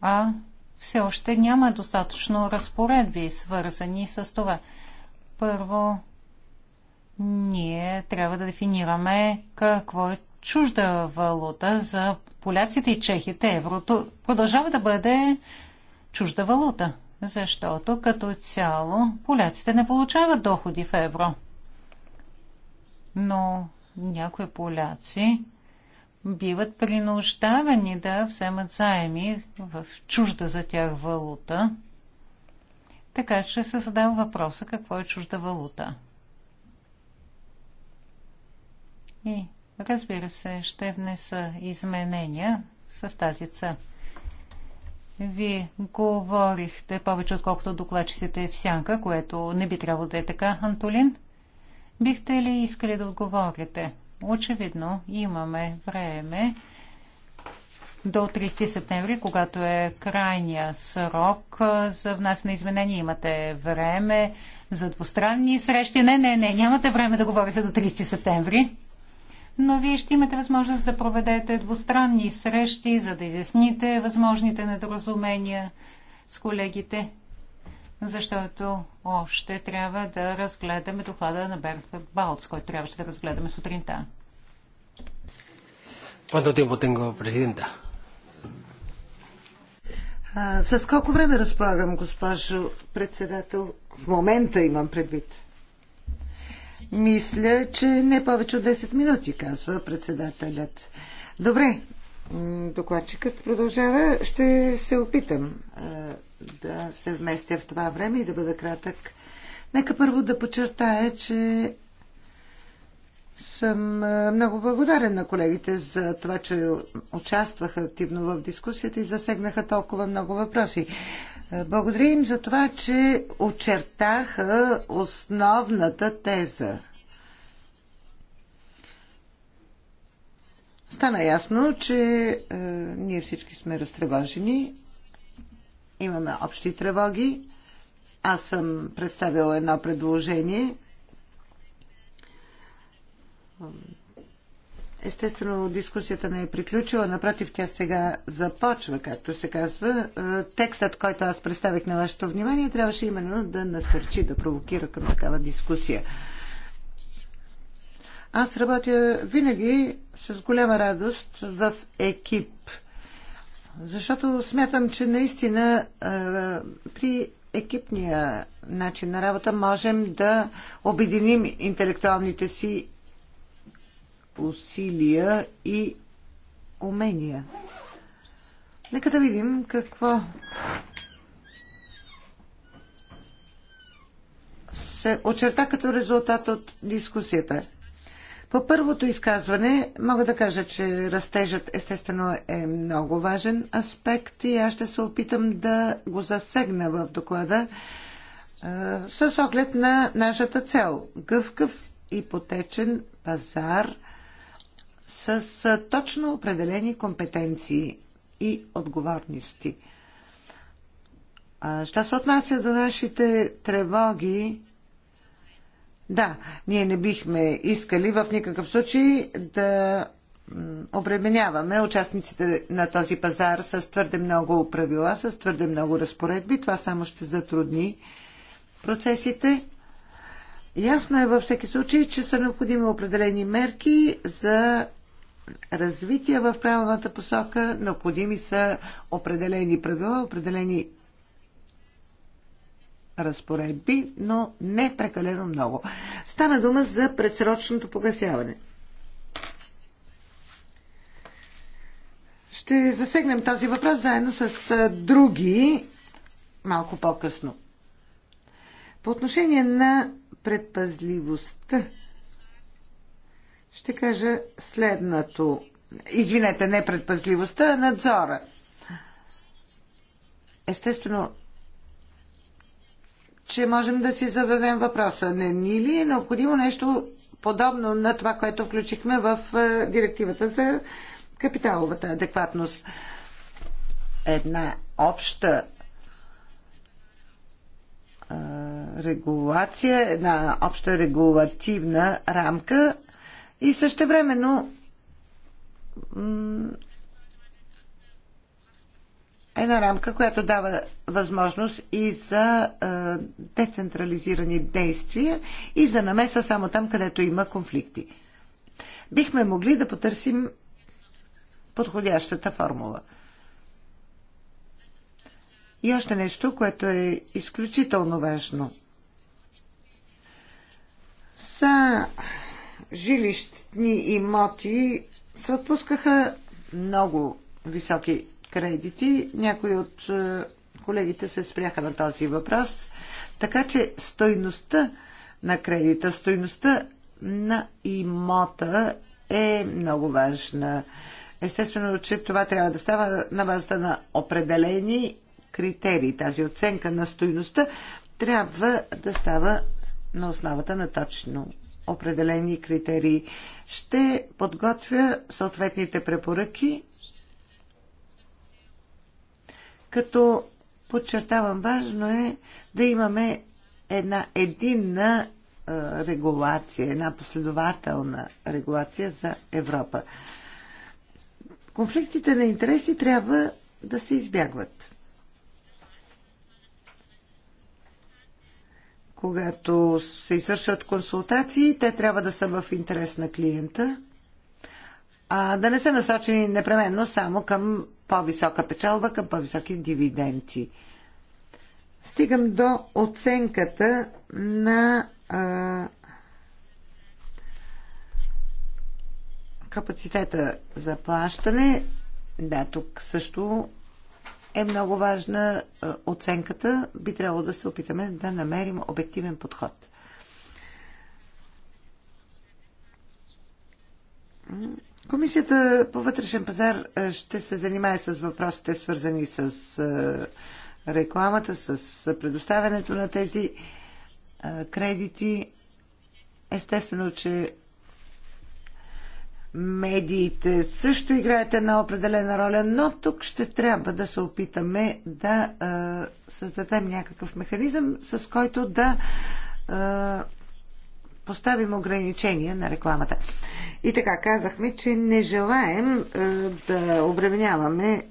а все още няма достатъчно разпоредби, свързани с това. Първо, ние трябва да дефинираме какво е чужда валута за поляците и чехите. Еврото продължава да бъде чужда валута, защото като цяло поляците не получават доходи в евро. Но някои поляци биват принуждавани да вземат заеми в чужда за тях валута. Така че се задава въпроса какво е чужда валута. И разбира се, ще внеса изменения с тази ца. Вие говорихте повече, отколкото докладчиците в сянка, което не би трябвало да е така, Антолин. Бихте ли искали да отговорите? Очевидно имаме време до 30 септември, когато е крайния срок за внасяне изменения. Имате време за двустранни срещи. Не, не, не, нямате време да говорите до 30 септември. Но вие ще имате възможност да проведете двустранни срещи, за да изясните възможните недоразумения с колегите защото още трябва да разгледаме доклада на Берта Балц, който трябваше да разгледаме сутринта. ¿Cuánto tiempo tengo, президента? С колко време разполагам, госпожо председател? В момента имам предвид. Мисля, че не повече от 10 минути, казва председателят. Добре, докладчикът продължава. Ще се опитам да се вместя в това време и да бъда кратък. Нека първо да подчертая, че съм много благодарен на колегите за това, че участваха активно в дискусията и засегнаха толкова много въпроси. Благодаря им за това, че очертаха основната теза. Стана ясно, че е, ние всички сме разтревожени Имаме общи тревоги. Аз съм представила едно предложение. Естествено, дискусията не е приключила. Напротив, тя сега започва, както се казва. Е, текстът, който аз представих на вашето внимание, трябваше именно да насърчи, да провокира към такава дискусия. Аз работя винаги с голяма радост в екип – защото смятам, че наистина е, при екипния начин на работа можем да обединим интелектуалните си усилия и умения. Нека да видим какво се очерта като резултат от дискусията. По първото изказване мога да кажа, че растежът естествено е много важен аспект и аз ще се опитам да го засегна в доклада с оглед на нашата цел. Гъвкав ипотечен пазар с точно определени компетенции и отговорности. Що се отнася до нашите тревоги да, ние не бихме искали в никакъв случай да обременяваме участниците на този пазар с твърде много правила, с твърде много разпоредби. Това само ще затрудни процесите. Ясно е във всеки случай, че са необходими определени мерки за развитие в правилната посока. Необходими са определени правила, определени разпоредби, но не прекалено много. Стана дума за предсрочното погасяване. Ще засегнем този въпрос заедно с други малко по-късно. По отношение на предпазливостта, ще кажа следното. Извинете, не предпазливостта, а надзора. Естествено, че можем да си зададем въпроса. Не ни ли е необходимо нещо подобно на това, което включихме в е, директивата за капиталовата адекватност? Една обща е, регулация, една обща регулативна рамка и също времено една рамка, която дава възможност и за а, е, децентрализирани действия и за намеса само там, където има конфликти. Бихме могли да потърсим подходящата формула. И още нещо, което е изключително важно. Са жилищни имоти се отпускаха много високи кредити. Някои от е, колегите се спряха на този въпрос. Така че стойността на кредита, стойността на имота е много важна. Естествено, че това трябва да става на базата на определени критерии. Тази оценка на стойността трябва да става на основата на точно определени критерии. Ще подготвя съответните препоръки като подчертавам, важно е да имаме една единна регулация, една последователна регулация за Европа. Конфликтите на интереси трябва да се избягват. Когато се извършват консултации, те трябва да са в интерес на клиента а да не са насочени непременно само към по-висока печалба, към по-високи дивиденти. Стигам до оценката на а, капацитета за плащане. Да, тук също е много важна оценката. Би трябвало да се опитаме да намерим обективен подход. Комисията по вътрешен пазар е, ще се занимае с въпросите, свързани с е, рекламата, с предоставянето на тези е, кредити. Естествено, че медиите също играят една определена роля, но тук ще трябва да се опитаме да създадем някакъв механизъм, с който да поставим ограничения на рекламата. И така казахме, че не желаем е, да обременяваме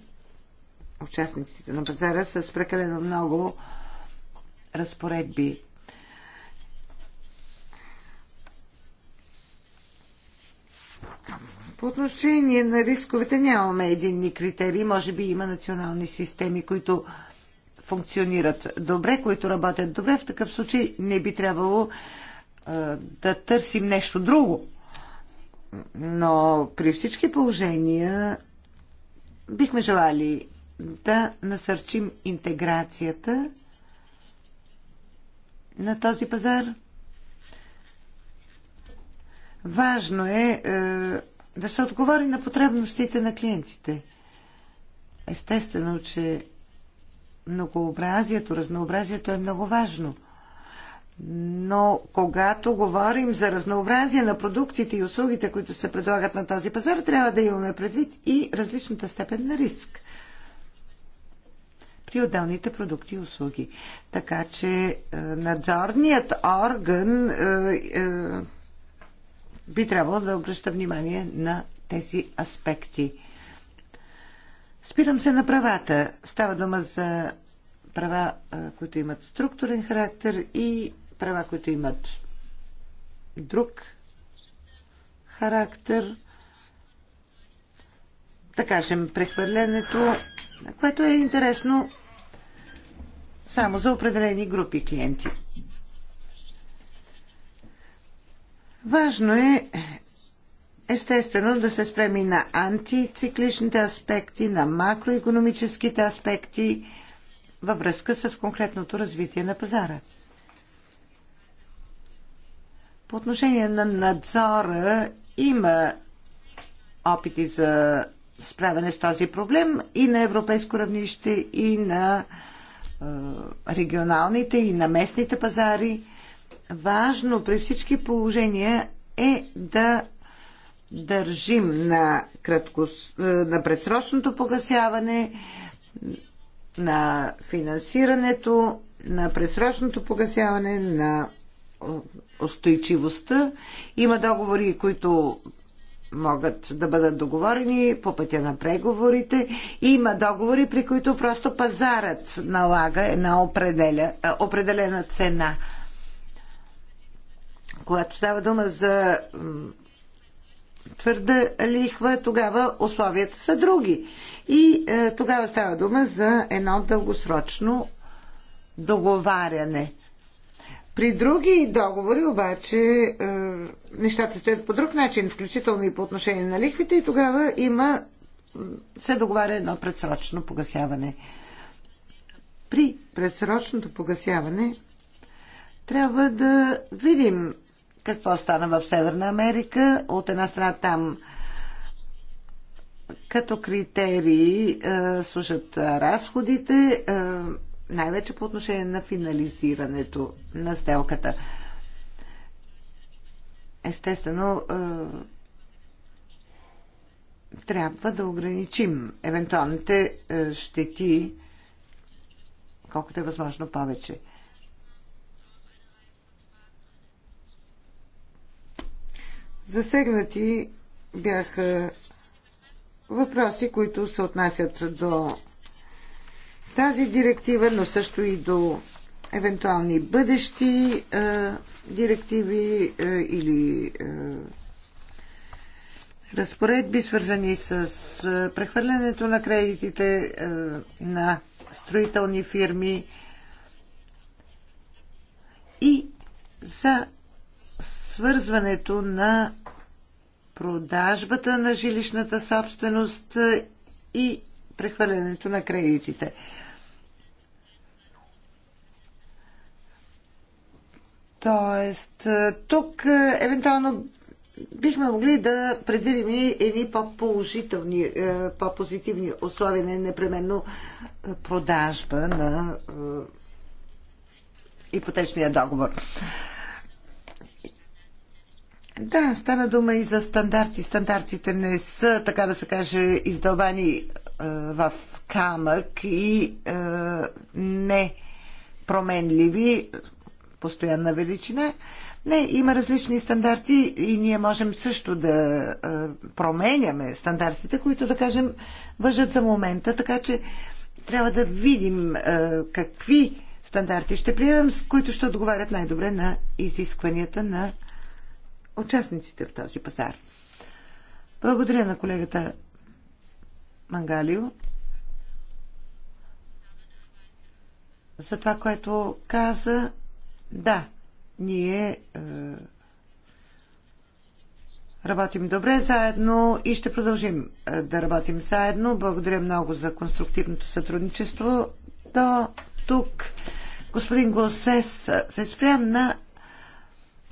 участниците на пазара с прекалено много разпоредби. По отношение на рисковете нямаме единни критерии. Може би има национални системи, които функционират добре, които работят добре. В такъв случай не би трябвало да търсим нещо друго. Но при всички положения бихме желали да насърчим интеграцията на този пазар. Важно е, е да се отговори на потребностите на клиентите. Естествено, че многообразието, разнообразието е много важно – но когато говорим за разнообразие на продуктите и услугите, които се предлагат на този пазар, трябва да имаме предвид и различната степен на риск при отделните продукти и услуги. Така че е, надзорният орган е, е, би трябвало да обръща внимание на тези аспекти. Спирам се на правата. Става дума за права, които имат структурен характер и права, които имат друг характер, да кажем, прехвърлянето, което е интересно само за определени групи клиенти. Важно е естествено да се спреми на антицикличните аспекти, на макроекономическите аспекти във връзка с конкретното развитие на пазара. По отношение на надзора има опити за справяне с този проблем и на европейско равнище, и на регионалните, и на местните пазари. Важно при всички положения е да държим на, кратко, на предсрочното погасяване, на финансирането, на предсрочното погасяване, на устойчивостта. Има договори, които могат да бъдат договорени по пътя на преговорите. Има договори, при които просто пазарът налага една определя, определена цена. Когато става дума за твърда лихва, тогава условията са други. И е, тогава става дума за едно дългосрочно договаряне. При други договори обаче е, нещата стоят по друг начин, включително и по отношение на лихвите и тогава има се договаря едно предсрочно погасяване. При предсрочното погасяване трябва да видим какво стана в Северна Америка. От една страна там като критерии е, служат разходите, е, най-вече по отношение на финализирането на сделката. Естествено, е, трябва да ограничим евентуалните е, щети, колкото е възможно повече. Засегнати бяха въпроси, които се отнасят до тази директива, но също и до евентуални бъдещи е, директиви е, или е, разпоредби, свързани с е, прехвърлянето на кредитите е, на строителни фирми и за свързването на продажбата на жилищната собственост е, и прехвърлянето на кредитите. Тоест, е, тук е, евентуално бихме могли да предвидим и едни по-положителни, е, по-позитивни условия, не непременно продажба на ипотечния договор. Да, стана дума и за стандарти. Стандартите не са, така да се каже, издълбани в камък и не променливи постоянна величина. Не, има различни стандарти и ние можем също да променяме стандартите, които, да кажем, въжат за момента, така че трябва да видим какви стандарти ще приемем, с които ще отговарят най-добре на изискванията на участниците в този пазар. Благодаря на колегата Мангалио за това, което каза да, ние е, работим добре заедно и ще продължим е, да работим заедно. Благодаря много за конструктивното сътрудничество. До тук господин Голсес е, се спря на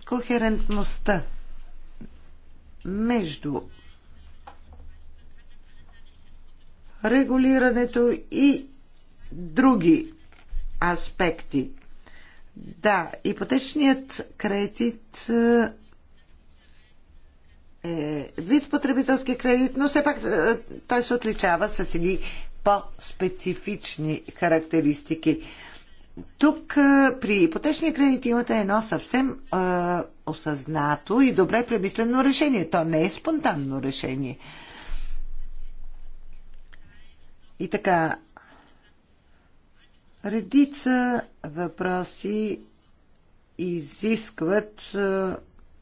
кохерентността между регулирането и други аспекти да, ипотечният кредит е, е вид потребителски кредит, но все пак е, той се отличава с едни по-специфични характеристики. Тук е, при ипотечния кредит имате едно съвсем е, осъзнато и добре премислено решение. То не е спонтанно решение. И така, Редица въпроси изискват е,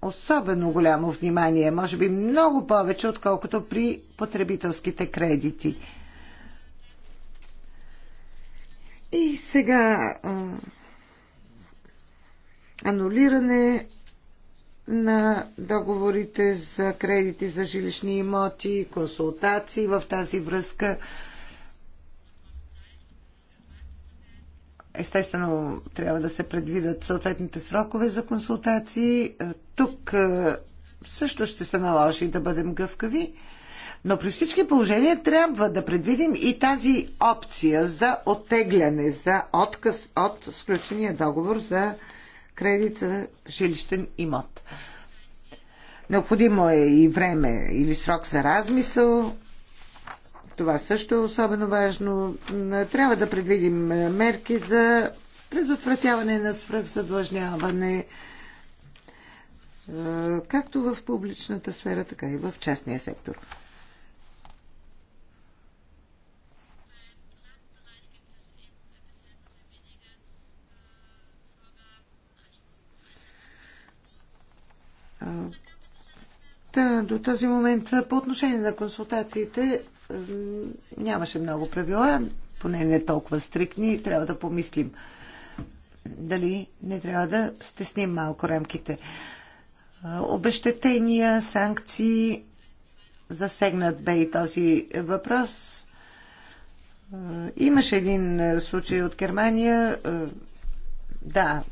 особено голямо внимание, може би много повече, отколкото при потребителските кредити. И сега е, анулиране на договорите за кредити за жилищни имоти, консултации в тази връзка. Естествено, трябва да се предвидат съответните срокове за консултации. Е, тук е, също ще се наложи да бъдем гъвкави, но при всички положения трябва да предвидим и тази опция за оттегляне, за отказ от сключения договор за кредит за жилищен имот. Необходимо е и време или срок за размисъл, това също е особено важно. Трябва да предвидим е, мерки за предотвратяване на свръхзадлъжняване е, както в публичната сфера, така и в частния сектор. Та, до този момент по отношение на консултациите нямаше много правила, поне не толкова стрикни и трябва да помислим дали не трябва да стесним малко рамките. Обещетения, санкции, засегнат бе и този въпрос. Имаше един случай от Германия. Да,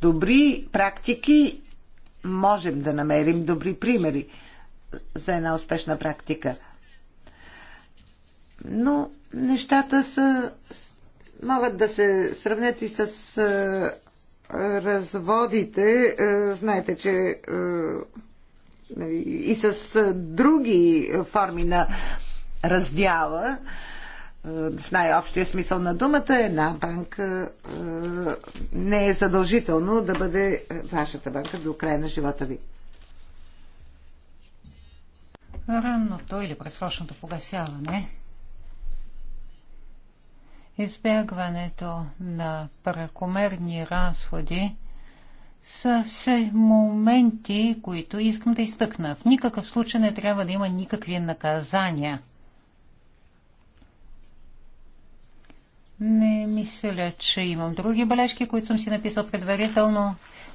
добри практики можем да намерим, добри примери за една успешна практика. Но нещата са, могат да се сравнят и с а, разводите. А, знаете, че а, нали, и с а, други форми на раздяла, в най-общия смисъл на думата, една банка не е задължително да бъде вашата банка до края на живота ви ранното или предсрочното погасяване, избягването на прекомерни разходи са все моменти, които искам да изтъкна. В никакъв случай не трябва да има никакви наказания. Не мисля, че имам други бележки, които съм си написал предварително.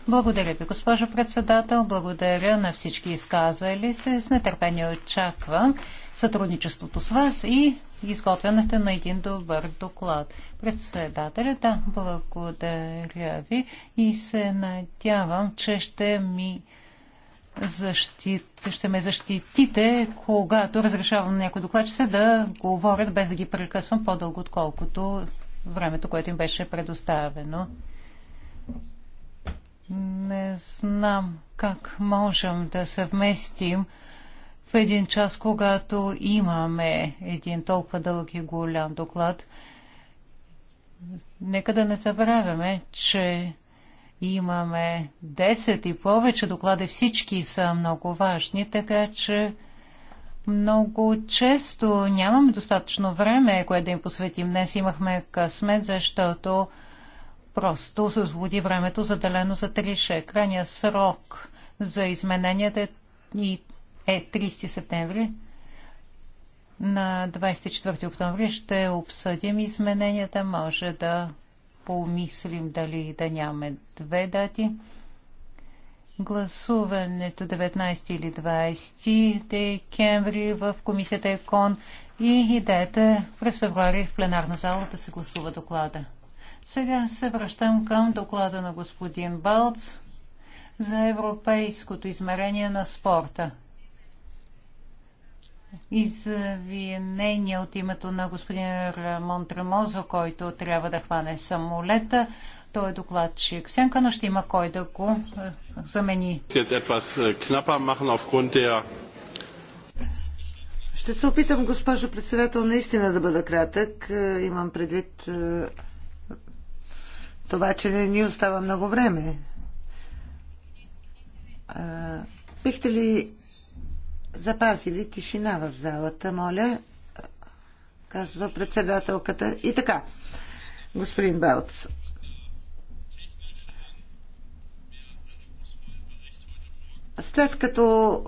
Благодаря ви, госпожо председател. Благодаря на всички изказали се. С нетърпение очаквам сътрудничеството с вас и изготвянето на един добър доклад. Председателя, да, благодаря ви и се надявам, че ще ми защит, ще ме защитите, когато разрешавам на някой докладчица да говорят без да ги прекъсвам по-дълго, отколкото времето, което им беше предоставено. Не знам как можем да съвместим в един час, когато имаме един толкова дълъг и голям доклад. Нека да не забравяме, че имаме 10 и повече доклади. Всички са много важни, така че много често нямаме достатъчно време, което да им посветим. Днес имахме късмет, защото просто се освободи времето заделено за Трише. Крайния срок за измененията е 30 септември. На 24 октомври ще обсъдим измененията. Може да помислим дали да нямаме две дати. Гласуването 19 или 20 декември в комисията ЕКОН и идеята е през февруари в пленарна зала да се гласува доклада. Сега се връщам към доклада на господин Балц за европейското измерение на спорта. Извинение от името на господин Рамон Тремозо, който трябва да хване самолета. Той е докладчик. Сенка, но ще има кой да го е, замени. Ще се опитам, госпожо председател, наистина да бъда кратък. Е, имам предвид е, това, че не ни остава много време. А, бихте ли запазили тишина в залата, моля? Казва председателката. И така, господин Белц. След като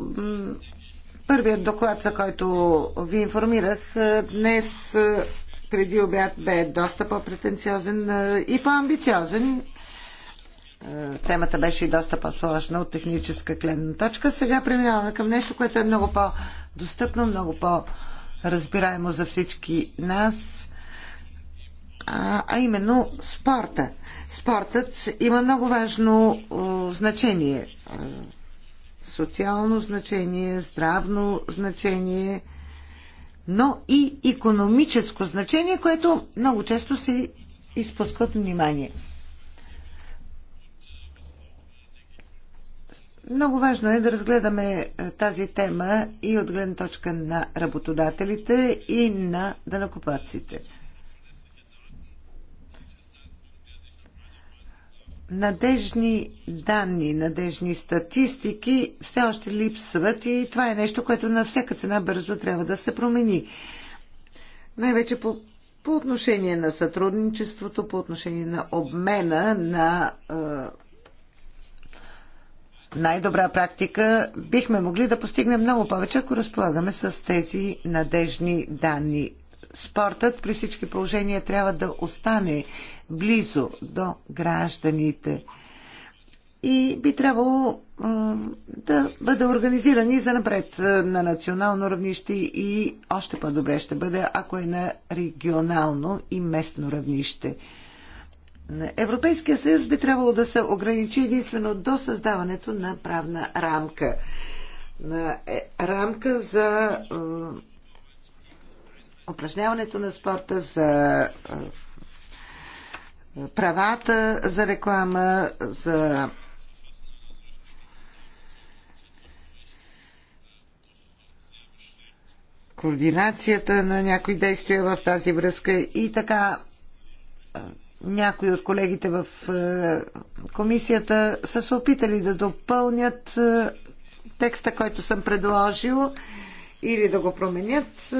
първият доклад, за който ви информирах, е, днес е, преди обяд бе доста по-претенциозен и по-амбициозен. Темата беше и доста по-сложна от техническа гледна точка. Сега преминаваме към нещо, което е много по-достъпно, много по-разбираемо за всички нас, а именно спорта. Спортът има много важно значение. Социално значение, здравно значение – но и економическо значение, което много често се изпуска от внимание. Много важно е да разгледаме е, тази тема и от гледна точка на работодателите и на данакопаците. надежни данни, надежни статистики все още липсват и това е нещо, което на всяка цена бързо трябва да се промени. Най-вече по, по отношение на сътрудничеството, по отношение на обмена на е, най-добра практика, бихме могли да постигнем много повече, ако разполагаме с тези надежни данни спортът при всички положения трябва да остане близо до гражданите и би трябвало да бъде организирани за напред на национално равнище и още по-добре ще бъде, ако е на регионално и местно равнище. Европейския съюз би трябвало да се ограничи единствено до създаването на правна рамка. На е, рамка за упражняването на спорта, за е, правата за реклама, за координацията на някои действия в тази връзка и така е, някои от колегите в е, комисията са се опитали да допълнят текста, който съм предложил или да го променят.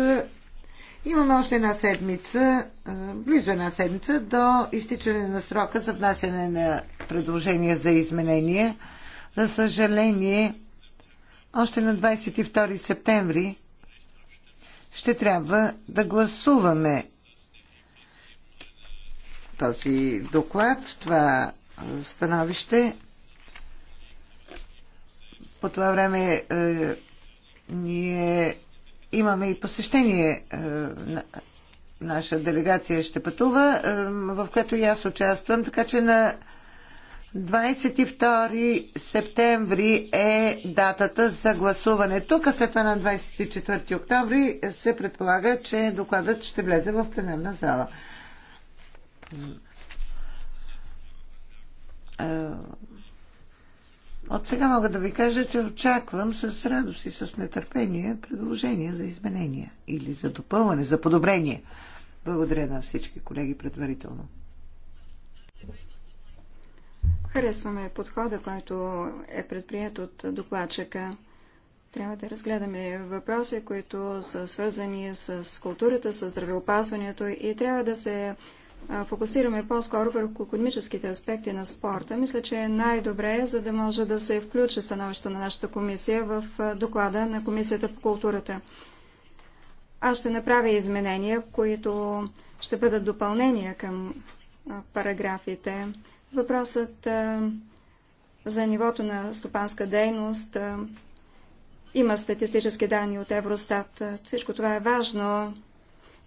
Имаме още една седмица, близо една седмица, до изтичане на срока за внасяне на предложения за изменение. За съжаление, още на 22 септември ще трябва да гласуваме този доклад, това становище. По това време е, ние Имаме и посещение. Е, наша делегация ще пътува, е, в което и аз участвам, така че на 22 септември е датата за гласуване. Тук, след това на 24 октомври, се предполага, че докладът ще влезе в пленарна зала. Е, от сега мога да ви кажа, че очаквам с радост и с нетърпение предложения за изменения или за допълване, за подобрение. Благодаря на всички колеги предварително. Харесваме подхода, който е предприят от докладчика. Трябва да разгледаме въпроси, които са свързани с културата, с здравеопазването и трябва да се фокусираме по-скоро върху економическите аспекти на спорта, мисля, че е най-добре, за да може да се включи становището на нашата комисия в доклада на Комисията по културата. Аз ще направя изменения, които ще бъдат допълнения към параграфите. Въпросът за нивото на стопанска дейност има статистически данни от Евростат. Всичко това е важно.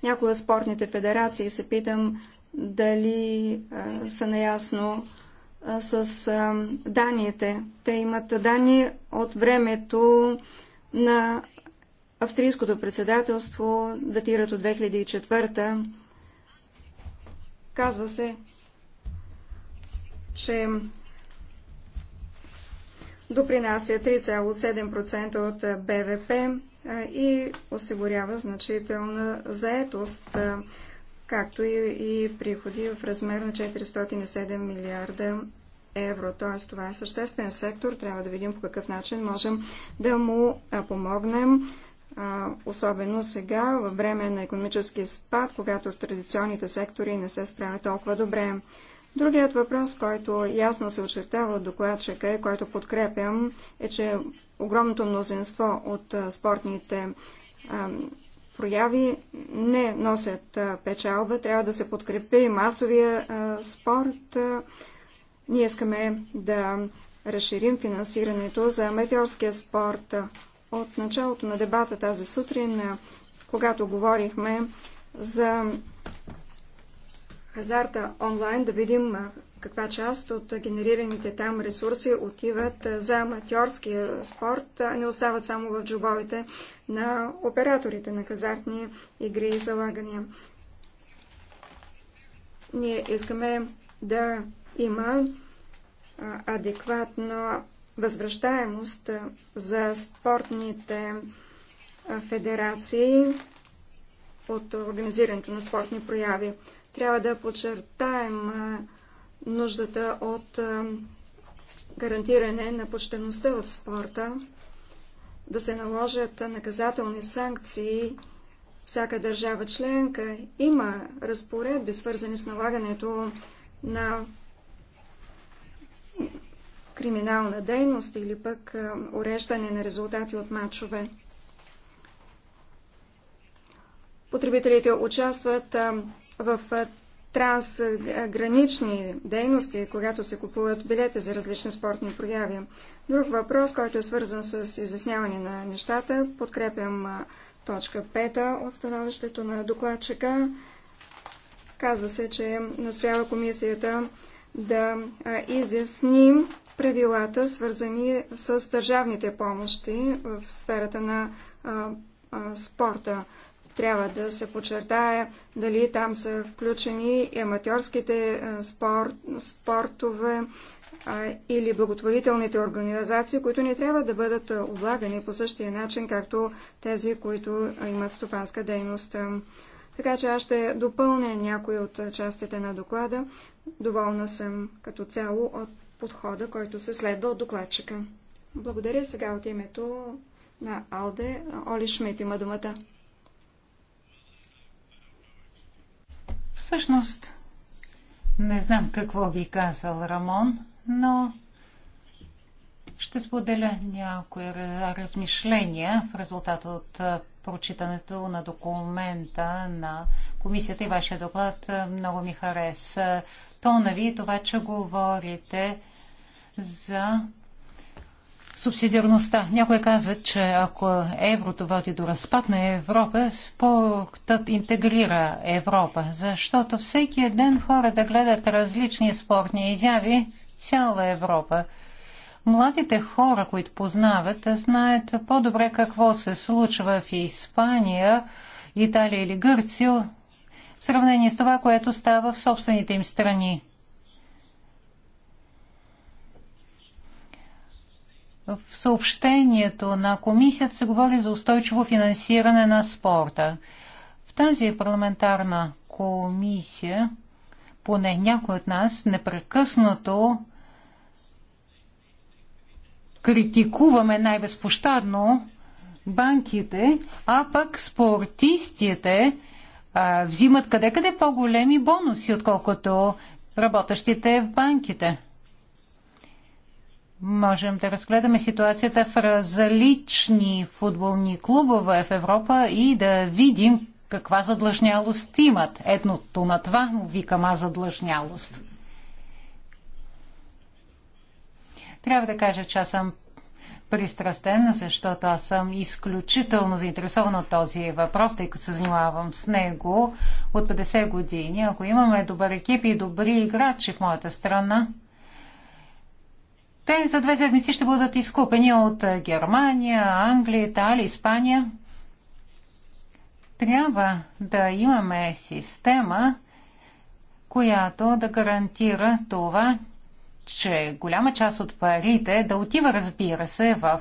Някои от спортните федерации се питам дали а, са наясно а, с а, данните. Те имат данни от времето на австрийското председателство, датират от 2004. Казва се, че допринася 3,7% от БВП и осигурява значителна заетост както и, и приходи в размер на 407 милиарда евро. Т.е. това е съществен сектор. Трябва да видим по какъв начин можем да му помогнем особено сега, във време на економически спад, когато в традиционните сектори не се справят толкова добре. Другият въпрос, който ясно се очертава от докладчика и който подкрепям, е, че огромното мнозинство от спортните прояви не носят печалба. Трябва да се подкрепи и масовия спорт. Ние искаме да разширим финансирането за метеорския спорт. От началото на дебата тази сутрин, когато говорихме за хазарта онлайн, да видим каква част от генерираните там ресурси отиват за аматьорския спорт, а не остават само в джобовете на операторите на хазартни игри и залагания. Ние искаме да има адекватна възвръщаемост за спортните федерации от организирането на спортни прояви. Трябва да подчертаем нуждата от гарантиране на почтеността в спорта, да се наложат наказателни санкции. Всяка държава членка има разпоредби, свързани с налагането на криминална дейност или пък уреждане на резултати от матчове. Потребителите участват в трансгранични дейности, когато се купуват билети за различни спортни прояви. Друг въпрос, който е свързан с изясняване на нещата, подкрепям точка 5 от становището на докладчика. Казва се, че настоява комисията да изясни правилата, свързани с държавните помощи в сферата на спорта. Трябва да се подчертая дали там са включени аматьорските е, спор, спортове а, или благотворителните организации, които не трябва да бъдат е, облагани по същия начин, както тези, които е, имат стопанска дейност. Така че аз ще допълня някои от частите на доклада. Доволна съм като цяло от подхода, който се следва от докладчика. Благодаря сега от името на Алде. Оли Шмет има думата. Всъщност, не знам какво би казал Рамон, но ще споделя някои размишления в резултат от прочитането на документа на комисията и вашия доклад. Много ми хареса тона ви това, че говорите за субсидиарността. Някои казват, че ако еврото води до разпад на Европа, спортът интегрира Европа, защото всеки ден хората гледат различни спортни изяви цяла Европа. Младите хора, които познават, знаят по-добре какво се случва в Испания, Италия или Гърция, в сравнение с това, което става в собствените им страни. в съобщението на комисията се говори за устойчиво финансиране на спорта. В тази парламентарна комисия, поне някой от нас, непрекъснато критикуваме най-безпощадно банките, а пък спортистите а, взимат къде-къде по-големи бонуси, отколкото работещите в банките можем да разгледаме ситуацията в различни футболни клубове в Европа и да видим каква задлъжнялост имат. Едното на това му викам аз задлъжнялост. Трябва да кажа, че аз съм пристрастен, защото аз съм изключително заинтересован от този въпрос, тъй като се занимавам с него от 50 години. Ако имаме добър екип и добри играчи в моята страна, те за две седмици ще бъдат изкупени от е, Германия, Англия, Италия, Испания. Трябва да имаме система, която да гарантира това, че голяма част от парите да отива, разбира се, в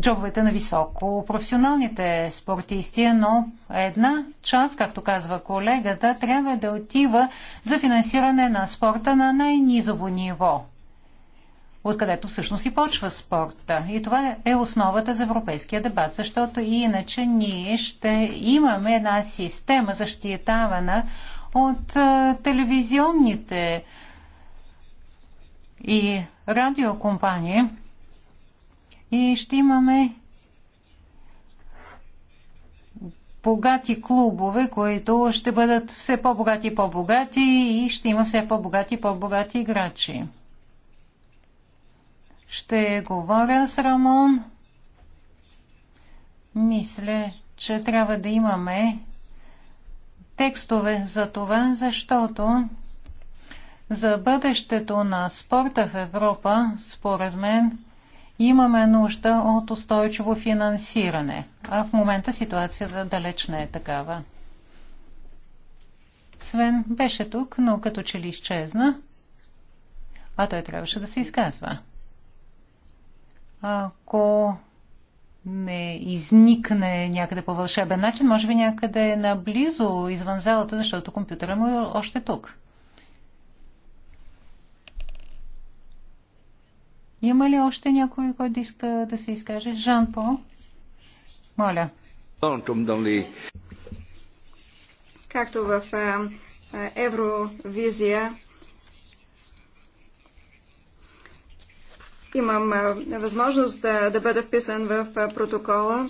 джобовете на високо професионалните спортисти, но една част, както казва колегата, трябва да отива за финансиране на спорта на най-низово ниво – откъдето всъщност и почва спорта. И това е основата за европейския дебат, защото иначе ние ще имаме една система защитавана от телевизионните и радиокомпании и ще имаме богати клубове, които ще бъдат все по-богати и по-богати и ще има все по-богати и по-богати играчи. Ще говоря с Рамон. Мисля, че трябва да имаме текстове за това, защото за бъдещето на спорта в Европа, според мен, имаме нужда от устойчиво финансиране. А в момента ситуацията далеч не е такава. Свен беше тук, но като че ли изчезна, а той трябваше да се изказва ако не изникне някъде по вълшебен начин, може би някъде наблизо, извън залата, защото компютъра му е още тук. Има ли още някой, който иска да се изкаже? Жан Пол? Моля. Както в Евровизия имам възможност да, да бъда вписан в протокола.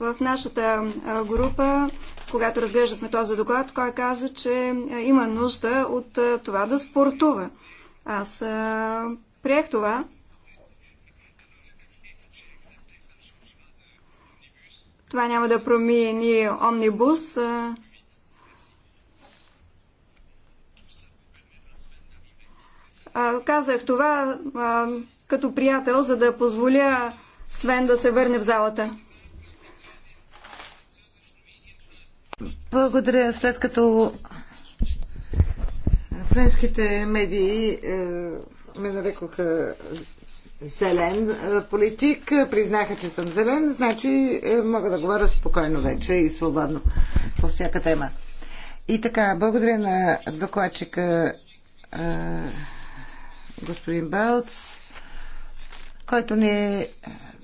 В нашата група, когато разглеждахме този доклад, кой каза, че има нужда от това да спортува. Аз приех това. Това няма да промени омнибус. А, казах това а, като приятел, за да позволя Свен да се върне в залата. Благодаря. След като френските медии е, ме нарекоха зелен е, политик, признаха, че съм зелен, значи е, мога да говоря спокойно вече и свободно по всяка тема. И така, благодаря на докладчика. Е, господин Белц, който не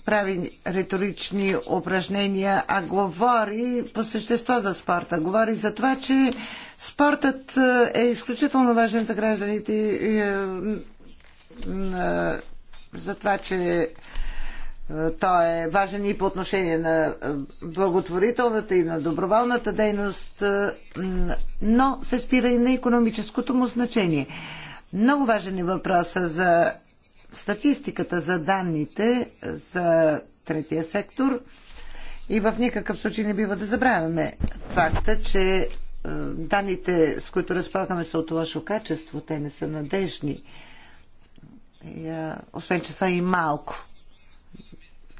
прави риторични упражнения, а говори по същество за спорта. Говори за това, че спортът е, е изключително важен за гражданите, е, е, за това, че той е важен и по отношение на благотворителната и на доброволната дейност, но се спира и на економическото му значение. Много важен е въпроса за статистиката, за данните, за третия сектор. И в никакъв случай не бива да забравяме факта, че е, данните, с които разполагаме, са от лошо качество, те не са надежни. И, е, освен, че са и малко.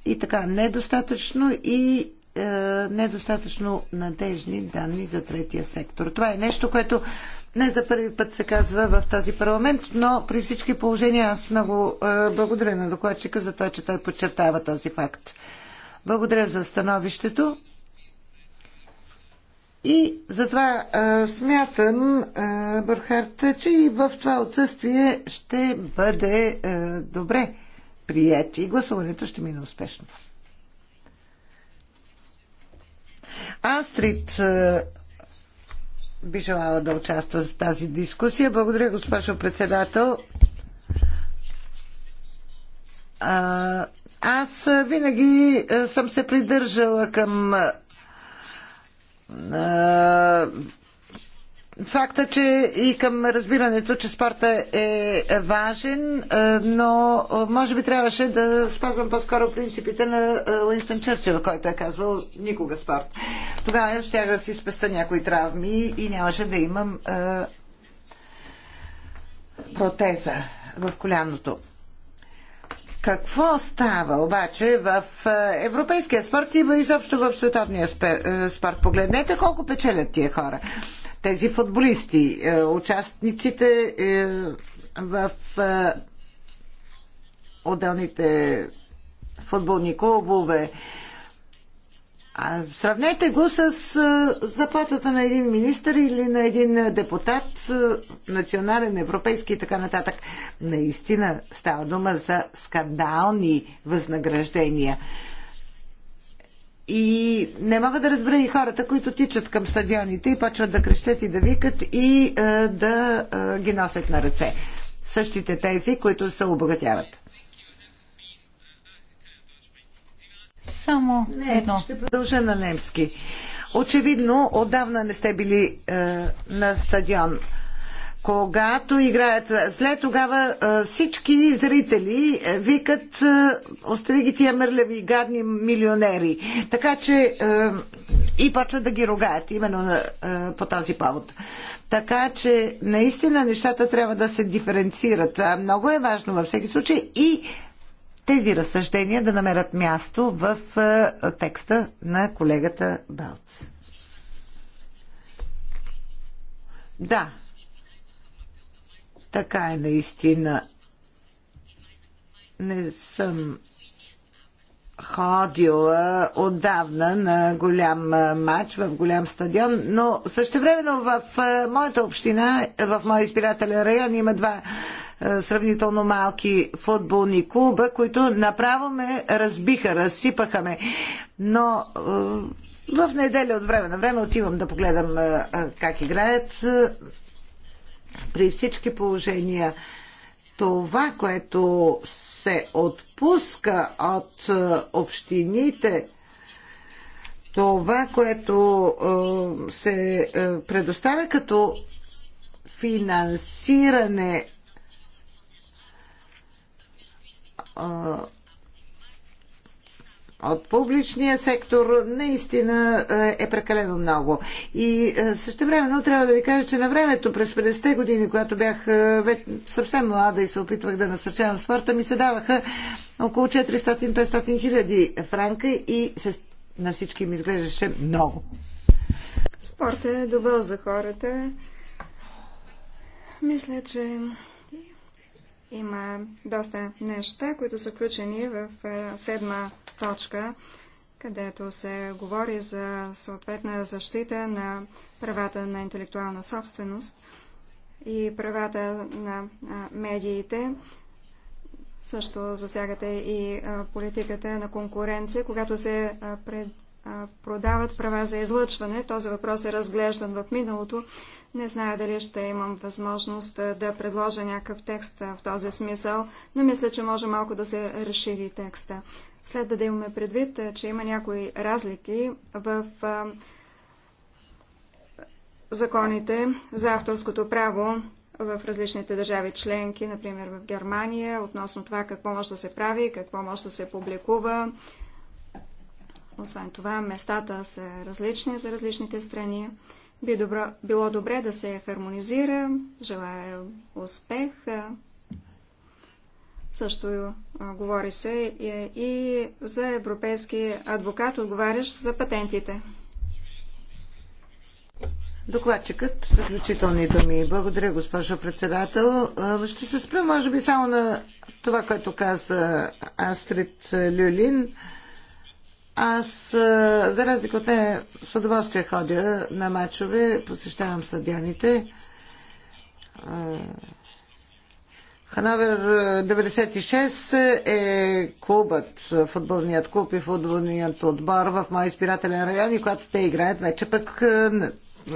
И така, недостатъчно и е, недостатъчно надежни данни за третия сектор. Това е нещо, което не за първи път се казва в този парламент, но при всички положения аз много е, благодаря на докладчика за това, че той подчертава този факт. Благодаря за становището. И затова а, е, смятам, а, е, Бърхарт, че и в това отсъствие ще бъде добре прият и гласуването ще мине успешно. Астрид би желала да участва в тази дискусия. Благодаря, госпожо председател. А, аз винаги съм се придържала към а, факта, че и към разбирането, че спорта е важен, е, но е, може би трябваше да спазвам по-скоро принципите на е, Уинстън Чърчил, който е казвал никога спорт. Тогава ще да си спеста някои травми и нямаше да имам протеза в коляното. Какво става обаче в е, европейския спорт и изобщо в световния е, спорт? Погледнете колко печелят тия хора. Тези футболисти, е, участниците в отделните футболни клубове. А, сравнете го с а, заплатата на един министр или на един депутат, а, национален, европейски и така нататък. Наистина става дума за скандални възнаграждения. И не мога да разбера и хората, които тичат към стадионите и почват да крещят и да викат и а, да а, ги носят на ръце. Същите тези, които се обогатяват. Само не, едно. Ще продължа на немски. Очевидно, отдавна не сте били е, на стадион. Когато играят зле, тогава е, всички зрители е, викат е, остави ги тия мърляви, гадни милионери. Така че е, и почват да ги ругаят именно е, по този повод. Така че наистина нещата трябва да се диференцират. Много е важно във всеки случай и тези разсъждения да намерят място в е, текста на колегата Балц. Да, така е наистина. Не съм ходила отдавна на голям е, матч в голям стадион, но същевременно в е, моята община, в моя избирателен район има два е, сравнително малки футболни клуба, които направо ме разбиха, разсипаха ме. Но е, в неделя от време на време отивам да погледам е, как играят. При всички положения това, което се отпуска от общините, това, което се предоставя като финансиране от публичния сектор наистина е, е прекалено много. И е, също времено трябва да ви кажа, че на времето през 50-те години, когато бях е, съвсем млада и се опитвах да насърчавам спорта, ми се даваха около 400-500 хиляди франка и на всички ми изглеждаше много. Спорта е добъл за хората. Мисля, че има доста неща, които са включени в е, седма точка, където се говори за съответна защита на правата на интелектуална собственост и правата на медиите. Също засягате и политиката на конкуренция. Когато се пред, продават права за излъчване, този въпрос е разглеждан в миналото. Не зная дали ще имам възможност да предложа някакъв текст в този смисъл, но мисля, че може малко да се разшири текста. Следва да имаме предвид, че има някои разлики в законите за авторското право в различните държави членки, например в Германия, относно това какво може да се прави, какво може да се публикува. Освен това, местата са различни за различните страни. Би добро, било добре да се хармонизира. Желая успех. Също говори се и, за европейски адвокат, отговарящ за патентите. Докладчикът, заключителни думи. Благодаря, госпожо председател. Ще се спра, може би, само на това, което каза Астрид Люлин. Аз, за разлика от нея, с удоволствие ходя на матчове, посещавам стадионите. Хановер 96 е клубът, футболният клуб и футболният отбор в моя избирателен район и когато те играят, вече пък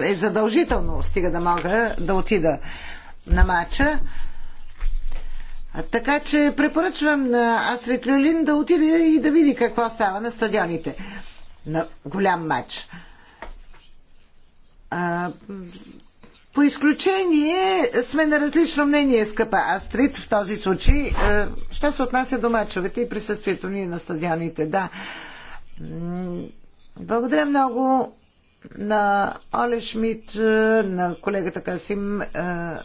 е задължително, стига да мога да отида на матча. Така че препоръчвам на Астрид Люлин да отиде и да види какво става на стадионите на голям матч. А, по изключение сме на различно мнение, скъпа Астрид, в този случай. А, що се отнася до мачовете и присъствието ни на стадионите? Да. Благодаря много на Оле Шмидт, на колегата Касим. А,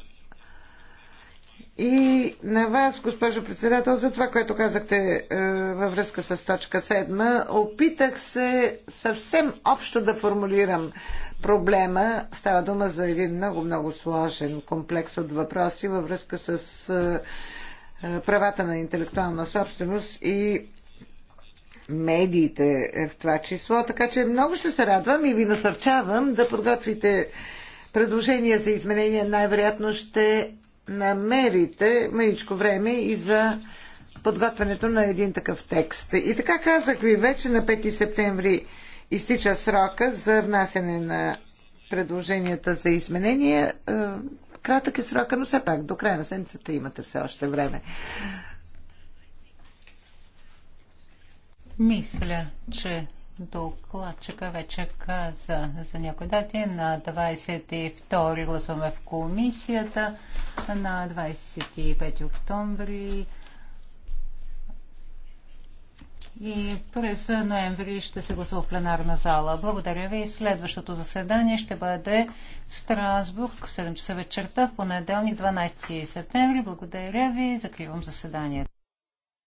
и на вас, госпожо председател, за това, което казахте е, във връзка с точка 7, опитах се съвсем общо да формулирам проблема. Става дума за един много-много сложен комплекс от въпроси във връзка с е, е, правата на интелектуална собственост и медиите в това число. Така че много ще се радвам и ви насърчавам да подготвите предложения за изменения. Най-вероятно ще намерите мъничко време и за подготвянето на един такъв текст. И така казах ви, вече на 5 септември изтича срока за внасяне на предложенията за изменения. Е, кратък е срока, но все пак до края на седмицата имате все още време. Мисля, че докладчика вече каза за някои дати. На 22 гласуваме в комисията, на 25 октомври и през ноември ще се гласува в пленарна зала. Благодаря ви. Следващото заседание ще бъде в Страсбург в 7 часа вечерта в понеделник 12 септември. Благодаря ви. Закривам заседанието.